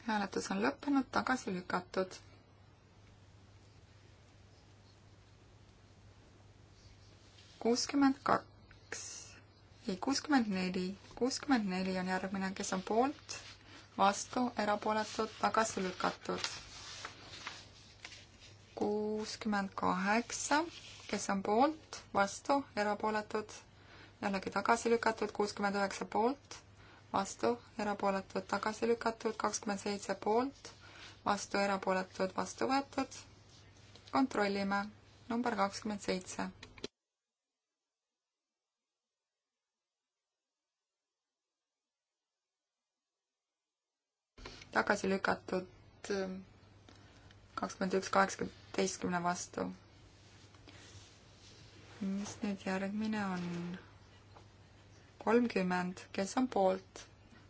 hääletus on lõppenud, tagasi lükatud. kuuskümmend kaks, ei kuuskümmend neli, kuuskümmend neli on järgmine, kes on poolt, vastu, erapooletud, tagasi lükatud kuuskümmend kaheksa, kes on poolt, vastu, erapooletud, jällegi tagasi lükatud, kuuskümmend üheksa poolt, vastu, erapooletud, tagasi lükatud, kakskümmend seitse poolt, vastu, erapooletud, vastu võetud. kontrollime, number kakskümmend seitse. tagasi lükatud kakskümmend üks, kaheksakümmend kaheteistkümne vastu. mis nüüd järgmine on? kolmkümmend, kes on poolt,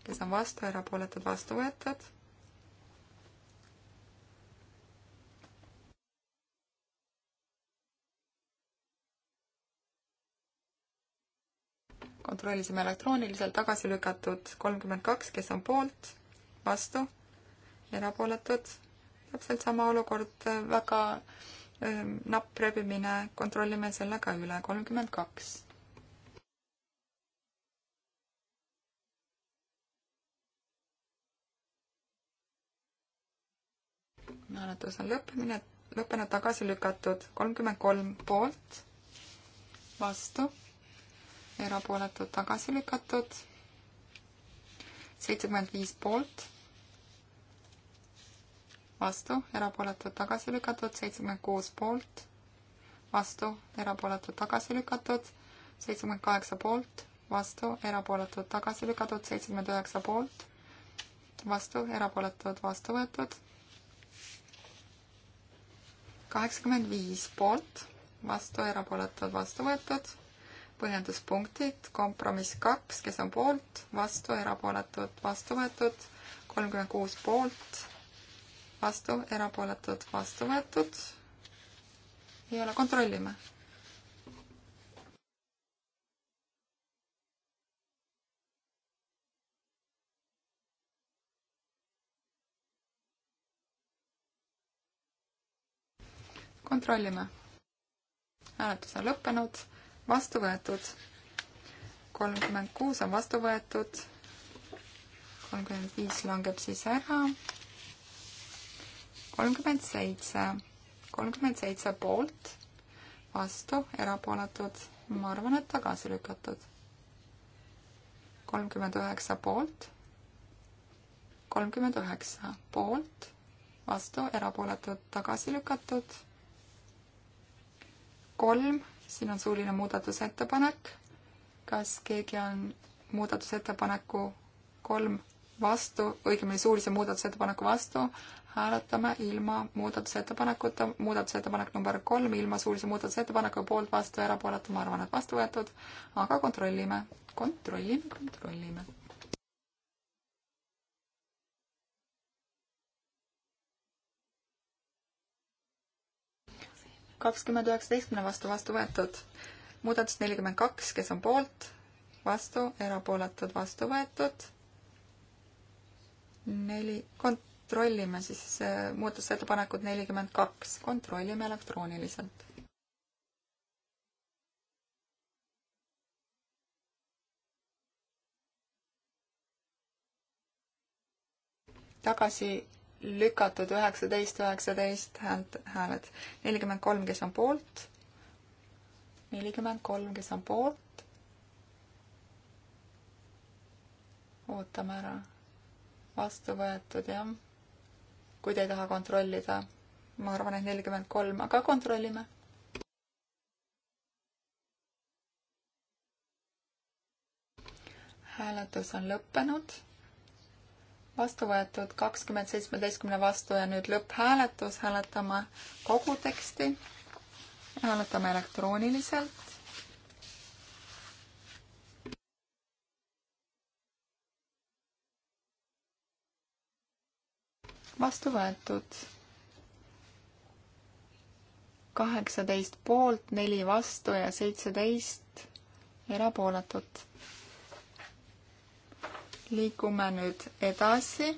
kes on vastu, erapooletud, vastu võetud. kontrollisime elektrooniliselt, tagasi lükatud kolmkümmend kaks, kes on poolt, vastu, erapooletud täpselt sama olukord, väga napp rebimine, kontrollime selle ka üle, kolmkümmend kaks. hääletus on lõppemine, lõppenud tagasi lükatud, kolmkümmend kolm poolt, vastu, erapooletud tagasi lükatud, seitsekümmend viis poolt vastu, erapooletud, tagasi lükatud, seitsekümmend kuus poolt, vastu, erapooletud, tagasi lükatud, seitsekümmend kaheksa poolt, vastu, erapooletud, tagasi lükatud, seitsekümmend üheksa poolt, vastu, erapooletud, vastu võetud, kaheksakümmend viis poolt, vastu, erapooletud, vastu võetud, põhjenduspunktid, kompromiss kaks, kes on poolt, vastu, erapooletud, vastu võetud, kolmkümmend kuus poolt, vastu, erapooletud, vastu võetud. ei ole, kontrollime. kontrollime. hääletus on lõppenud, vastu võetud. kolmkümmend kuus on vastu võetud. kolmkümmend viis langeb siis ära kolmkümmend seitse, kolmkümmend seitse poolt, vastu, erapooletud, ma arvan, et tagasi lükatud. kolmkümmend üheksa poolt, kolmkümmend üheksa poolt, vastu, erapooletud, tagasi lükatud. kolm, siin on suuline muudatusettepanek. kas keegi on muudatusettepaneku kolm vastu, õigemini suulise muudatusettepaneku vastu, hääletame ilma muudatusettepanekuta, muudatusettepanek number kolm ilma suulise muudatusettepaneku poolt vastu, erapooletu, ma arvan, et vastu võetud, aga kontrollime, kontrollime, kontrollime. kakskümmend üheksateistkümne vastu vastu võetud. muudatus nelikümmend kaks, kes on poolt, vastu, erapooletud, vastu võetud neli, kontrollime siis äh, muudatusettepanekut nelikümmend kaks, kontrollime elektrooniliselt. tagasi lükatud üheksateist, üheksateist häält, hääled. nelikümmend kolm, kes on poolt, nelikümmend kolm, kes on poolt, ootame ära vastu võetud, jah. kui te ei taha kontrollida, ma arvan, et nelikümmend kolm, aga kontrollime. hääletus on lõppenud. vastu võetud kakskümmend seitsmeteistkümne vastu ja nüüd lõpphääletus, hääletame kogu teksti. hääletame elektrooniliselt. vastu võetud. kaheksateist poolt, neli vastu ja seitseteist erapooletut. liigume nüüd edasi.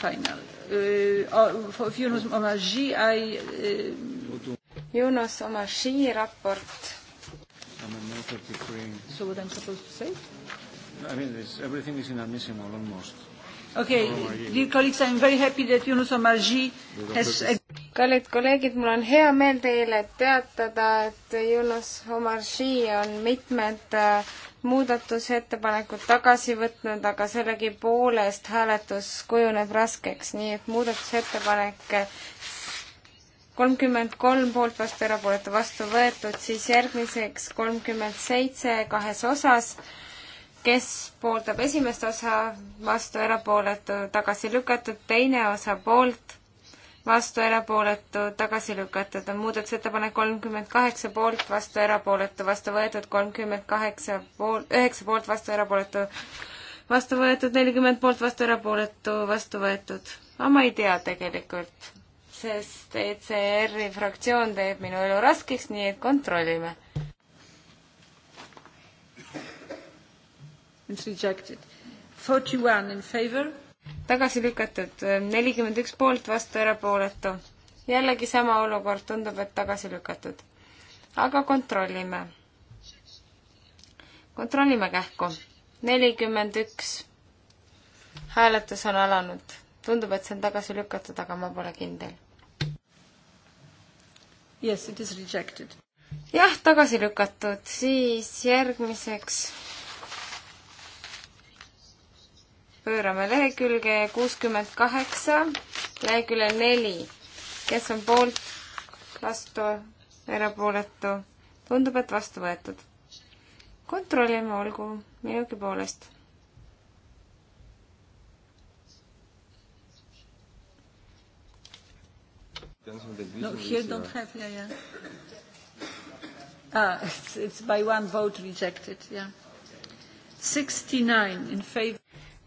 Final. Jonas Omaži Jonas Omaži raport. So what I'm supposed to say? I mean, this, everything is inadmissible almost. Okay, dear colleagues, I am very happy that Yunus Omarji has kallid kolleegid, mul on hea meel teile teatada, et Yunus Omarji on mitmed äh, muudatusettepanekud tagasi võtnud, aga sellegipoolest hääletus kujuneb raskeks, nii et muudatusettepanek kolmkümmend kolm poolt vastu, erapooletu vastu võetud, siis järgmiseks kolmkümmend seitse kahes osas kes pooldab esimest osa, vastu erapooletu, tagasi lükatud, teine osa poolt, vastu erapooletu, tagasi lükatud, on muudatusettepanek kolmkümmend kaheksa poolt, vastu erapooletu, vastu võetud kolmkümmend kaheksa pool, üheksa poolt, vastu erapooletu, vastu võetud nelikümmend poolt, vastu erapooletu, vastu võetud. aga ma ei tea tegelikult, sest ECR-i fraktsioon teeb minu elu raskeks, nii et kontrollime It's rejected. Forty one in favor. tagasi lükatud, nelikümmend üks poolt, vastu, erapooletu. jällegi sama olukord, tundub, et tagasi lükatud. aga kontrollime. kontrollime kähku. nelikümmend üks. hääletus on alanud. tundub, et see on tagasi lükatud, aga ma pole kindel. Yes, it is rejected. jah, tagasi lükatud, siis järgmiseks pöörame lehekülge kuuskümmend kaheksa, lehekülje neli. kes on poolt, vastu, erapooletu? tundub, et vastu võetud. kontrollime, olgu minugi poolest. No, here don't have, yeah, yeah. Ah, it's, it's by one vote rejected, yeah. 69 in favor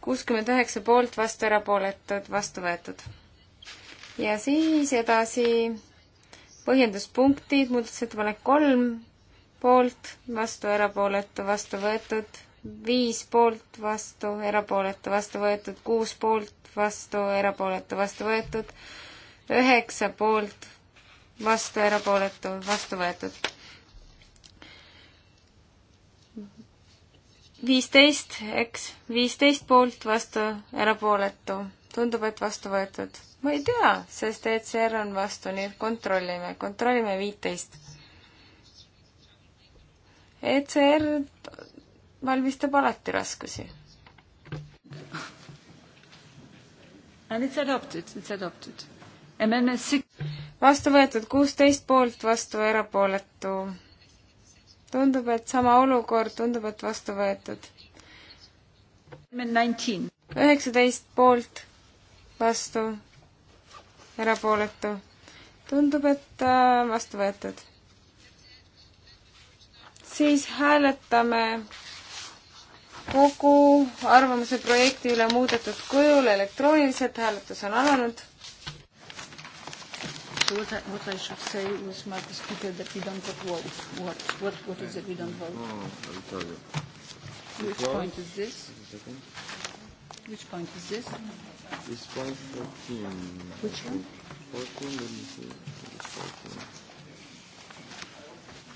kuuskümmend üheksa poolt, vastu erapooletud, vastu võetud. ja siis edasi põhjenduspunktid, muudatusettepanek kolm poolt, vastu erapooletu, vastu võetud, viis poolt, vastu erapooletu, vastu võetud, kuus poolt, vastu erapooletu, vastu võetud, üheksa poolt, vastu erapooletu, vastu võetud viisteist, eks, viisteist poolt vastu, erapooletu. tundub, et vastu võetud. ma ei tea, sest ECR on vastu, nii et kontrollime, kontrollime viiteist. ECR valmistab alati raskusi. And it's adopted, it's adopted. vastu võetud kuusteist poolt, vastu erapooletu tundub, et sama olukord, tundub, et vastu võetud. üheksateist poolt, vastu, erapooletu. tundub, et äh, vastu võetud. siis hääletame kogu arvamuse projekti üle muudetud kujul elektrooniliselt, hääletus on alanud So what I, what I should say was, Marcus Peter, that we don't got vote. What, what, what is it we don't vote? No, oh, no, I'll tell you. Which because, point is this? Second. Which point is this? This point 14. Which one? 14, let me see. 14.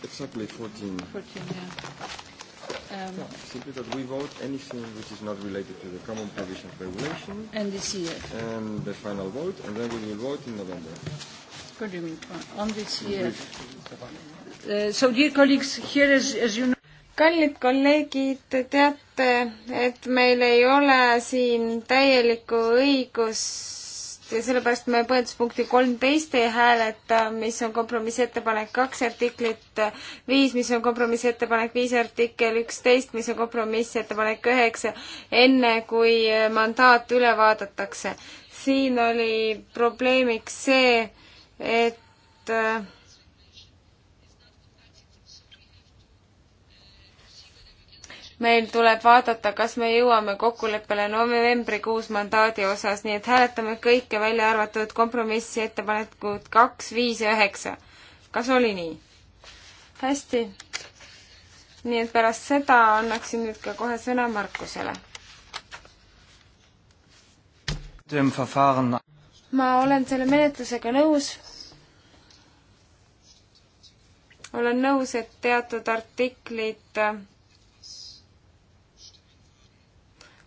Exactly 14. 14, yeah. Um, yeah, simply that we vote anything which is not related to the common provision of regulation. And this year. And the final vote, and then we will vote in November kallid kolleegid, teate, et meil ei ole siin täielikku õigust ja sellepärast me põhjenduspunkti kolmteist ei hääleta, mis on kompromissettepanek kaks artiklit viis, mis on kompromissettepanek viis artikkel üksteist, mis on kompromissettepanek üheksa, enne kui mandaat üle vaadatakse. siin oli probleemiks see, et äh, meil tuleb vaadata, kas me jõuame kokkuleppele novembrikuus mandaadi osas, nii et hääletame kõike välja arvatud kompromissi ettepanekud kaks, viis ja üheksa. kas oli nii? hästi. nii et pärast seda annaksin nüüd ka kohe sõna Markusele. ma olen selle menetlusega nõus olen nõus, et teatud artiklid äh,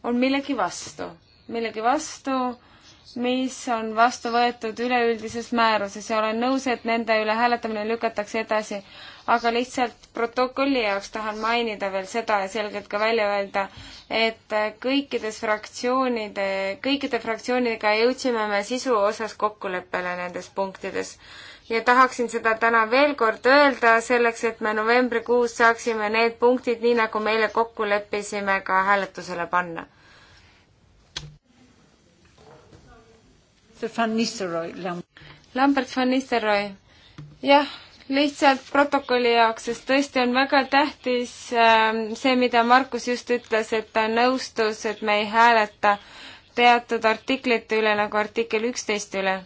on millegi vastu, millegi vastu, mis on vastu võetud üleüldises määruses ja olen nõus, et nende üle hääletamine lükatakse edasi. aga lihtsalt protokolli jaoks tahan mainida veel seda ja selgelt ka välja öelda, et kõikides fraktsioonide, kõikide fraktsioonidega jõudsime me sisu osas kokkuleppele nendes punktides ja tahaksin seda täna veel kord öelda, selleks et me novembrikuus saaksime need punktid, nii nagu meile kokku leppisime, ka hääletusele panna. Lambert van Nistelrooy, jah, lihtsalt protokolli jaoks, sest tõesti on väga tähtis ähm, see, mida Markus just ütles, et ta nõustus, et me ei hääleta teatud artiklite üle nagu artikkel üksteist üle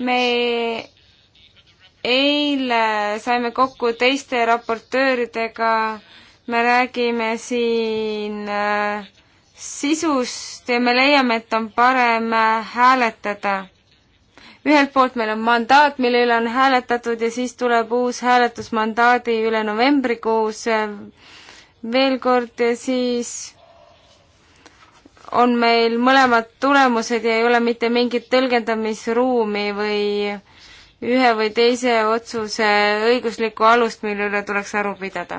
me eile saime kokku teiste raportööridega, me räägime siin äh, sisust ja me leiame, et on parem äh, hääletada. ühelt poolt meil on mandaat, mille üle on hääletatud ja siis tuleb uus hääletus mandaadi üle novembrikuus äh, veel kord ja siis on meil mõlemad tulemused ja ei ole mitte mingit tõlgendamisruumi või ühe või teise otsuse õiguslikku alust, mille üle tuleks aru pidada.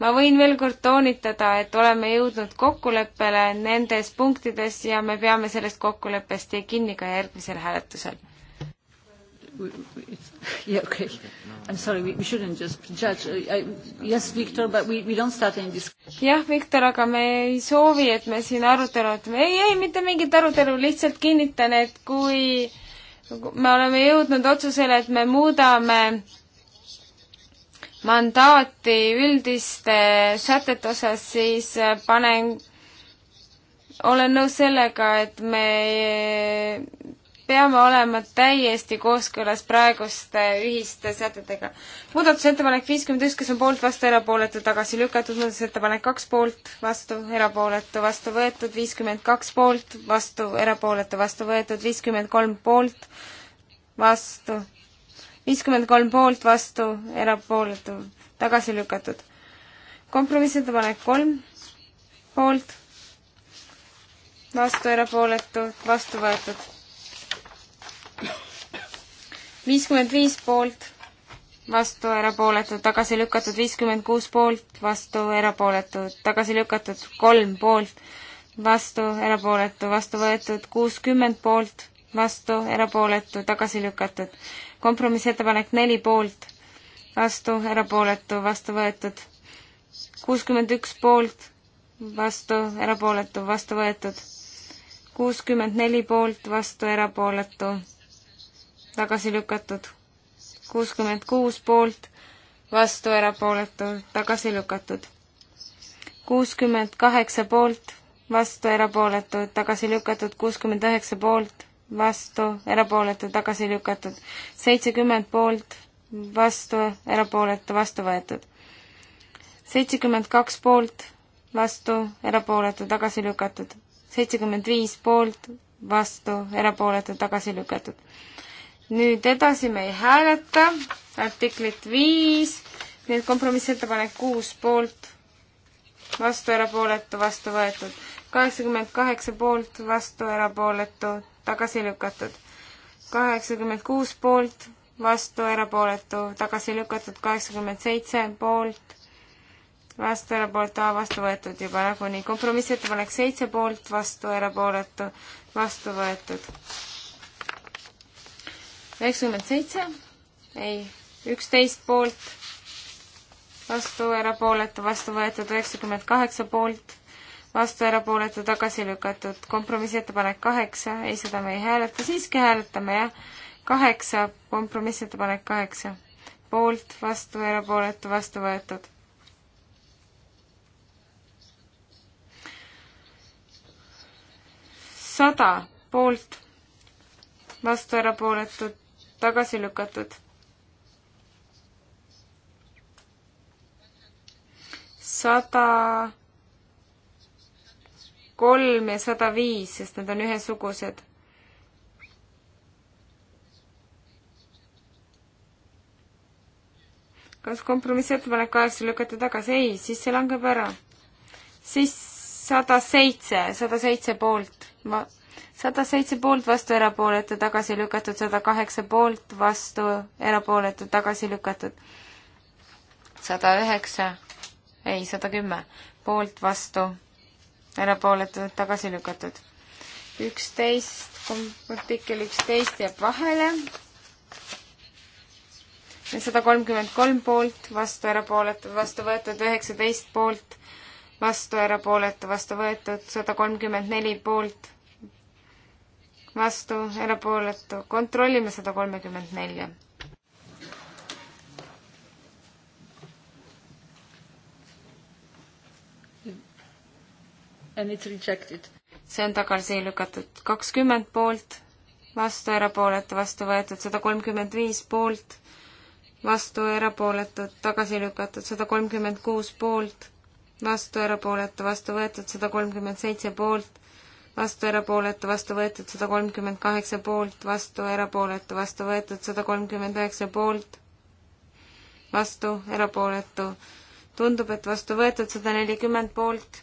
ma võin veel kord toonitada, et oleme jõudnud kokkuleppele nendes punktides ja me peame sellest kokkuleppest kinni ka järgmisel hääletusel we, it's, yeah, okay. I'm sorry, we, we shouldn't just judge. Uh, I, yes, Victor, but we, we don't start any discussion. jah, Victor, aga me ei soovi, et me siin arutelu, et ei, ei, mitte mingit arutelu, lihtsalt kinnitan, et kui me oleme jõudnud otsusele, et me muudame mandaati üldiste sätete osas, siis äh, panen, olen nõus sellega, et me peame olema täiesti kooskõlas praeguste ühiste sätetega. muudatusettepanek viiskümmend üks, kes on poolt, vastu, erapooletu, tagasi lükatud, muudatusettepanek kaks poolt, vastu, erapooletu, vastu võetud, viiskümmend kaks poolt, vastu, erapooletu, vastu võetud, viiskümmend kolm poolt, vastu, viiskümmend kolm poolt, vastu, erapooletu, tagasi lükatud. kompromissettepanek kolm, poolt, vastu, erapooletu, vastu võetud viiskümmend viis poolt, vastu, erapooletud, tagasi lükatud, viiskümmend kuus poolt, vastu, erapooletud, tagasi lükatud, kolm poolt, vastu, erapooletu, vastu võetud, kuuskümmend poolt, vastu, erapooletu, tagasi lükatud. kompromissettepanek neli poolt, vastu, erapooletu, vastu võetud, kuuskümmend üks poolt, vastu, erapooletu, vastu võetud, kuuskümmend neli poolt, vastu, erapooletu tagasi lükatud. kuuskümmend kuus poolt, vastu erapooletu, tagasi lükatud. kuuskümmend kaheksa poolt, vastu erapooletu, tagasi lükatud, kuuskümmend üheksa poolt, vastu erapooletu, tagasi lükatud. seitsekümmend poolt, vastu erapooletu, vastu võetud. seitsekümmend kaks poolt, vastu erapooletu, tagasi lükatud. seitsekümmend viis poolt, vastu erapooletu, tagasi lükatud nüüd edasi me ei hääleta artiklit viis, nii et kompromissettepanek kuus poolt, vastu erapooletu, vastu võetud. kaheksakümmend kaheksa poolt, vastu erapooletu, tagasi lükatud. kaheksakümmend kuus poolt, vastu erapooletu, tagasi lükatud. kaheksakümmend seitse poolt, vastu erapooletu, vastu võetud juba nagunii. kompromissettepanek seitse poolt, vastu erapooletu, vastu võetud üheksakümmend seitse, ei, üksteist poolt, vastu, erapooletu, vastu võetud üheksakümmend kaheksa poolt, vastu, erapooletu, tagasi lükatud. kompromissettepanek kaheksa, ei, seda me ei hääleta, siiski hääletame, jah. kaheksa, kompromissettepanek kaheksa. poolt, vastu, erapooletu, vastu võetud. sada poolt, vastu, erapooletud, tagasi lükatud. sada kolm ja sada viis, sest nad on ühesugused. kas kompromissettepanek kaheksa lükati tagasi? ei, siis see langeb ära. siis sada seitse, sada seitse poolt, ma sada seitse poolt, vastu, erapooletu, tagasi lükatud, sada kaheksa poolt, vastu, erapooletu, tagasi lükatud. sada üheksa, ei, sada kümme, poolt, vastu, erapooletu, tagasi lükatud. üksteist, artikkel üksteist jääb vahele. sada kolmkümmend kolm poolt, vastu, erapooletu, vastu võetud, üheksateist poolt, vastu, erapooletu, vastu võetud, sada kolmkümmend neli poolt vastu, erapooletu, kontrollime sada kolmekümmend nelja. And it's rejected. see on tagasi lükatud kakskümmend poolt, vastu erapooletu, vastu võetud sada kolmkümmend viis poolt, vastu erapooletud, tagasi lükatud sada kolmkümmend kuus poolt, vastu erapooletu, vastu võetud sada kolmkümmend seitse poolt, vastu, erapooletu, vastu võetud sada kolmkümmend kaheksa poolt, vastu, erapooletu, vastu võetud sada kolmkümmend üheksa poolt, vastu, erapooletu. tundub, et vastu võetud sada nelikümmend poolt,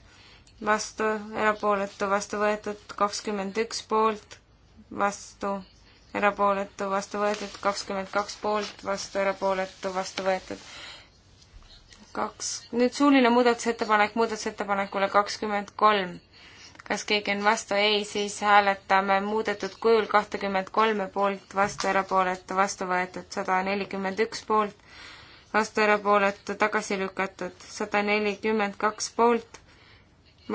vastu, erapooletu, vastu võetud kakskümmend üks poolt, vastu, erapooletu, vastu võetud kakskümmend kaks poolt, vastu, erapooletu, vastu võetud kaks. nüüd suuline muudatusettepanek muudatusettepanekule kakskümmend kolm kas keegi on vastu, ei, siis hääletame muudetud kujul kahtekümmet kolme poolt, vastu erapooletu, vastu võetud sada nelikümmend üks poolt, vastu erapooletu, tagasi lükatud sada nelikümmend kaks poolt,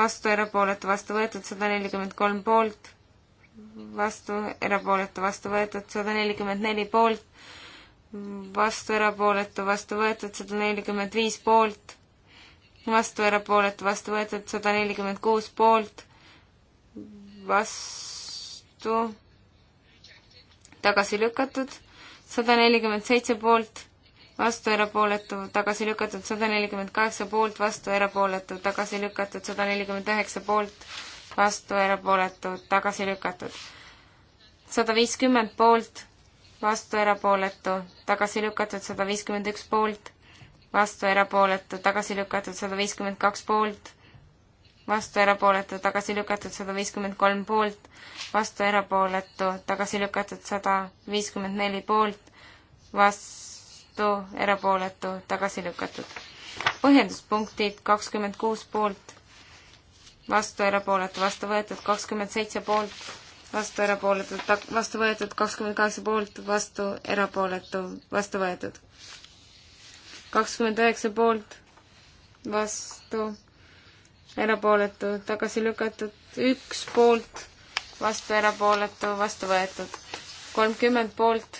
vastu erapooletu, vastu võetud sada nelikümmend kolm poolt, vastu erapooletu, vastu võetud sada nelikümmend neli poolt, vastu erapooletu, vastu võetud sada nelikümmend viis poolt vastu erapooletu, vastu võetud sada nelikümmend kuus poolt, vastu, tagasi lükatud, sada nelikümmend seitse poolt, vastu erapooletu, tagasi lükatud, sada nelikümmend kaheksa poolt, vastu erapooletu, tagasi lükatud, sada nelikümmend üheksa poolt, vastu erapooletu, tagasi lükatud. sada viiskümmend poolt, vastu erapooletu, tagasi lükatud, sada viiskümmend üks poolt, vastu erapooletu, tagasi lükatud, sada viiskümmend kaks poolt vastu erapooletu, tagasi lükatud sada viiskümmend kolm poolt, vastu erapooletu, tagasi lükatud sada viiskümmend neli poolt, vastu erapooletu, tagasi lükatud. põhjenduspunktid kakskümmend kuus poolt, vastu erapooletu, vastu võetud kakskümmend seitse poolt, vastu erapooletu, vastu võetud kakskümmend kaheksa poolt, vastu erapooletu, vastu võetud. kakskümmend üheksa poolt, vastu erapooletu, tagasi lükatud, üks poolt, vastu erapooletu, vastu võetud. kolmkümmend poolt,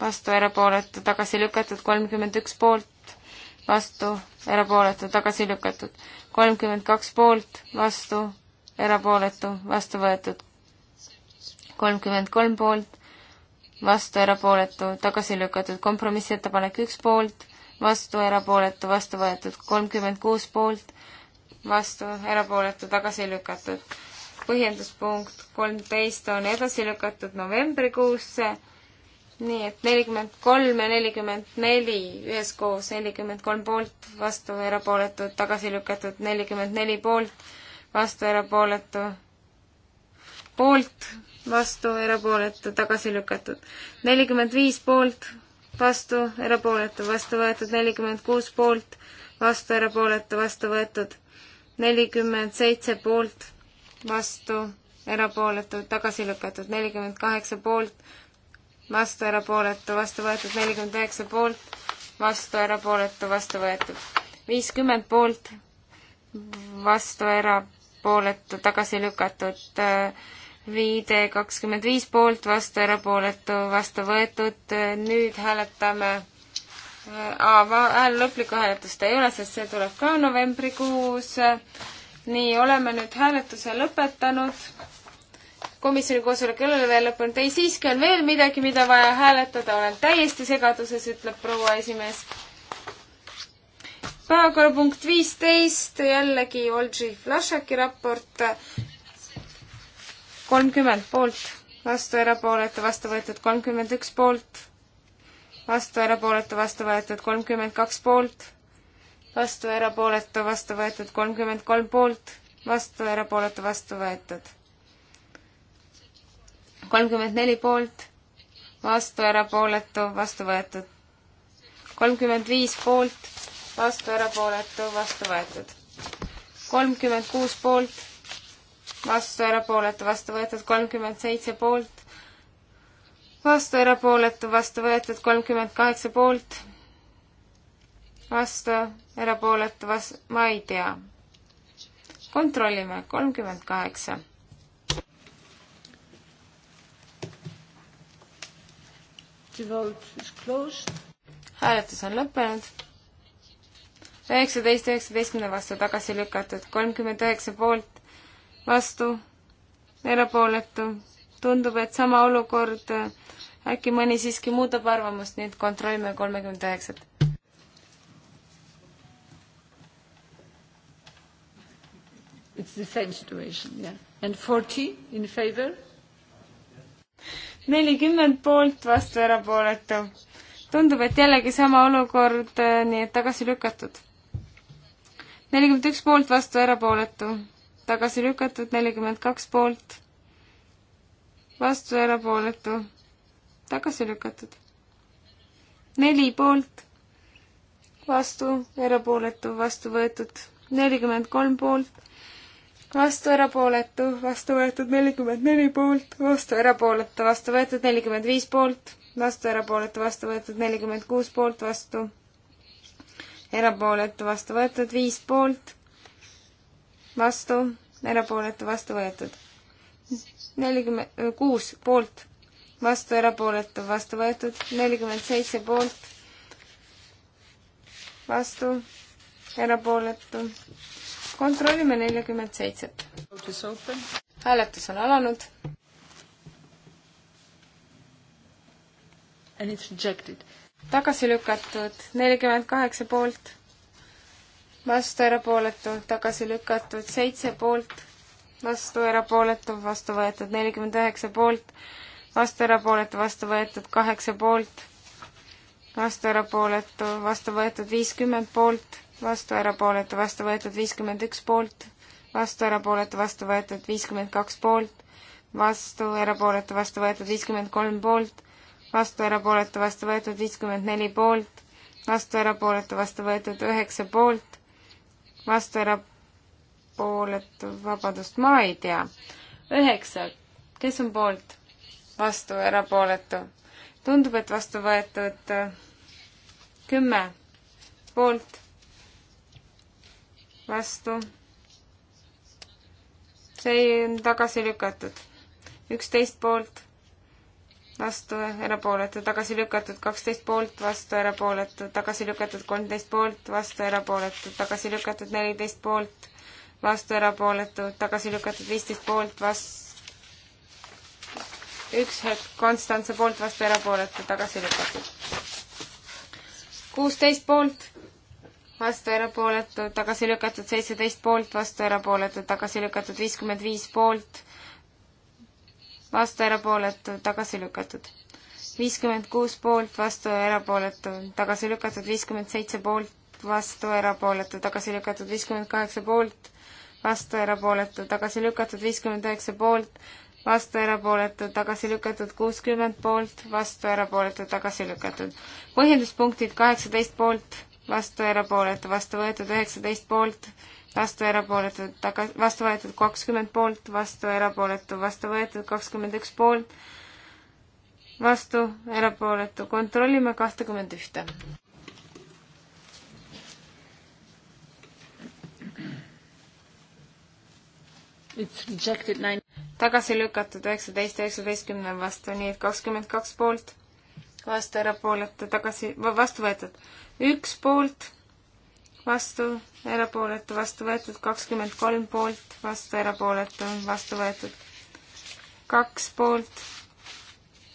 vastu erapooletu, tagasi lükatud, kolmkümmend üks poolt, vastu erapooletu, tagasi lükatud. kolmkümmend kaks poolt, vastu erapooletu, vastu võetud. kolmkümmend kolm poolt, vastu erapooletu, tagasi lükatud. kompromissettepanek üks poolt, vastu erapooletu, vastu võetud. kolmkümmend kuus poolt, vastu, erapooletu, tagasi lükatud. põhjenduspunkt kolmteist on edasi lükatud novembrikuusse, nii et nelikümmend kolm ja nelikümmend neli üheskoos, nelikümmend kolm poolt, vastu, erapooletu, tagasi lükatud, nelikümmend neli poolt, vastu, erapooletu, poolt, vastu, erapooletu, tagasi lükatud. nelikümmend viis poolt, vastu, erapooletu, vastu võetud, nelikümmend kuus poolt, vastu, erapooletu, vastu võetud nelikümmend seitse poolt, vastu, erapooletud, tagasi lükatud, nelikümmend kaheksa poolt, vastu, erapooletu, vastu võetud, nelikümmend üheksa poolt, vastu, erapooletu, vastu võetud, viiskümmend poolt, vastu, erapooletu, tagasi lükatud, viide kakskümmend viis poolt, vastu, erapooletu, vastu võetud, nüüd hääletame hääl lõplikku hääletust ei ole, sest see tuleb ka novembrikuus. nii, oleme nüüd hääletuse lõpetanud. komisjoni koosolek ei ole veel lõppenud. ei, siiski on veel midagi, mida vaja hääletada. olen täiesti segaduses, ütleb proua esimees. päevakorrapunkt viisteist, jällegi Olži Flašaki raport. kolmkümmend poolt, vastu erapooletu, vastu võetud kolmkümmend üks poolt vastu, erapooletu, vastu võetud kolmkümmend kaks poolt, vastu, erapooletu, vastu võetud kolmkümmend kolm poolt, vastu, erapooletu, vastu võetud kolmkümmend neli poolt, vastu, erapooletu, vastu võetud kolmkümmend viis poolt, vastu, erapooletu, vastu võetud kolmkümmend kuus poolt, vastu, erapooletu, vastu võetud kolmkümmend seitse poolt vastu, erapooletu, vastu võetud kolmkümmend kaheksa poolt, vastu, erapooletu, vastu, ma ei tea. kontrollime, kolmkümmend kaheksa. hääletus on lõppenud. üheksateist, üheksateistkümne vastu tagasi lükatud, kolmkümmend üheksa poolt, vastu, erapooletu tundub, et sama olukord, äkki mõni siiski muudab arvamust, nii et kontrollime kolmekümmend üheksat. It's the same situation, yeah. And forty in favor? nelikümmend poolt, vastu erapooletu. tundub, et jällegi sama olukord, eh, nii et tagasi lükatud. nelikümmend üks poolt, vastu erapooletu. tagasi lükatud, nelikümmend kaks poolt vastu erapooletu, tagasi lükatud. neli poolt, vastu erapooletu, vastu võetud nelikümmend kolm poolt, vastu erapooletu, vastu võetud nelikümmend neli poolt, vastu erapooletu, vastu võetud nelikümmend viis poolt, vastu erapooletu, vastu võetud nelikümmend kuus poolt, vastu erapooletu, vastu võetud viis poolt, vastu erapooletu, vastu võetud nelikümmend kuus poolt, vastu erapooletu, vastu võetud, nelikümmend seitse poolt, vastu erapooletu. kontrollime neljakümmet seitset. hääletus on alanud. tagasi lükatud nelikümmend kaheksa poolt, vastu erapooletu, tagasi lükatud seitse poolt vastu, erapooletu, vastu võetud nelikümmend üheksa poolt, vastu erapooletu, vastu võetud kaheksa poolt, vastu erapooletu, vastu võetud viiskümmend poolt, vastu erapooletu, vastu võetud viiskümmend üks poolt, vastu erapooletu, vastu võetud viiskümmend kaks poolt, vastu erapooletu, vastu võetud viiskümmend kolm poolt, vastu erapooletu, vastu võetud viiskümmend neli poolt, vastu erapooletu, vastu võetud üheksa poolt, vastu erapooletu, erapooletu, vabandust, ma ei tea. üheksa, kes on poolt? vastu, erapooletu. tundub, et vastu võetud kümme poolt, vastu. see on tagasi lükatud. üksteist poolt, vastu, erapooletu, tagasi lükatud, kaksteist poolt, vastu, erapooletu, tagasi lükatud, kolmteist poolt, vastu, erapooletu, tagasi lükatud, neliteist poolt vastu erapooletud, tagasi lükatud viisteist poolt, vastu, üks hetk, Konstantse poolt vastu erapooletud, tagasi lükatud. kuusteist poolt, vastu erapooletud, tagasi lükatud, seitseteist poolt, vastu erapooletud, tagasi lükatud, viiskümmend viis poolt, vastu erapooletud, tagasi lükatud. viiskümmend kuus poolt, vastu erapooletud, tagasi lükatud, viiskümmend seitse poolt, vastu erapooletud, tagasi lükatud, viiskümmend kaheksa poolt vastu erapooletu, tagasi lükatud viiskümmend üheksa poolt, vastu erapooletu, tagasi lükatud kuuskümmend poolt, vastu erapooletu, tagasi lükatud. põhjenduspunktid kaheksateist poolt, vastu erapooletu, vastu võetud üheksateist poolt, vastu erapooletu, taga-, vastu võetud kakskümmend poolt, vastu erapooletu, vastu võetud kakskümmend üks poolt, vastu erapooletu, kontrollime kahtekümmend ühte. tagasi lükatud üheksateist, üheksateistkümne vastu, nii et kakskümmend kaks poolt, vastu erapooletu, tagasi, vastu võetud üks poolt, vastu erapooletu, vastu võetud kakskümmend kolm poolt, vastu erapooletu, vastu võetud kaks poolt,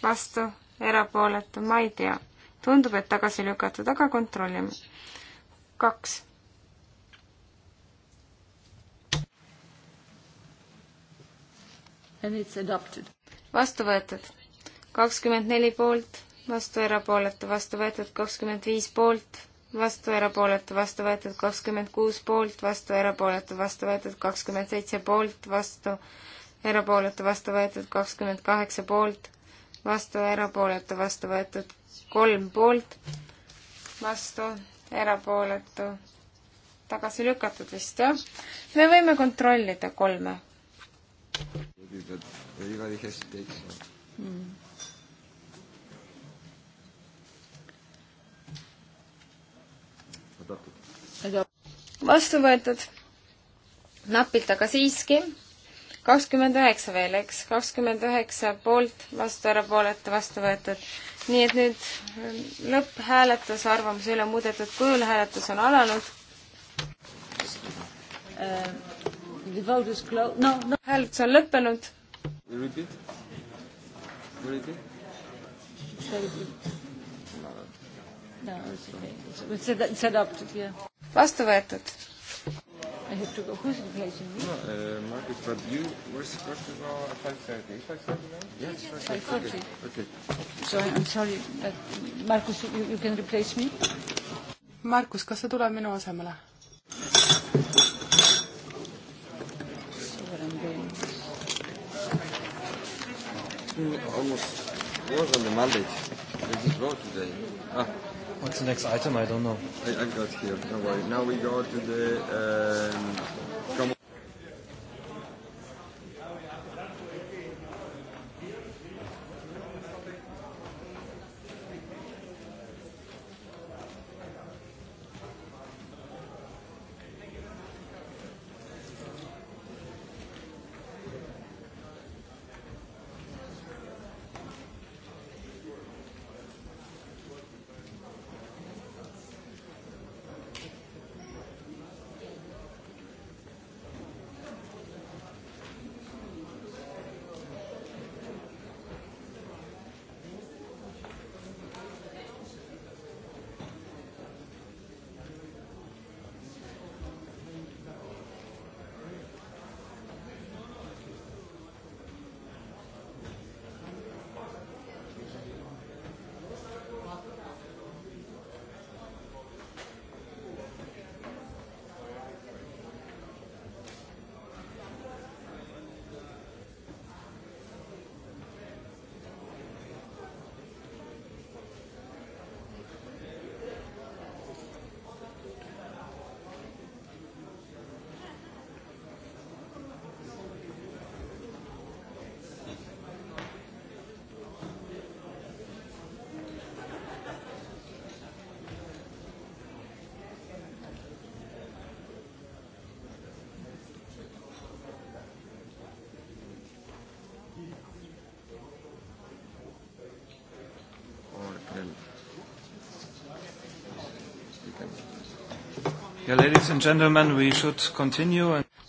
vastu erapooletu, ma ei tea. tundub, et tagasi lükatud, aga kontrollime. kaks vastu võetud. kakskümmend neli poolt, vastu erapooletu, vastu võetud kakskümmend viis poolt, vastu erapooletu, vastu võetud kakskümmend kuus poolt, vastu erapooletu, vastu võetud kakskümmend seitse poolt, vastu erapooletu, vastu võetud kakskümmend kaheksa poolt, vastu erapooletu, vastu võetud kolm poolt, vastu erapooletu, tagasi lükatud vist, jah? me võime kontrollida kolme Everybody has to take some. Mm. vastu võetud. napilt, aga siiski. kakskümmend üheksa veel, eks. kakskümmend üheksa poolt, vastu, erapooletu, vastu võetud. nii et nüüd ähm, lõpphääletus arvamuse üle muudetud kujul, hääletus on alanud ähm.. The vote is closed. No, no. Hääletus on lõppenud. Repeat. Repeat. No, it's okay. It's set, set up to here. Vastu võetud. I have to go. Who's replacing me? No, uh, Margaret, but you were supposed to go at 5.30. Is 5.30 now? Yes, 5.30. Okay. okay. So I'm sorry, but Marcus, you, you can replace me? Markus, kas sa tuled minu asemele? question almost was on the mandate. They just wrote today. Ah. What's the next item? I don't know. I, I've got here. Don't worry. Now we go to the. Um,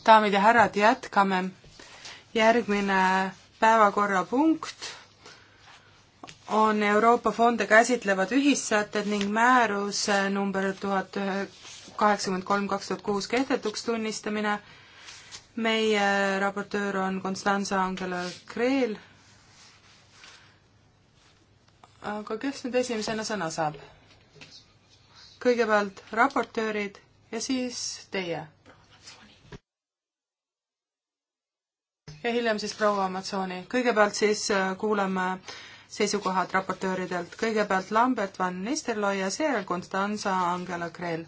daamid ja härrad, jätkame. järgmine päevakorrapunkt on Euroopa fonde käsitlevad ühissätted ning määrus number tuhat kaheksakümmend kolm kaks tuhat kuus kehtetuks tunnistamine. meie raportöör on Konstanza Angela Kreel. aga kes nüüd esimesena sõna saab? kõigepealt raportöörid ja siis teie. ja hiljem siis proua Amatsooni. kõigepealt siis äh, kuulame seisukohad raportööridelt. kõigepealt Lambert van Nistelrooy ja seejärel Konstanza Angela Krell.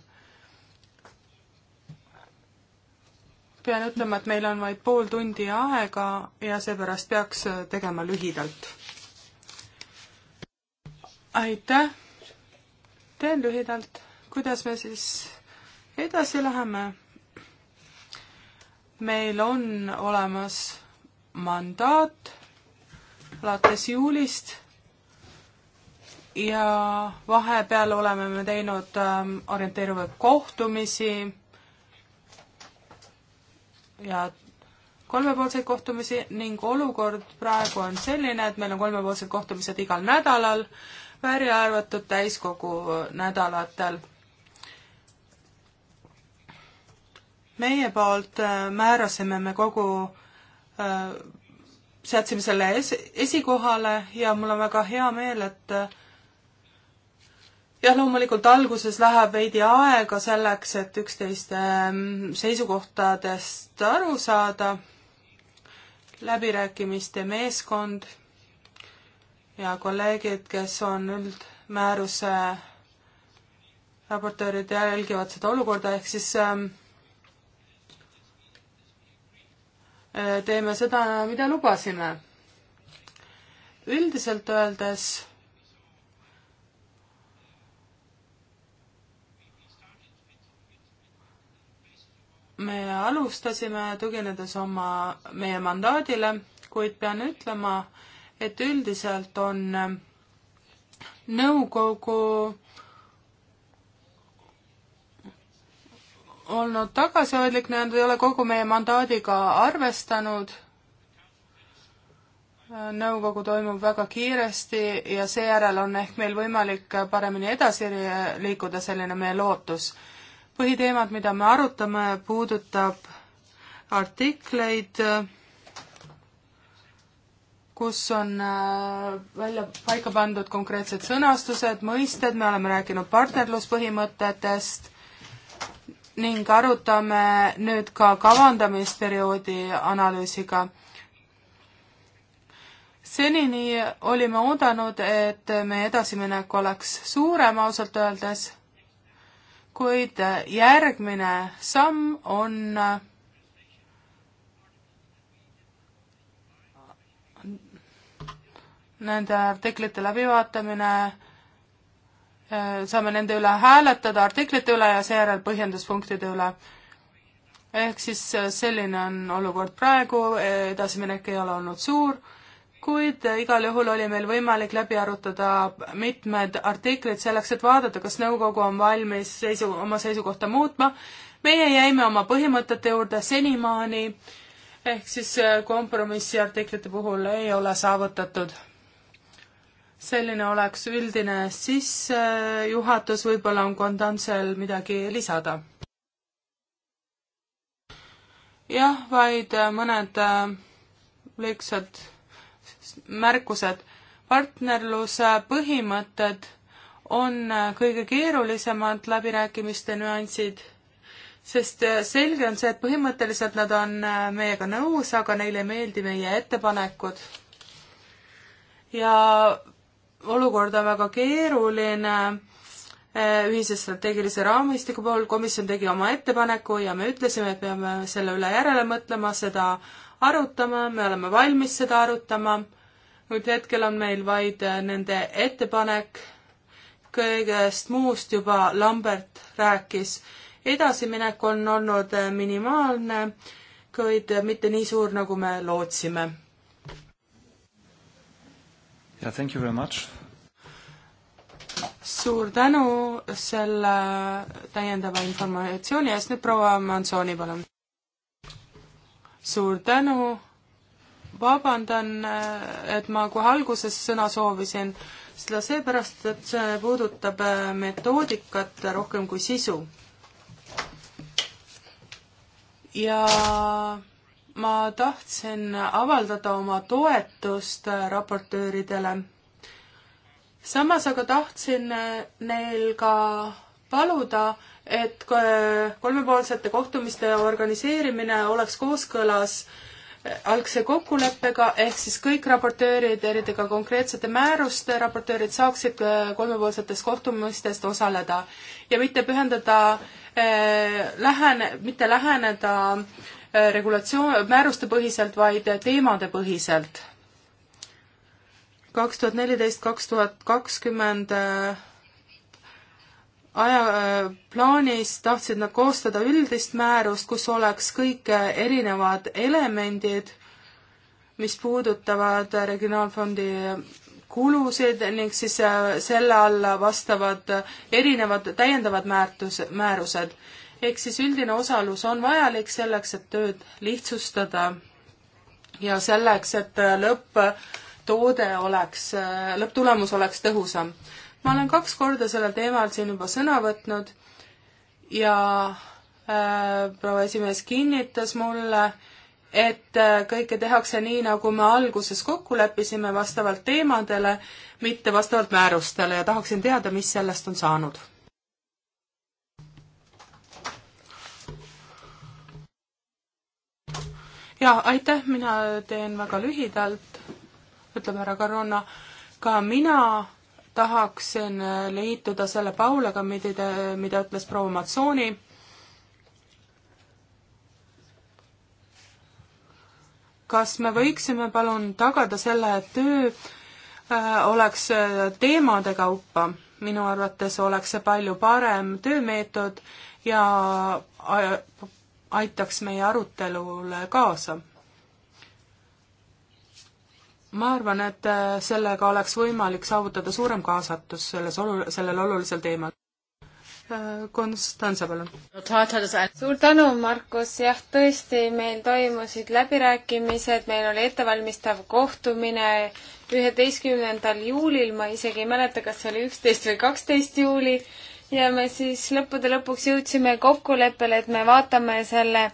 pean ütlema, et meil on vaid pool tundi aega ja seepärast peaks äh, tegema lühidalt. aitäh! teen lühidalt. kuidas me siis edasi läheme. meil on olemas mandaat alates juulist ja vahepeal oleme me teinud ähm, orienteeruvaid kohtumisi ja kolmepoolseid kohtumisi ning olukord praegu on selline, et meil on kolmepoolsed kohtumised igal nädalal, välja arvatud täiskogu nädalatel meie poolt äh, määrasime me kogu äh, seadsime selle es-, esikohale ja mul on väga hea meel, et äh, jah, loomulikult alguses läheb veidi aega selleks, et üksteiste ähm, seisukohtadest aru saada, läbirääkimiste meeskond ja kolleegid, kes on üldmääruse raportöörid, jälgivad seda olukorda, ehk siis ähm, teeme seda, mida lubasime. üldiselt öeldes me alustasime tuginedes oma, meie mandaadile, kuid pean ütlema, et üldiselt on nõukogu olnud tagasihoidlik, nad ei ole kogu meie mandaadiga arvestanud. nõukogu toimub väga kiiresti ja seejärel on ehk meil võimalik paremini edasi liikuda, selline meie lootus. põhiteemad, mida me arutame, puudutab artikleid, kus on äh, välja paika pandud konkreetsed sõnastused, mõisted, me oleme rääkinud partnerluspõhimõtetest ning arutame nüüd ka kavandamisperioodi analüüsiga. senini olime oodanud, et meie edasiminek oleks suurem ausalt öeldes, kuid järgmine samm on nende artiklite läbivaatamine Äh, saame nende üle hääletada, artiklite üle ja seejärel põhjenduspunktide üle. ehk siis äh, selline on olukord praegu, äh, edasiminek ei ole olnud suur, kuid igal juhul oli meil võimalik läbi arutada mitmed artiklid selleks, et vaadata, kas nõukogu on valmis seisu, oma seisukohta muutma. meie jäime oma põhimõtete juurde senimaani, ehk siis kompromissi artiklite puhul ei ole saavutatud selline oleks üldine sissejuhatus, võib-olla on Kondantsel midagi lisada? jah, vaid äh, mõned äh, lihtsad märkused. partnerluse põhimõtted on äh, kõige keerulisemad läbirääkimiste nüansid, sest selge on see, et põhimõtteliselt nad on meiega nõus, aga neile ei meeldi meie ettepanekud. ja olukord on väga keeruline eh, ühise strateegilise raamistiku puhul, komisjon tegi oma ettepaneku ja me ütlesime, et peame selle üle järele mõtlema, seda arutama, me oleme valmis seda arutama, nüüd hetkel on meil vaid eh, nende ettepanek, kõigest muust juba Lambert rääkis. edasiminek on olnud eh, minimaalne, kuid mitte nii suur, nagu me lootsime yeah,. Thank you very much. suur tänu selle täiendava informatsiooni eest, nüüd proua Mansooni, palun. suur tänu, vabandan, et ma kohe alguses sõna soovisin, seda seepärast, et see puudutab äh, metoodikat rohkem kui sisu. ja ma tahtsin avaldada oma toetust äh, raportööridele. samas aga tahtsin äh, neil ka paluda, et äh, kolmepoolsete kohtumiste organiseerimine oleks kooskõlas algse kokkuleppega, ehk siis kõik raportöörid, eriti ka konkreetsete määruste raportöörid, saaksid kolmepoolsetes kohtumistest osaleda ja mitte pühendada eh,, lähen-, mitte läheneda eh, regulatsioon, määruste põhiselt, vaid teemade põhiselt. kaks tuhat neliteist, kaks tuhat kakskümmend äh, ajaplaanis äh, tahtsid nad koostada üldist määrust, kus oleks kõik äh, erinevad elemendid, mis puudutavad regionaalfondi kulusid ning siis selle alla vastavad erinevad täiendavad määrtus, määrused ehk siis üldine osalus on vajalik selleks, et tööd lihtsustada ja selleks, et äh, lõpptoode oleks, äh, lõpptulemus oleks tõhusam. ma olen kaks korda sellel teemal siin juba sõna võtnud ja äh, proua esimees kinnitas mulle, et äh, kõike tehakse nii, nagu me alguses kokku leppisime, vastavalt teemadele, mitte vastavalt määrustele ja tahaksin teada, mis sellest on saanud jaa, aitäh, mina teen väga lühidalt, ütleb härra Karuna, ka mina tahaksin liituda selle Paulega, mida, mida ütles proua Matsooni. kas me võiksime palun tagada selle, et töö äh, oleks äh, teemade kaupa, minu arvates oleks see palju parem töömeetod ja äh, aitaks meie arutelule kaasa. ma arvan, et äh, sellega oleks võimalik saavutada suurem kaasatus selles olu-, sellel olulisel teemal. Äh, Konstantse, palun. suur tänu, Markus, jah, tõesti, meil toimusid läbirääkimised, meil oli ettevalmistav kohtumine üheteistkümnendal juulil, ma isegi ei mäleta, kas see oli üksteist või kaksteist juuli ja me siis lõppude lõpuks jõudsime kokkuleppele, et me vaatame selle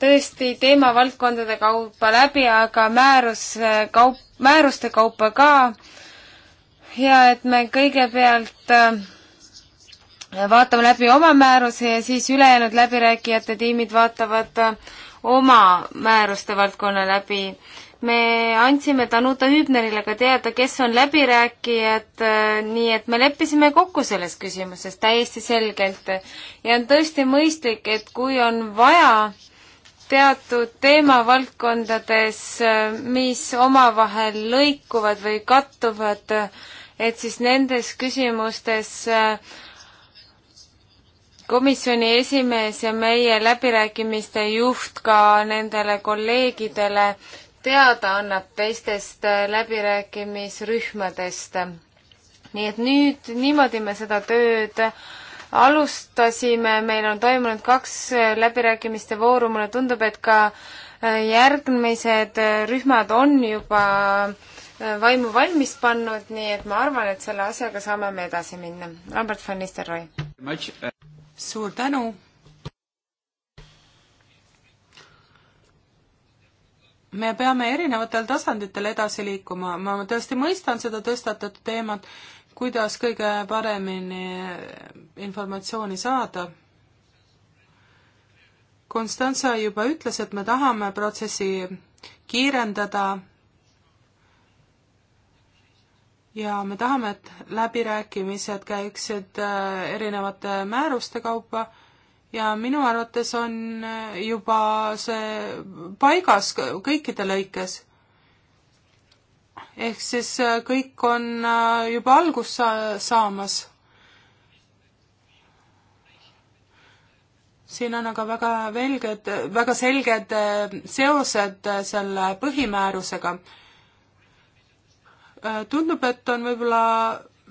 tõesti teemavaldkondade kaupa läbi, aga määrus kaup, määruste kaupa ka. ja et me kõigepealt äh, vaatame läbi oma määruse ja siis ülejäänud läbirääkijate tiimid vaatavad äh, oma määruste valdkonna läbi me andsime Danuta Hübnerile ka teada, kes on läbirääkijad, äh, nii et me leppisime kokku selles küsimuses täiesti selgelt. ja on tõesti mõistlik, et kui on vaja teatud teemavaldkondades, äh, mis omavahel lõikuvad või kattuvad, et siis nendes küsimustes äh, komisjoni esimees ja meie läbirääkimiste juht ka nendele kolleegidele teada annab teistest läbirääkimisrühmadest. nii et nüüd niimoodi me seda tööd alustasime, meil on toimunud kaks läbirääkimiste vooru, mulle tundub, et ka järgmised rühmad on juba vaimu valmis pannud, nii et ma arvan, et selle asjaga saame me edasi minna. Lambert von Nistelrooy. suur tänu me peame erinevatel tasanditel edasi liikuma, ma tõesti mõistan seda tõstatatud teemat, kuidas kõige paremini informatsiooni saada. Konstantsa juba ütles, et me tahame protsessi kiirendada ja me tahame, et läbirääkimised käiksid äh, erinevate määruste kaupa ja minu arvates on äh, juba see paigas kõikide lõikes. ehk siis äh, kõik on äh, juba algust sa-, saamas. siin on aga väga velged, väga selged seosed selle põhimäärusega. tundub, et on võib-olla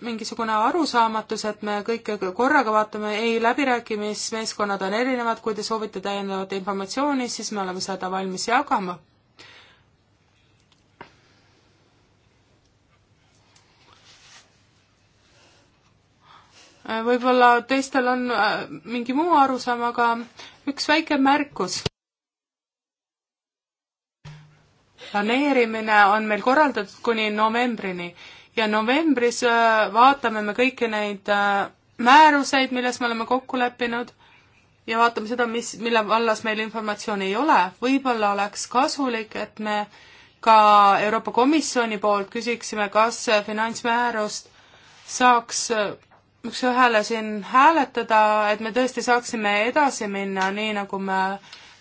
mingisugune arusaamatus, et me kõike korraga vaatame, ei, läbirääkimismeeskonnad on erinevad, kui te soovite täiendavat informatsiooni, siis me oleme seda valmis jagama. võib-olla teistel on äh, mingi muu arusaam, aga üks väike märkus planeerimine on meil korraldatud kuni novembrini ja novembris äh, vaatame me kõiki neid äh, määruseid, milles me oleme kokku leppinud ja vaatame seda, mis, mille vallas meil informatsiooni ei ole. võib-olla oleks kasulik, et me ka Euroopa Komisjoni poolt küsiksime, kas finantsmäärust saaks äh, üks-ühele siin hääletada, et me tõesti saaksime edasi minna, nii nagu me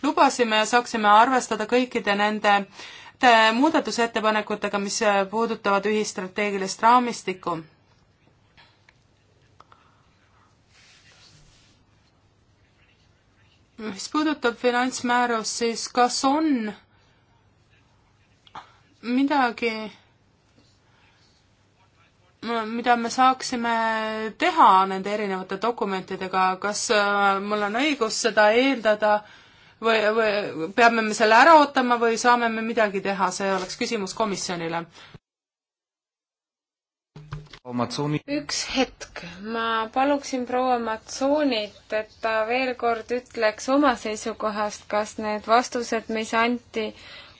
lubasime ja saaksime arvestada kõikide nende Äh, muudatusettepanekutega, mis äh, puudutavad ühistrateegilist raamistikku. mis puudutab finantsmäärust, siis kas on midagi, mida me saaksime teha nende erinevate dokumentidega, kas äh, mul on õigus seda eeldada äh, või, või peame me selle ära ootama või saame me midagi teha, see oleks küsimus komisjonile. üks hetk, ma paluksin proua Matsoonit, et ta veel kord ütleks oma seisukohast, kas need vastused, mis anti,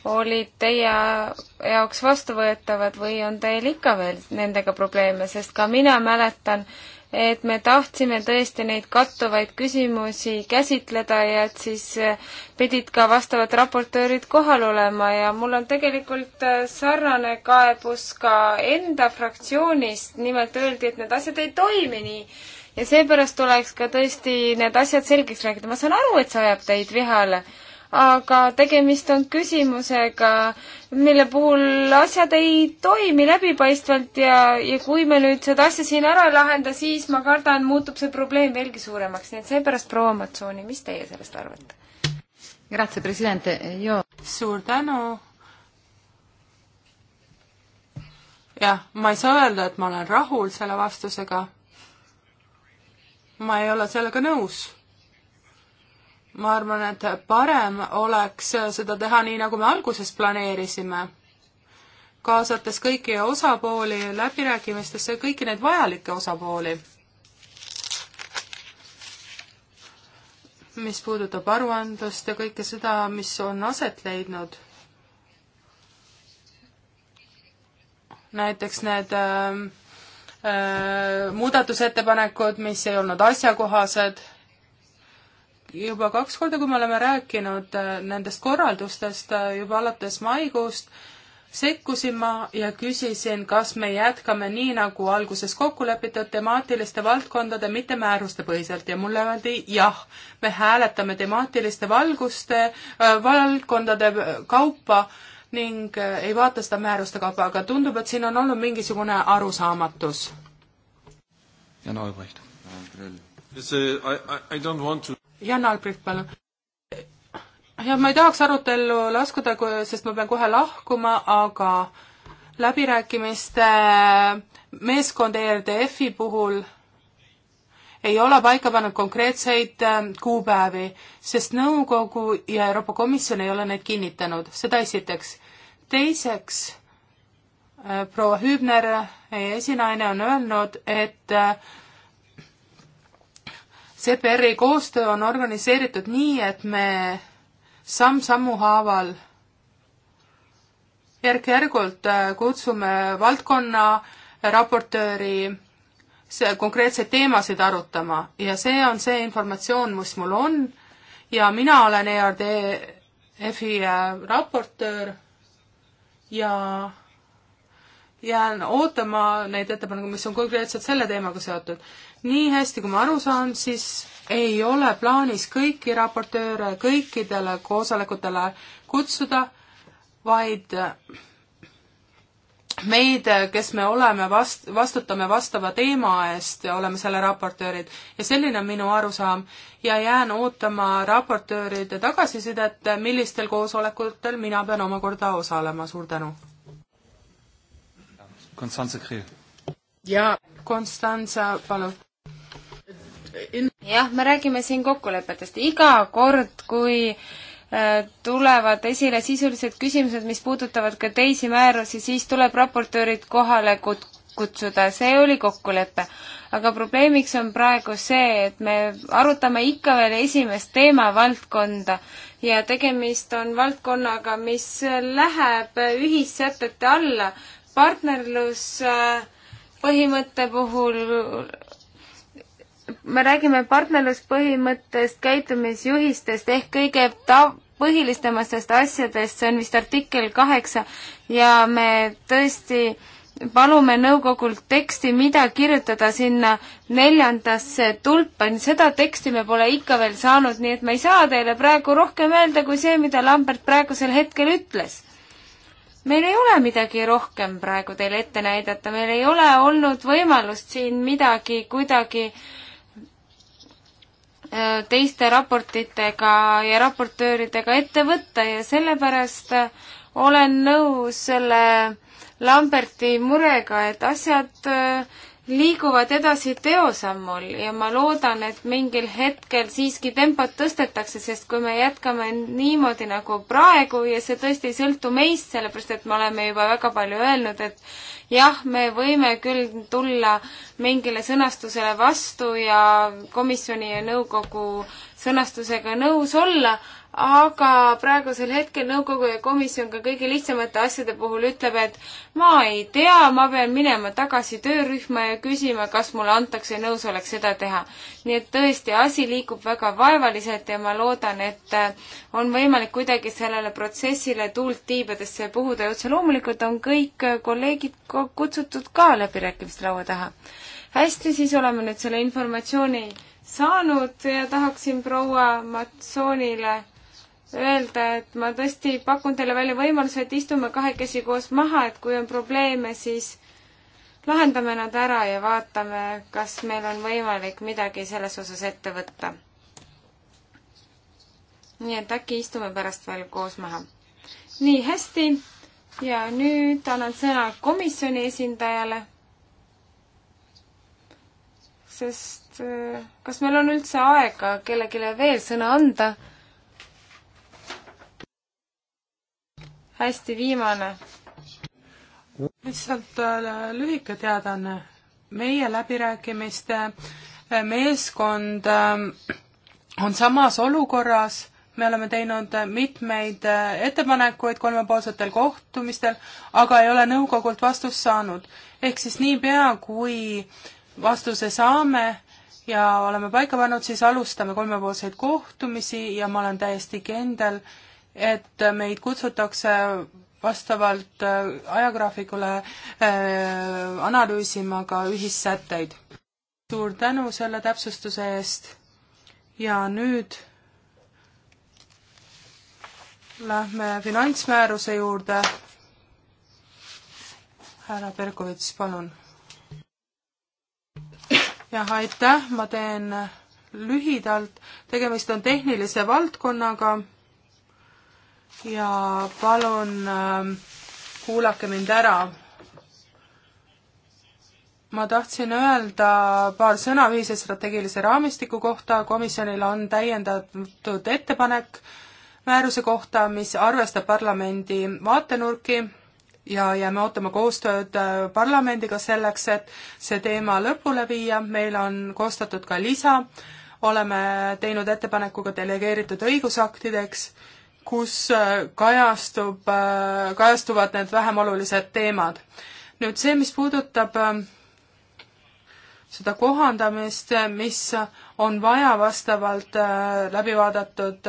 olid teie jaoks vastuvõetavad või on teil ikka veel nendega probleeme, sest ka mina mäletan, et me tahtsime tõesti neid kattuvaid küsimusi käsitleda ja et siis eh, pidid ka vastavad raportöörid kohal olema ja mul on tegelikult eh, sarnane kaebus ka enda fraktsioonist, nimelt öeldi, et need asjad ei toimi nii. ja seepärast tuleks ka tõesti need asjad selgeks rääkida, ma saan aru, et see ajab teid vihale aga tegemist on küsimusega, mille puhul asjad ei toimi läbipaistvalt ja, ja kui me nüüd seda asja siin ära ei lahenda, siis ma kardan, muutub see probleem veelgi suuremaks, nii et seepärast proua Matsooni, mis teie sellest arvate? Grazie, president, joo. suur tänu. jah, ma ei saa öelda, et ma olen rahul selle vastusega. ma ei ole sellega nõus ma arvan, et parem oleks seda teha nii, nagu me alguses planeerisime, kaasates kõiki osapooli läbirääkimistesse, kõiki neid vajalikke osapooli. mis puudutab aruandlust ja kõike seda, mis on aset leidnud. näiteks need äh, äh, muudatusettepanekud, mis ei olnud asjakohased juba kaks korda, kui me oleme rääkinud äh, nendest korraldustest äh, juba alates maikuust, sekkusin ma ja küsisin, kas me jätkame nii, nagu alguses kokku lepitud temaatiliste valdkondade, mitte määruste põhiselt ja mulle öeldi jah, me hääletame temaatiliste valguste äh,, valdkondade äh, kaupa ning äh, ei vaata seda määruste kaupa, aga tundub, et siin on olnud mingisugune arusaamatus. Jan Albrecht. Yes, uh, I, I, I don't want to Jan Albrecht, palun. jah, ma ei tahaks arutellu laskuda, sest ma pean kohe lahkuma, aga läbirääkimiste meeskond ERDF-i puhul ei ole paika pannud konkreetseid äh, kuupäevi, sest nõukogu ja Euroopa Komisjon ei ole neid kinnitanud, seda esiteks. teiseks, äh, proua Hübner, meie esinaine, on öelnud, et äh, CPR-i koostöö on organiseeritud nii, et me samm-sammu haaval järk-järgult äh, kutsume valdkonna raportööri konkreetseid teemasid arutama ja see on see informatsioon, mis mul on ja mina olen ERDF-i äh, raportöör ja jään ootama neid ettepanekuid, mis on konkreetselt selle teemaga seotud nii hästi, kui ma aru saan, siis ei ole plaanis kõiki raportööre kõikidele koosolekutele kutsuda, vaid äh, meid, äh, kes me oleme vast-, vastutame vastava teema eest ja oleme selle raportöörid. ja selline on minu arusaam ja jään ootama raportööride tagasisidet, äh, millistel koosolekutel mina pean omakorda osalema, suur tänu. Konstantse Kriil. jaa, Konstantse, palun jah, me räägime siin kokkulepetest. iga kord, kui äh, tulevad esile sisulised küsimused, mis puudutavad ka teisi määrusi, siis tuleb raportöörid kohale kutsuda, see oli kokkulepe. aga probleemiks on praegu see, et me arutame ikka veel esimest teemavaldkonda ja tegemist on valdkonnaga, mis läheb ühissätete alla. partnerlus äh, põhimõtte puhul me räägime partnerluspõhimõttest, käitumisjuhistest ehk kõige ta-, põhilistematest asjadest, see on vist artikkel kaheksa, ja me tõesti palume nõukogult teksti, mida kirjutada sinna neljandasse tulpa, seda teksti me pole ikka veel saanud, nii et ma ei saa teile praegu rohkem öelda kui see, mida Lambert praegusel hetkel ütles. meil ei ole midagi rohkem praegu teile ette näidata, meil ei ole olnud võimalust siin midagi kuidagi äh, teiste raportitega ja raportööridega ette võtta ja sellepärast olen nõus selle Lamberti murega, et asjad liiguvad edasi teosammul ja ma loodan, et mingil hetkel siiski tempot tõstetakse, sest kui me jätkame niimoodi nagu praegu ja see tõesti ei sõltu meist, sellepärast et me oleme juba väga palju öelnud, et jah, me võime küll tulla mingile sõnastusele vastu ja komisjoni ja nõukogu sõnastusega nõus olla, aga praegusel hetkel nõukogu ja komisjon ka kõige lihtsamate asjade puhul ütleb, et ma ei tea, ma pean minema tagasi töörühma ja küsima, kas mulle antakse nõusolek seda teha. nii et tõesti, asi liigub väga vaevaliselt ja ma loodan, et äh, on võimalik kuidagi sellele protsessile tuult tiibadesse puhuda ja otse loomulikult on kõik äh, kolleegid kutsutud ka läbirääkimiste laua taha. hästi, siis oleme nüüd selle informatsiooni saanud ja tahaksin proua Matsoonile öelda, et ma tõesti pakun teile välja võimaluse, et istume kahekesi koos maha, et kui on probleeme, siis lahendame nad ära ja vaatame, kas meil on võimalik midagi selles osas ette võtta. nii et äkki istume pärast veel koos maha. nii, hästi. ja nüüd annan sõna komisjoni esindajale. sest äh, kas meil on üldse aega kellelegi veel sõna anda? hästi, viimane. lihtsalt äh, lühike teadaanne. meie läbirääkimiste äh, meeskond äh, on samas olukorras, me oleme teinud mitmeid ettepanekuid kolmepoolsetel kohtumistel, aga ei ole nõukogult vastust saanud. ehk siis niipea, kui vastuse saame, ja oleme paika pannud, siis alustame kolmepoolseid kohtumisi ja ma olen täiesti kindel, et meid kutsutakse vastavalt äh, ajagraafikule äh, analüüsima ka ühissätteid. suur tänu selle täpsustuse eest ja nüüd lähme finantsmääruse juurde. härra Berkovitš, palun. jah, aitäh, ma teen lühidalt, tegemist on tehnilise valdkonnaga ja palun ähm, kuulake mind ära. ma tahtsin öelda paar sõna ühise strateegilise raamistiku kohta, komisjonil on täiendatud ettepanek määruse kohta, mis arvestab parlamendi vaatenurki ja jääme ootama koostööd äh, parlamendiga selleks, et see teema lõpule viia, meil on koostatud ka lisa, oleme teinud ettepaneku ka delegeeritud õigusaktideks kus äh, kajastub, äh, kajastuvad need vähem olulised teemad. nüüd see, mis puudutab ähm, seda kohandamist, äh, mis on vaja vastavalt läbi vaadatud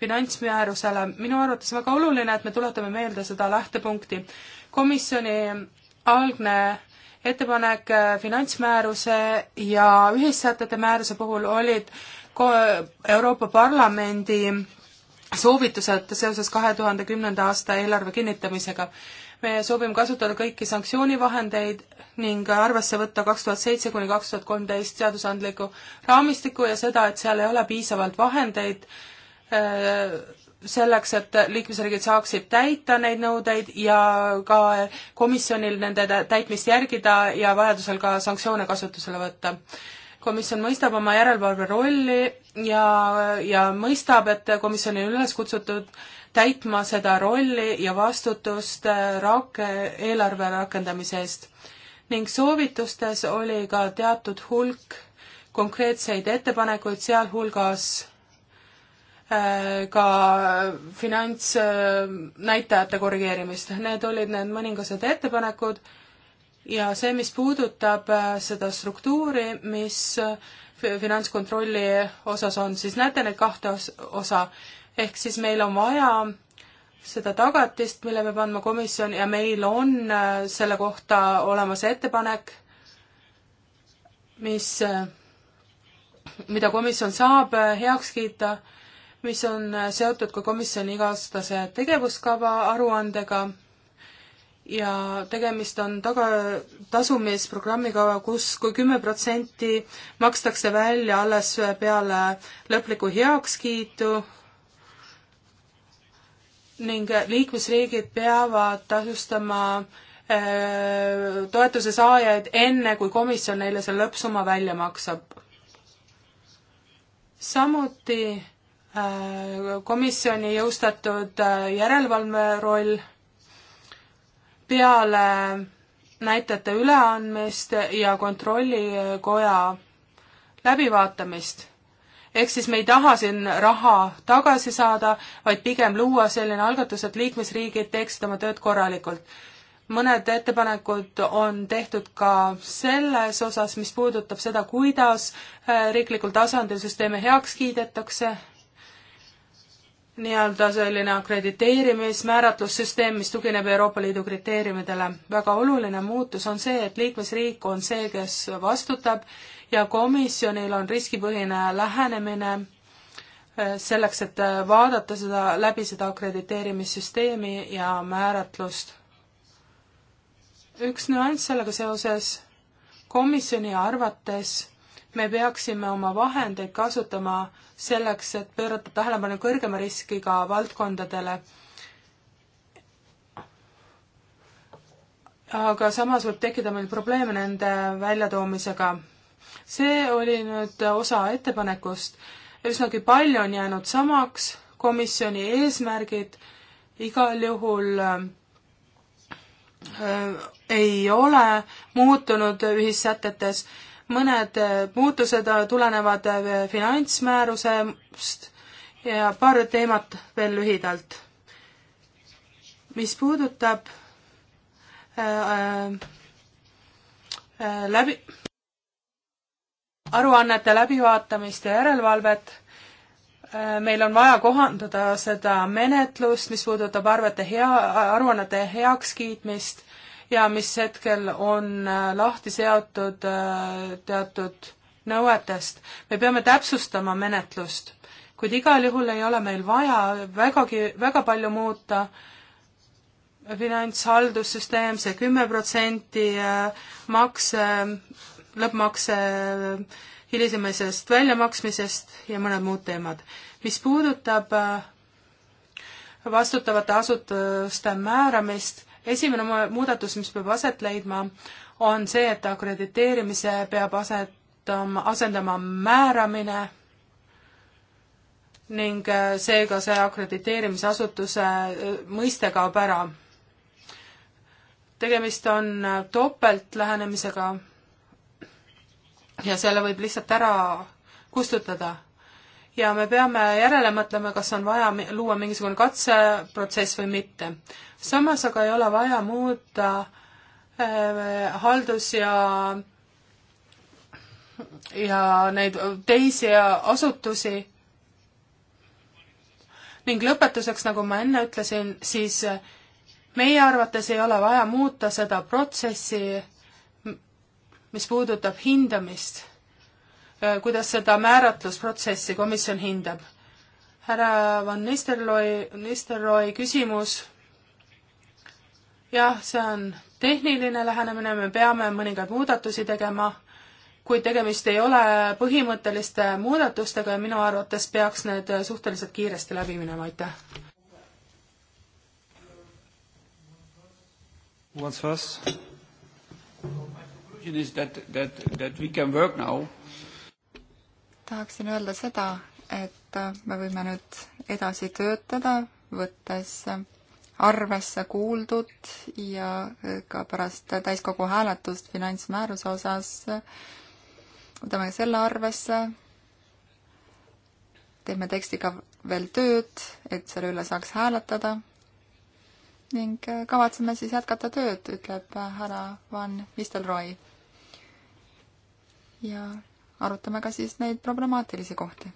finantsmäärusele, minu arvates väga oluline, et me tuletame meelde seda lähtepunkti. komisjoni algne ettepanek finantsmääruse ja ühissätete määruse puhul olid Euroopa Parlamendi soovitused seoses kahe tuhande kümnenda aasta eelarve kinnitamisega. me soovime kasutada kõiki sanktsioonivahendeid ning arvesse võtta kaks tuhat seitse kuni kaks tuhat kolmteist seadusandliku raamistiku ja seda, et seal ei ole piisavalt vahendeid äh, selleks, et liikmesriigid saaksid täita neid nõudeid ja ka komisjonil nende täitmist järgida ja vajadusel ka sanktsioone kasutusele võtta. komisjon mõistab oma järelevalve rolli ja, ja mõistab, et komisjoni on üles kutsutud täitma seda rolli ja vastutust rak-, eelarve rakendamise eest. ning soovitustes oli ka teatud hulk konkreetseid ettepanekuid, sealhulgas äh, ka finantsnäitajate äh, korrigeerimist, need olid need mõningased ettepanekud ja see, mis puudutab äh, seda struktuuri, mis finantskontrolli osas on, siis näete neid kahte os osa. ehk siis meil on vaja seda tagatist, mille peab andma komisjon ja meil on äh, selle kohta olemas ettepanek, mis, äh, mida komisjon saab äh, heaks kiita, mis on seotud ka komisjoni iga-aastase tegevuskava aruandega ja tegemist on taga, tasumisprogrammiga, kus kui kümme protsenti makstakse välja alles peale lõplikku heakskiitu ning liikmesriigid peavad tasustama äh, toetuse saajaid enne, kui komisjon neile selle lõppsumma välja maksab. samuti äh, komisjoni jõustatud äh, järelevalve roll peale näitajate üleandmist ja kontrollikoja läbivaatamist. ehk siis me ei taha siin raha tagasi saada, vaid pigem luua selline algatus, et liikmesriigid teeksid oma tööd korralikult. mõned ettepanekud on tehtud ka selles osas, mis puudutab seda, kuidas eh, riiklikul tasandil süsteeme heaks kiidetakse nii-öelda selline akrediteerimismääratlussüsteem, mis tugineb Euroopa Liidu kriteeriumidele. väga oluline muutus on see, et liikmesriik on see, kes vastutab ja komisjonil on riskipõhine lähenemine eh, selleks, et eh, vaadata seda, läbi seda akrediteerimissüsteemi ja määratlust. üks nüanss sellega seoses, komisjoni arvates me peaksime oma vahendeid kasutama selleks, et pöörata tähelepanu kõrgema riskiga valdkondadele. aga samas võib tekkida meil probleeme nende väljatoomisega. see oli nüüd osa ettepanekust. üsnagi palju on jäänud samaks, komisjoni eesmärgid igal juhul äh, ei ole muutunud ühissätetes mõned äh, muutused äh, tulenevad äh, finantsmäärusest ja paar teemat veel lühidalt. mis puudutab äh, äh, läbi, aruannete läbivaatamist ja järelevalvet meil on vaja kohandada seda menetlust, mis puudutab arvete hea, aruannete heakskiitmist ja mis hetkel on äh, lahti seotud äh, teatud nõuetest. me peame täpsustama menetlust, kuid igal juhul ei ole meil vaja vägagi, väga palju muuta finantshaldussüsteem, see kümme protsenti äh, makse, lõppmakse hilisemisest väljamaksmisest ja mõned muud teemad. mis puudutab vastutavate asutuste määramist, esimene muudatus, mis peab aset leidma, on see, et akrediteerimise peab asetama, asendama määramine ning äh, seega see akrediteerimisasutuse äh, mõiste kaob ära. tegemist on äh, topeltlähenemisega ja selle võib lihtsalt ära kustutada ja me peame järele mõtlema, kas on vaja luua mingisugune katseprotsess või mitte. samas aga ei ole vaja muuta äh, haldus ja ja neid teisi asutusi ning lõpetuseks, nagu ma enne ütlesin, siis äh, meie arvates ei ole vaja muuta seda protsessi, mis puudutab hindamist Äh, kuidas seda määratlusprotsessi komisjon hindab. härra Van Nistelrooy, Nistelrooy küsimus. jah, see on tehniline lähenemine, me peame mõningaid muudatusi tegema, kuid tegemist ei ole põhimõtteliste muudatustega ja minu arvates peaks need suhteliselt kiiresti läbi minema, aitäh. What's first? Conclusion is that, that, that we can work now tahaksin öelda seda, et me võime nüüd edasi töötada, võttes arvesse kuuldud ja ka pärast täiskogu hääletust finantsmääruse osas võtame selle arvesse, teeme tekstiga veel tööd, et selle üle saaks hääletada ning kavatseme siis jätkata tööd, ütleb härra Van Vistelrooy. ja arutame ka siis neid problemaatilisi kohti.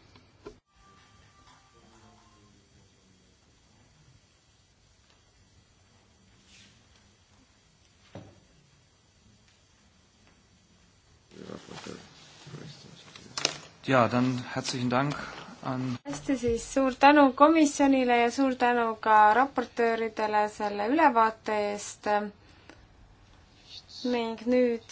ja dann herzlichen Dank an hästi, siis suur tänu komisjonile ja suur tänu ka raportööridele selle ülevaate eest ning nüüd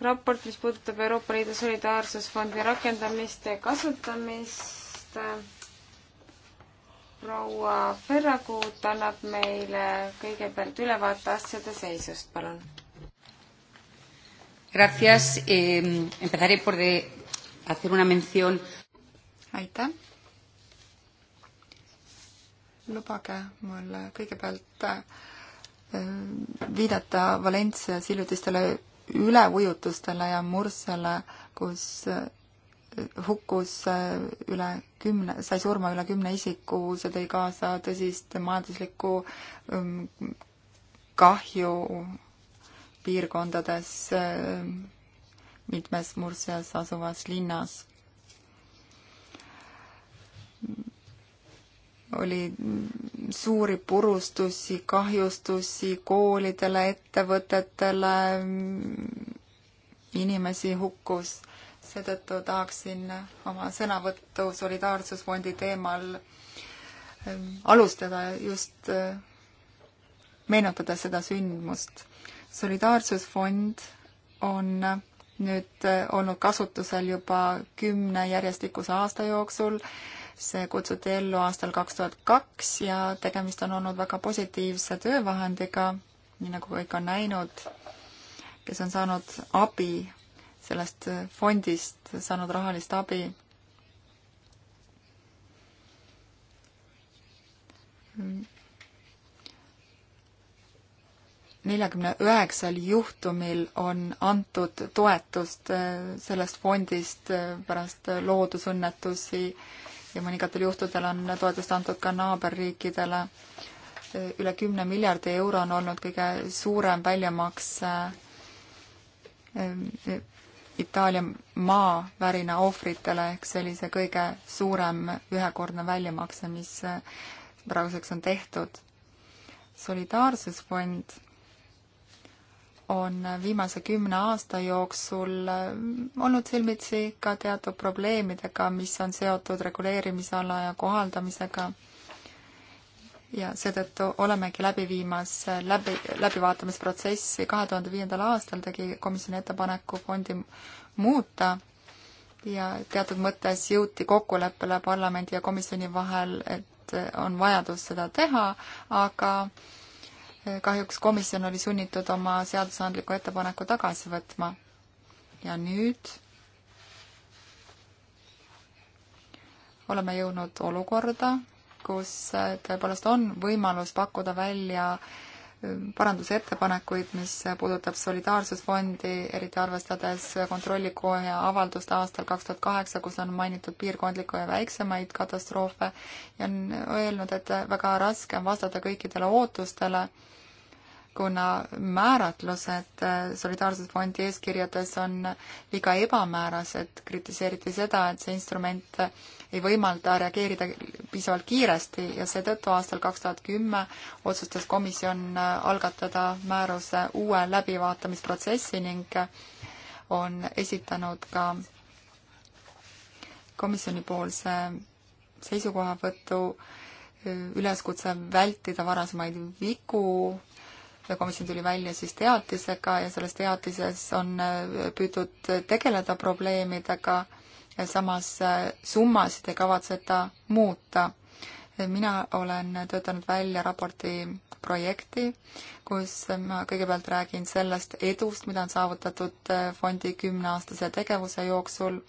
raport, mis puudutab Euroopa Liidu solidaarsusfondi rakendamist ja kasutamist. proua Ferragut annab meile kõigepealt ülevaate asjade seisust, palun. Gracias eh,, empezaré por de hacer una mención. aitäh. lubage mul kõigepealt eh, viidata Valencias hiljutistele üleujutustele ja murssele, kus eh, hukkus eh, üle kümne, sai surma üle kümne isiku, see tõi kaasa tõsist majanduslikku mm, kahju piirkondades eh, mitmes Mursias asuvas linnas oli suuri purustusi, kahjustusi koolidele, ettevõtetele, inimesi hukkus. seetõttu tahaksin oma sõnavõttu Solidaarsusfondi teemal ähm, alustada just äh, meenutada seda sündmust. solidaarsusfond on nüüd äh, olnud kasutusel juba kümne järjestikuse aasta jooksul see kutsuti ellu aastal kaks tuhat kaks ja tegemist on olnud väga positiivse töövahendiga, nii nagu kõik on näinud, kes on saanud abi sellest fondist, saanud rahalist abi. neljakümne üheksal juhtumil on antud toetust eh, sellest fondist eh, pärast loodusõnnetusi äh, ja mõningatel juhtudel on toetust antud ka naaberriikidele. üle kümne miljardi euro on olnud kõige suurem väljamakse eh, Itaalia maavärina ohvritele ehk sellise kõige suurem ühekordne väljamakse, mis eh, praeguseks on tehtud. solidaarsusfond on viimase kümne aasta jooksul äh, olnud silmitsi ka teatud probleemidega, mis on seotud reguleerimisala ja kohaldamisega. ja seetõttu olemegi läbi viimas äh, läbi, läbivaatamisprotsessi. kahe tuhande viiendal aastal tegi komisjoni ettepaneku fondi muuta ja teatud mõttes jõuti kokkuleppele parlamendi ja komisjoni vahel, et äh, on vajadus seda teha, aga kahjuks komisjon oli sunnitud oma seadusandliku ettepaneku tagasi võtma. ja nüüd oleme jõudnud olukorda, kus äh, tõepoolest on võimalus pakkuda välja äh, parandusettepanekuid, mis puudutab Solidaarsusfondi, eriti arvestades kontrollikoja avaldust aastal kaks tuhat kaheksa, kus on mainitud piirkondlikku ja väiksemaid katastroofe ja on öelnud, et väga raske on vastata kõikidele ootustele äh, kuna määratlused äh, Solidaarsusfondi eeskirjades on liiga ebamäärased, kritiseeriti seda, et see instrument äh, ei võimalda reageerida piisavalt kiiresti ja seetõttu aastal kaks tuhat kümme otsustas komisjon äh, algatada määruse uue läbivaatamisprotsessi ning on esitanud ka komisjonipoolse seisukohavõtu üleskutse vältida varasemaid vigu komisjon tuli välja siis teatisega ja selles teatises on äh, püütud tegeleda probleemidega ja samas äh, summasid ei kavatseta muuta. mina olen töötanud välja raporti projekti, kus ma kõigepealt räägin sellest edust, mida on saavutatud äh, fondi kümneaastase tegevuse jooksul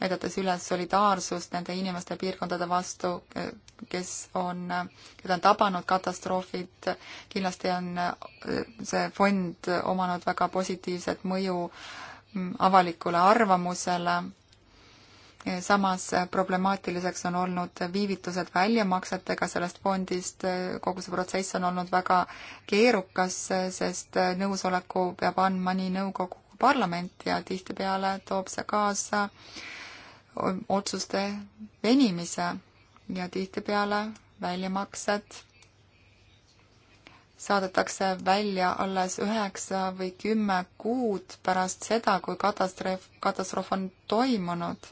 näidates üles solidaarsust nende inimeste piirkondade vastu, kes on, keda on tabanud katastroofid. kindlasti on äh, see fond omanud väga positiivset mõju mm, avalikule arvamusele. samas problemaatiliseks on olnud viivitused väljamaksetega sellest fondist, kogu see protsess on olnud väga keerukas, sest nõusoleku peab andma nii nõukogu kui parlament ja tihtipeale toob see kaasa äh, otsuste venimise ja tihtipeale väljamaksed saadetakse välja alles üheksa või kümme kuud pärast seda, kui katastroof, katastroof on toimunud.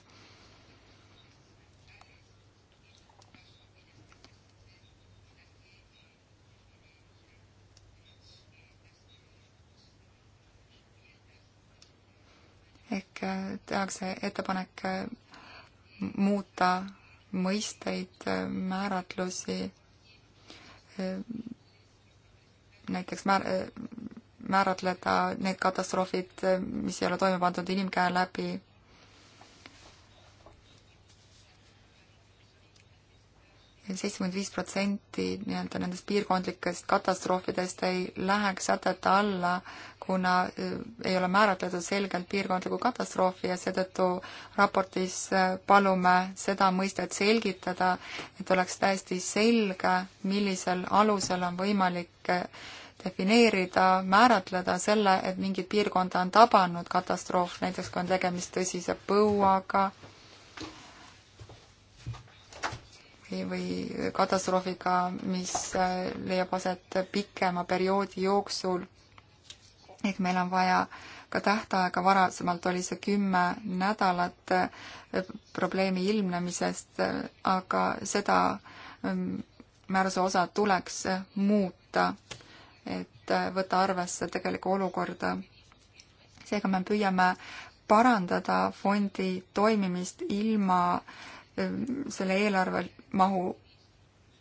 ehk eh, tehakse ettepanek eh, muuta mõisteid, määratlusi, näiteks määr-, määratleda need katastroofid, mis ei ole toime pandud inimkäe läbi seitsekümmend viis protsenti nii-öelda nendest piirkondlikest katastroofidest ei läheks sätete alla, kuna äh, ei ole määratletud selgelt piirkondlikku katastroofi ja seetõttu raportis äh, palume seda mõistet selgitada, et oleks täiesti selge, millisel alusel on võimalik äh, defineerida, määratleda selle, et mingit piirkonda on tabanud katastroof, näiteks kui on tegemist tõsise põuaga, või katastroofiga, mis äh, leiab aset pikema perioodi jooksul. ehk meil on vaja ka tähtaega, varasemalt oli see kümme nädalat äh, probleemi ilmnemisest, äh, aga seda ähm, määruse osa tuleks muuta, et võtta arvesse tegelikku olukorda. seega me püüame parandada fondi toimimist ilma äh, Ähm, selle eelarve mahu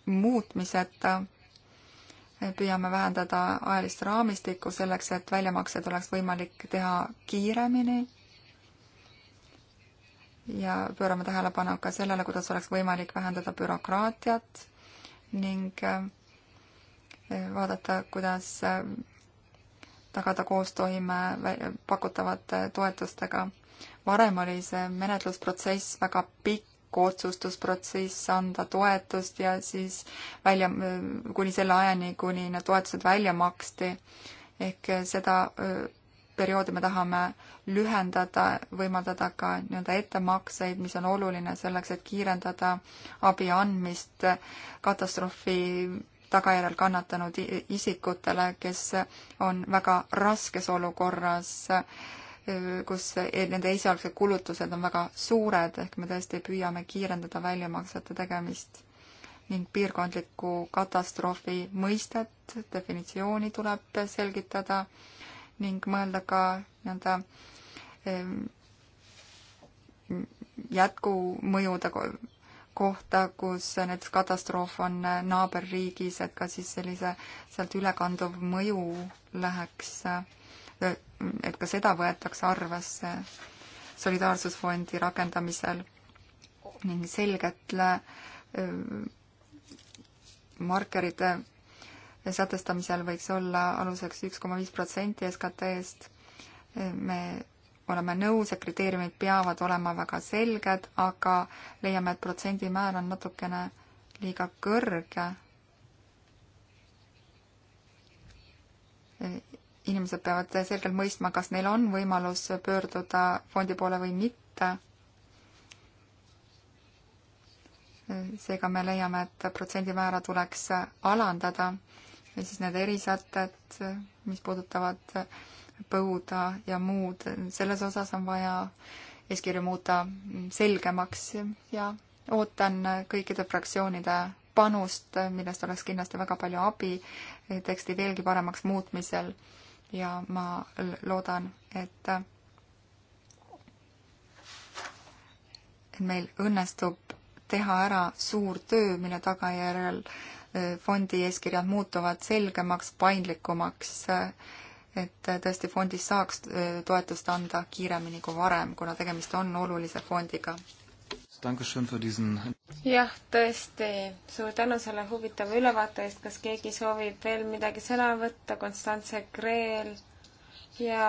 muutmiseta püüame vähendada ajalist raamistikku selleks, et väljamaksed oleks võimalik teha kiiremini ja pöörame tähelepanu ka sellele, kuidas oleks võimalik vähendada bürokraatiat ning äh, vaadata, kuidas äh, tagada koostoime pakutavate toetustega. varem oli see menetlusprotsess väga pikk otsustusprotsess, anda toetust ja siis välja, kuni selle ajani, kuni need toetused välja maksti. ehk seda perioodi me tahame lühendada, võimaldada ka nii-öelda ettemakseid, mis on oluline selleks, et kiirendada abi andmist katastroofi tagajärjel kannatanud isikutele, kes on väga raskes olukorras äh, kus nende esialgsed kulutused on väga suured, ehk me tõesti püüame kiirendada väljamaksete tegemist ning piirkondliku katastroofi mõistet, definitsiooni tuleb selgitada ning mõelda ka nii-öelda jätkumõjude kohta, kus näiteks katastroof on naaberriigis, et ka siis sellise sealt ülekanduv mõju läheks äh, et ka seda võetakse arvesse solidaarsusfondi rakendamisel ning selged markerite sätestamisel võiks olla aluseks üks koma viis protsenti SKT-st. me oleme nõus, et kriteeriumid peavad olema väga selged, aga leiame, et protsendimäär on natukene liiga kõrge inimesed peavad selgelt mõistma, kas neil on võimalus pöörduda fondi poole või mitte. seega me leiame, et protsendimäära tuleks alandada ja siis need erisätted, mis puudutavad põuda ja muud, selles osas on vaja eeskirju muuta selgemaks ja ootan kõikide fraktsioonide panust, millest oleks kindlasti väga palju abi teksti veelgi paremaks muutmisel ja ma loodan, et et meil õnnestub teha ära suur töö, mille tagajärjel äh, fondi eeskirjad muutuvad selgemaks, paindlikumaks, et tõesti fondis saaks äh, toetust anda kiiremini kui varem, kuna tegemist on olulise fondiga jah, tõesti, suur tänu selle huvitava ülevaate eest, kas keegi soovib veel midagi sõna võtta, Konstantse Kreel ja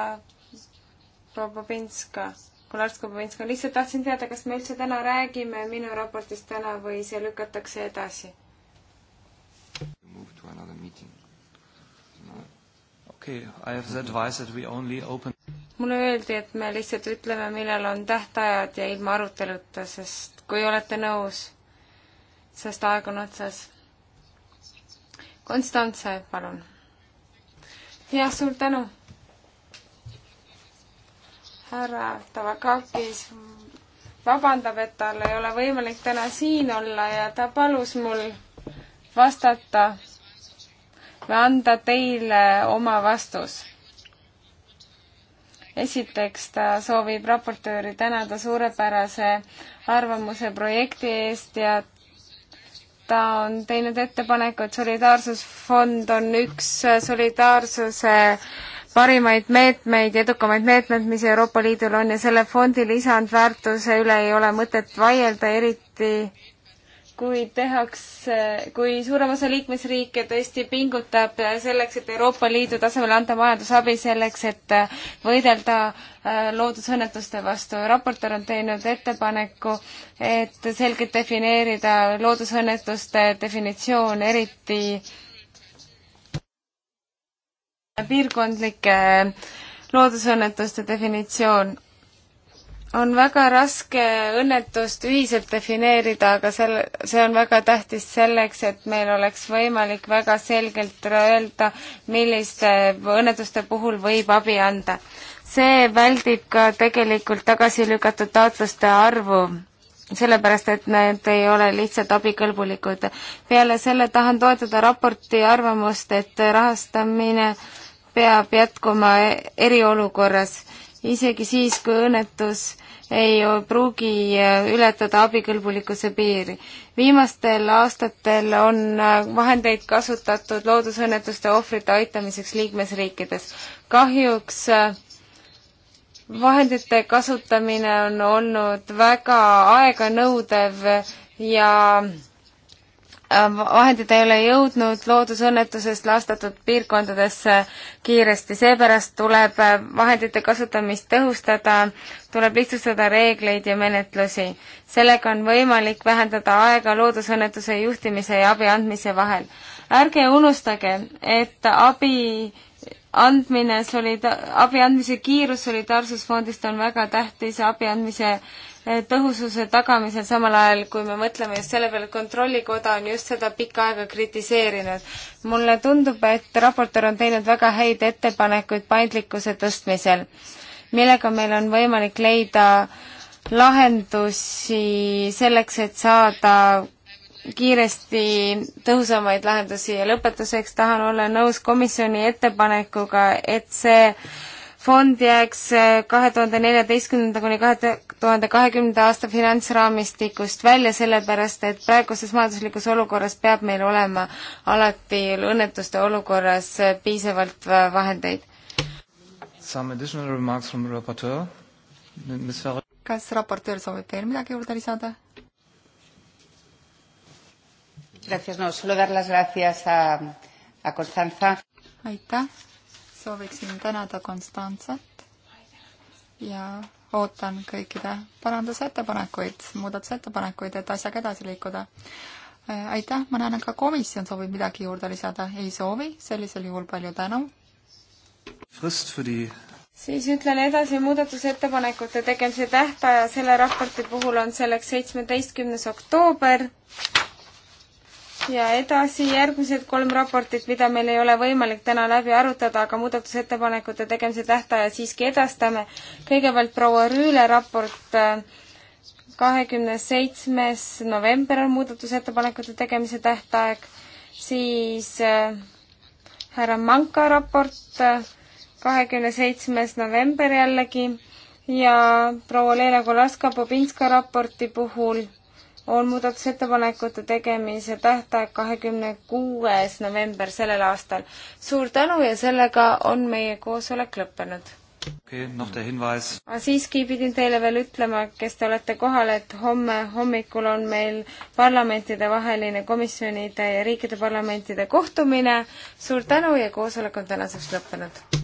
Probobinska, Kolarsko-Probinska, lihtsalt tahtsin teada, kas me üldse täna räägime minu raportist täna või see lükatakse edasi? okei okay,, I have the advice that we only open mulle öeldi, et me lihtsalt ütleme, millal on tähtajad ja ilma aruteluta, sest kui olete nõus, sest aeg on otsas. Konstantse, palun. jah, suur tänu. härra Tavakakis vabandab, et tal ei ole võimalik täna siin olla ja ta palus mul vastata või anda teile oma vastus esiteks ta soovib raportööri tänada suurepärase arvamuse projekti eest ja ta on teinud ettepaneku, et solidaarsusfond on üks solidaarsuse parimaid meetmeid ja edukamaid meetmeid, mis Euroopa Liidul on ja selle fondi lisandväärtuse üle ei ole mõtet vaielda, eriti kui tehakse, kui suurem osa liikmesriike tõesti pingutab selleks, et Euroopa Liidu tasemel anda majandusabi selleks, et võidelda äh, loodusõnnetuste vastu. raportöör on teinud ettepaneku, et selgelt defineerida loodusõnnetuste definitsioon, eriti piirkondlike loodusõnnetuste definitsioon on väga raske õnnetust ühiselt defineerida, aga selle, see on väga tähtis selleks, et meil oleks võimalik väga selgelt öelda, milliste õnnetuste puhul võib abi anda. see väldib ka tegelikult tagasi lükatud taotluste arvu, sellepärast et need ei ole lihtsalt abikõlbulikud. peale selle tahan toetada raporti arvamust, et rahastamine peab jätkuma e-, eriolukorras isegi siis, kui õnnetus ei pruugi äh, ületada abikõlbulikkuse piiri. viimastel aastatel on äh, vahendeid kasutatud loodusõnnetuste ohvrite aitamiseks liikmesriikides. kahjuks äh, vahendite kasutamine on olnud väga aeganõudev ja Ähm, vahendid ei ole jõudnud loodusõnnetusest lastatud piirkondadesse kiiresti, seepärast tuleb äh, vahendite kasutamist tõhustada, tuleb lihtsustada reegleid ja menetlusi. sellega on võimalik vähendada aega loodusõnnetuse juhtimise ja abi andmise vahel. ärge unustage, et abi andmine solida-, abi andmise kiirus Solidaarsusfondist on väga tähtis abi andmise Eh, tõhususe tagamisel, samal ajal kui me mõtleme just selle peale, et Kontrollikoda on just seda pikka aega kritiseerinud. mulle tundub, et raportöör on teinud väga häid ettepanekuid paindlikkuse tõstmisel, millega meil on võimalik leida lahendusi selleks, et saada kiiresti tõhusamaid lahendusi ja lõpetuseks tahan olla nõus komisjoni ettepanekuga, et see fond jääks äh, kahe tuhande neljateistkümnenda kuni kahe tuhande kahekümnenda aasta finantsraamistikust välja, sellepärast et praeguses majanduslikus olukorras peab meil olema alati õnnetuste olukorras äh, piisavalt äh, vahendeid. Some additional remarks from raportöör. kas raportöör soovib veel midagi juurde lisada? Gracias, no, solo dar las gracias a, a Constanza. Aitäh sooviksin tänada Konstantsat ja ootan kõikide parandusettepanekuid, muudatusettepanekuid, et asjaga edasi liikuda. Äh, aitäh, ma näen, et ka komisjon soovib midagi juurde lisada. ei soovi, sellisel juhul palju tänu. siis ütlen edasi muudatusettepanekute tegemise tähtaja selle raporti puhul on selleks seitsmeteistkümnes oktoober ja edasi järgmised kolm raportit, mida meil ei ole võimalik täna läbi arutada, aga muudatusettepanekute tegemise tähtaja siiski edastame. kõigepealt proua Rüüle raport äh, kahekümne seitsmes november on muudatusettepanekute tegemise tähtaeg, siis äh, härra Manka raport äh, kahekümne seitsmes november jällegi ja proua Leela Kolaska-Bobinska raporti puhul on muudatusettepanekute tegemise tähtaeg kahekümne kuues november sellel aastal. suur tänu ja sellega on meie koosolek lõppenud okay,. noh, teie hinvaes. siiski pidin teile veel ütlema, kes te olete kohal, et homme hommikul on meil parlamentidevaheline komisjonide ja riikide parlamentide kohtumine. suur tänu ja koosolek on tänaseks lõppenud.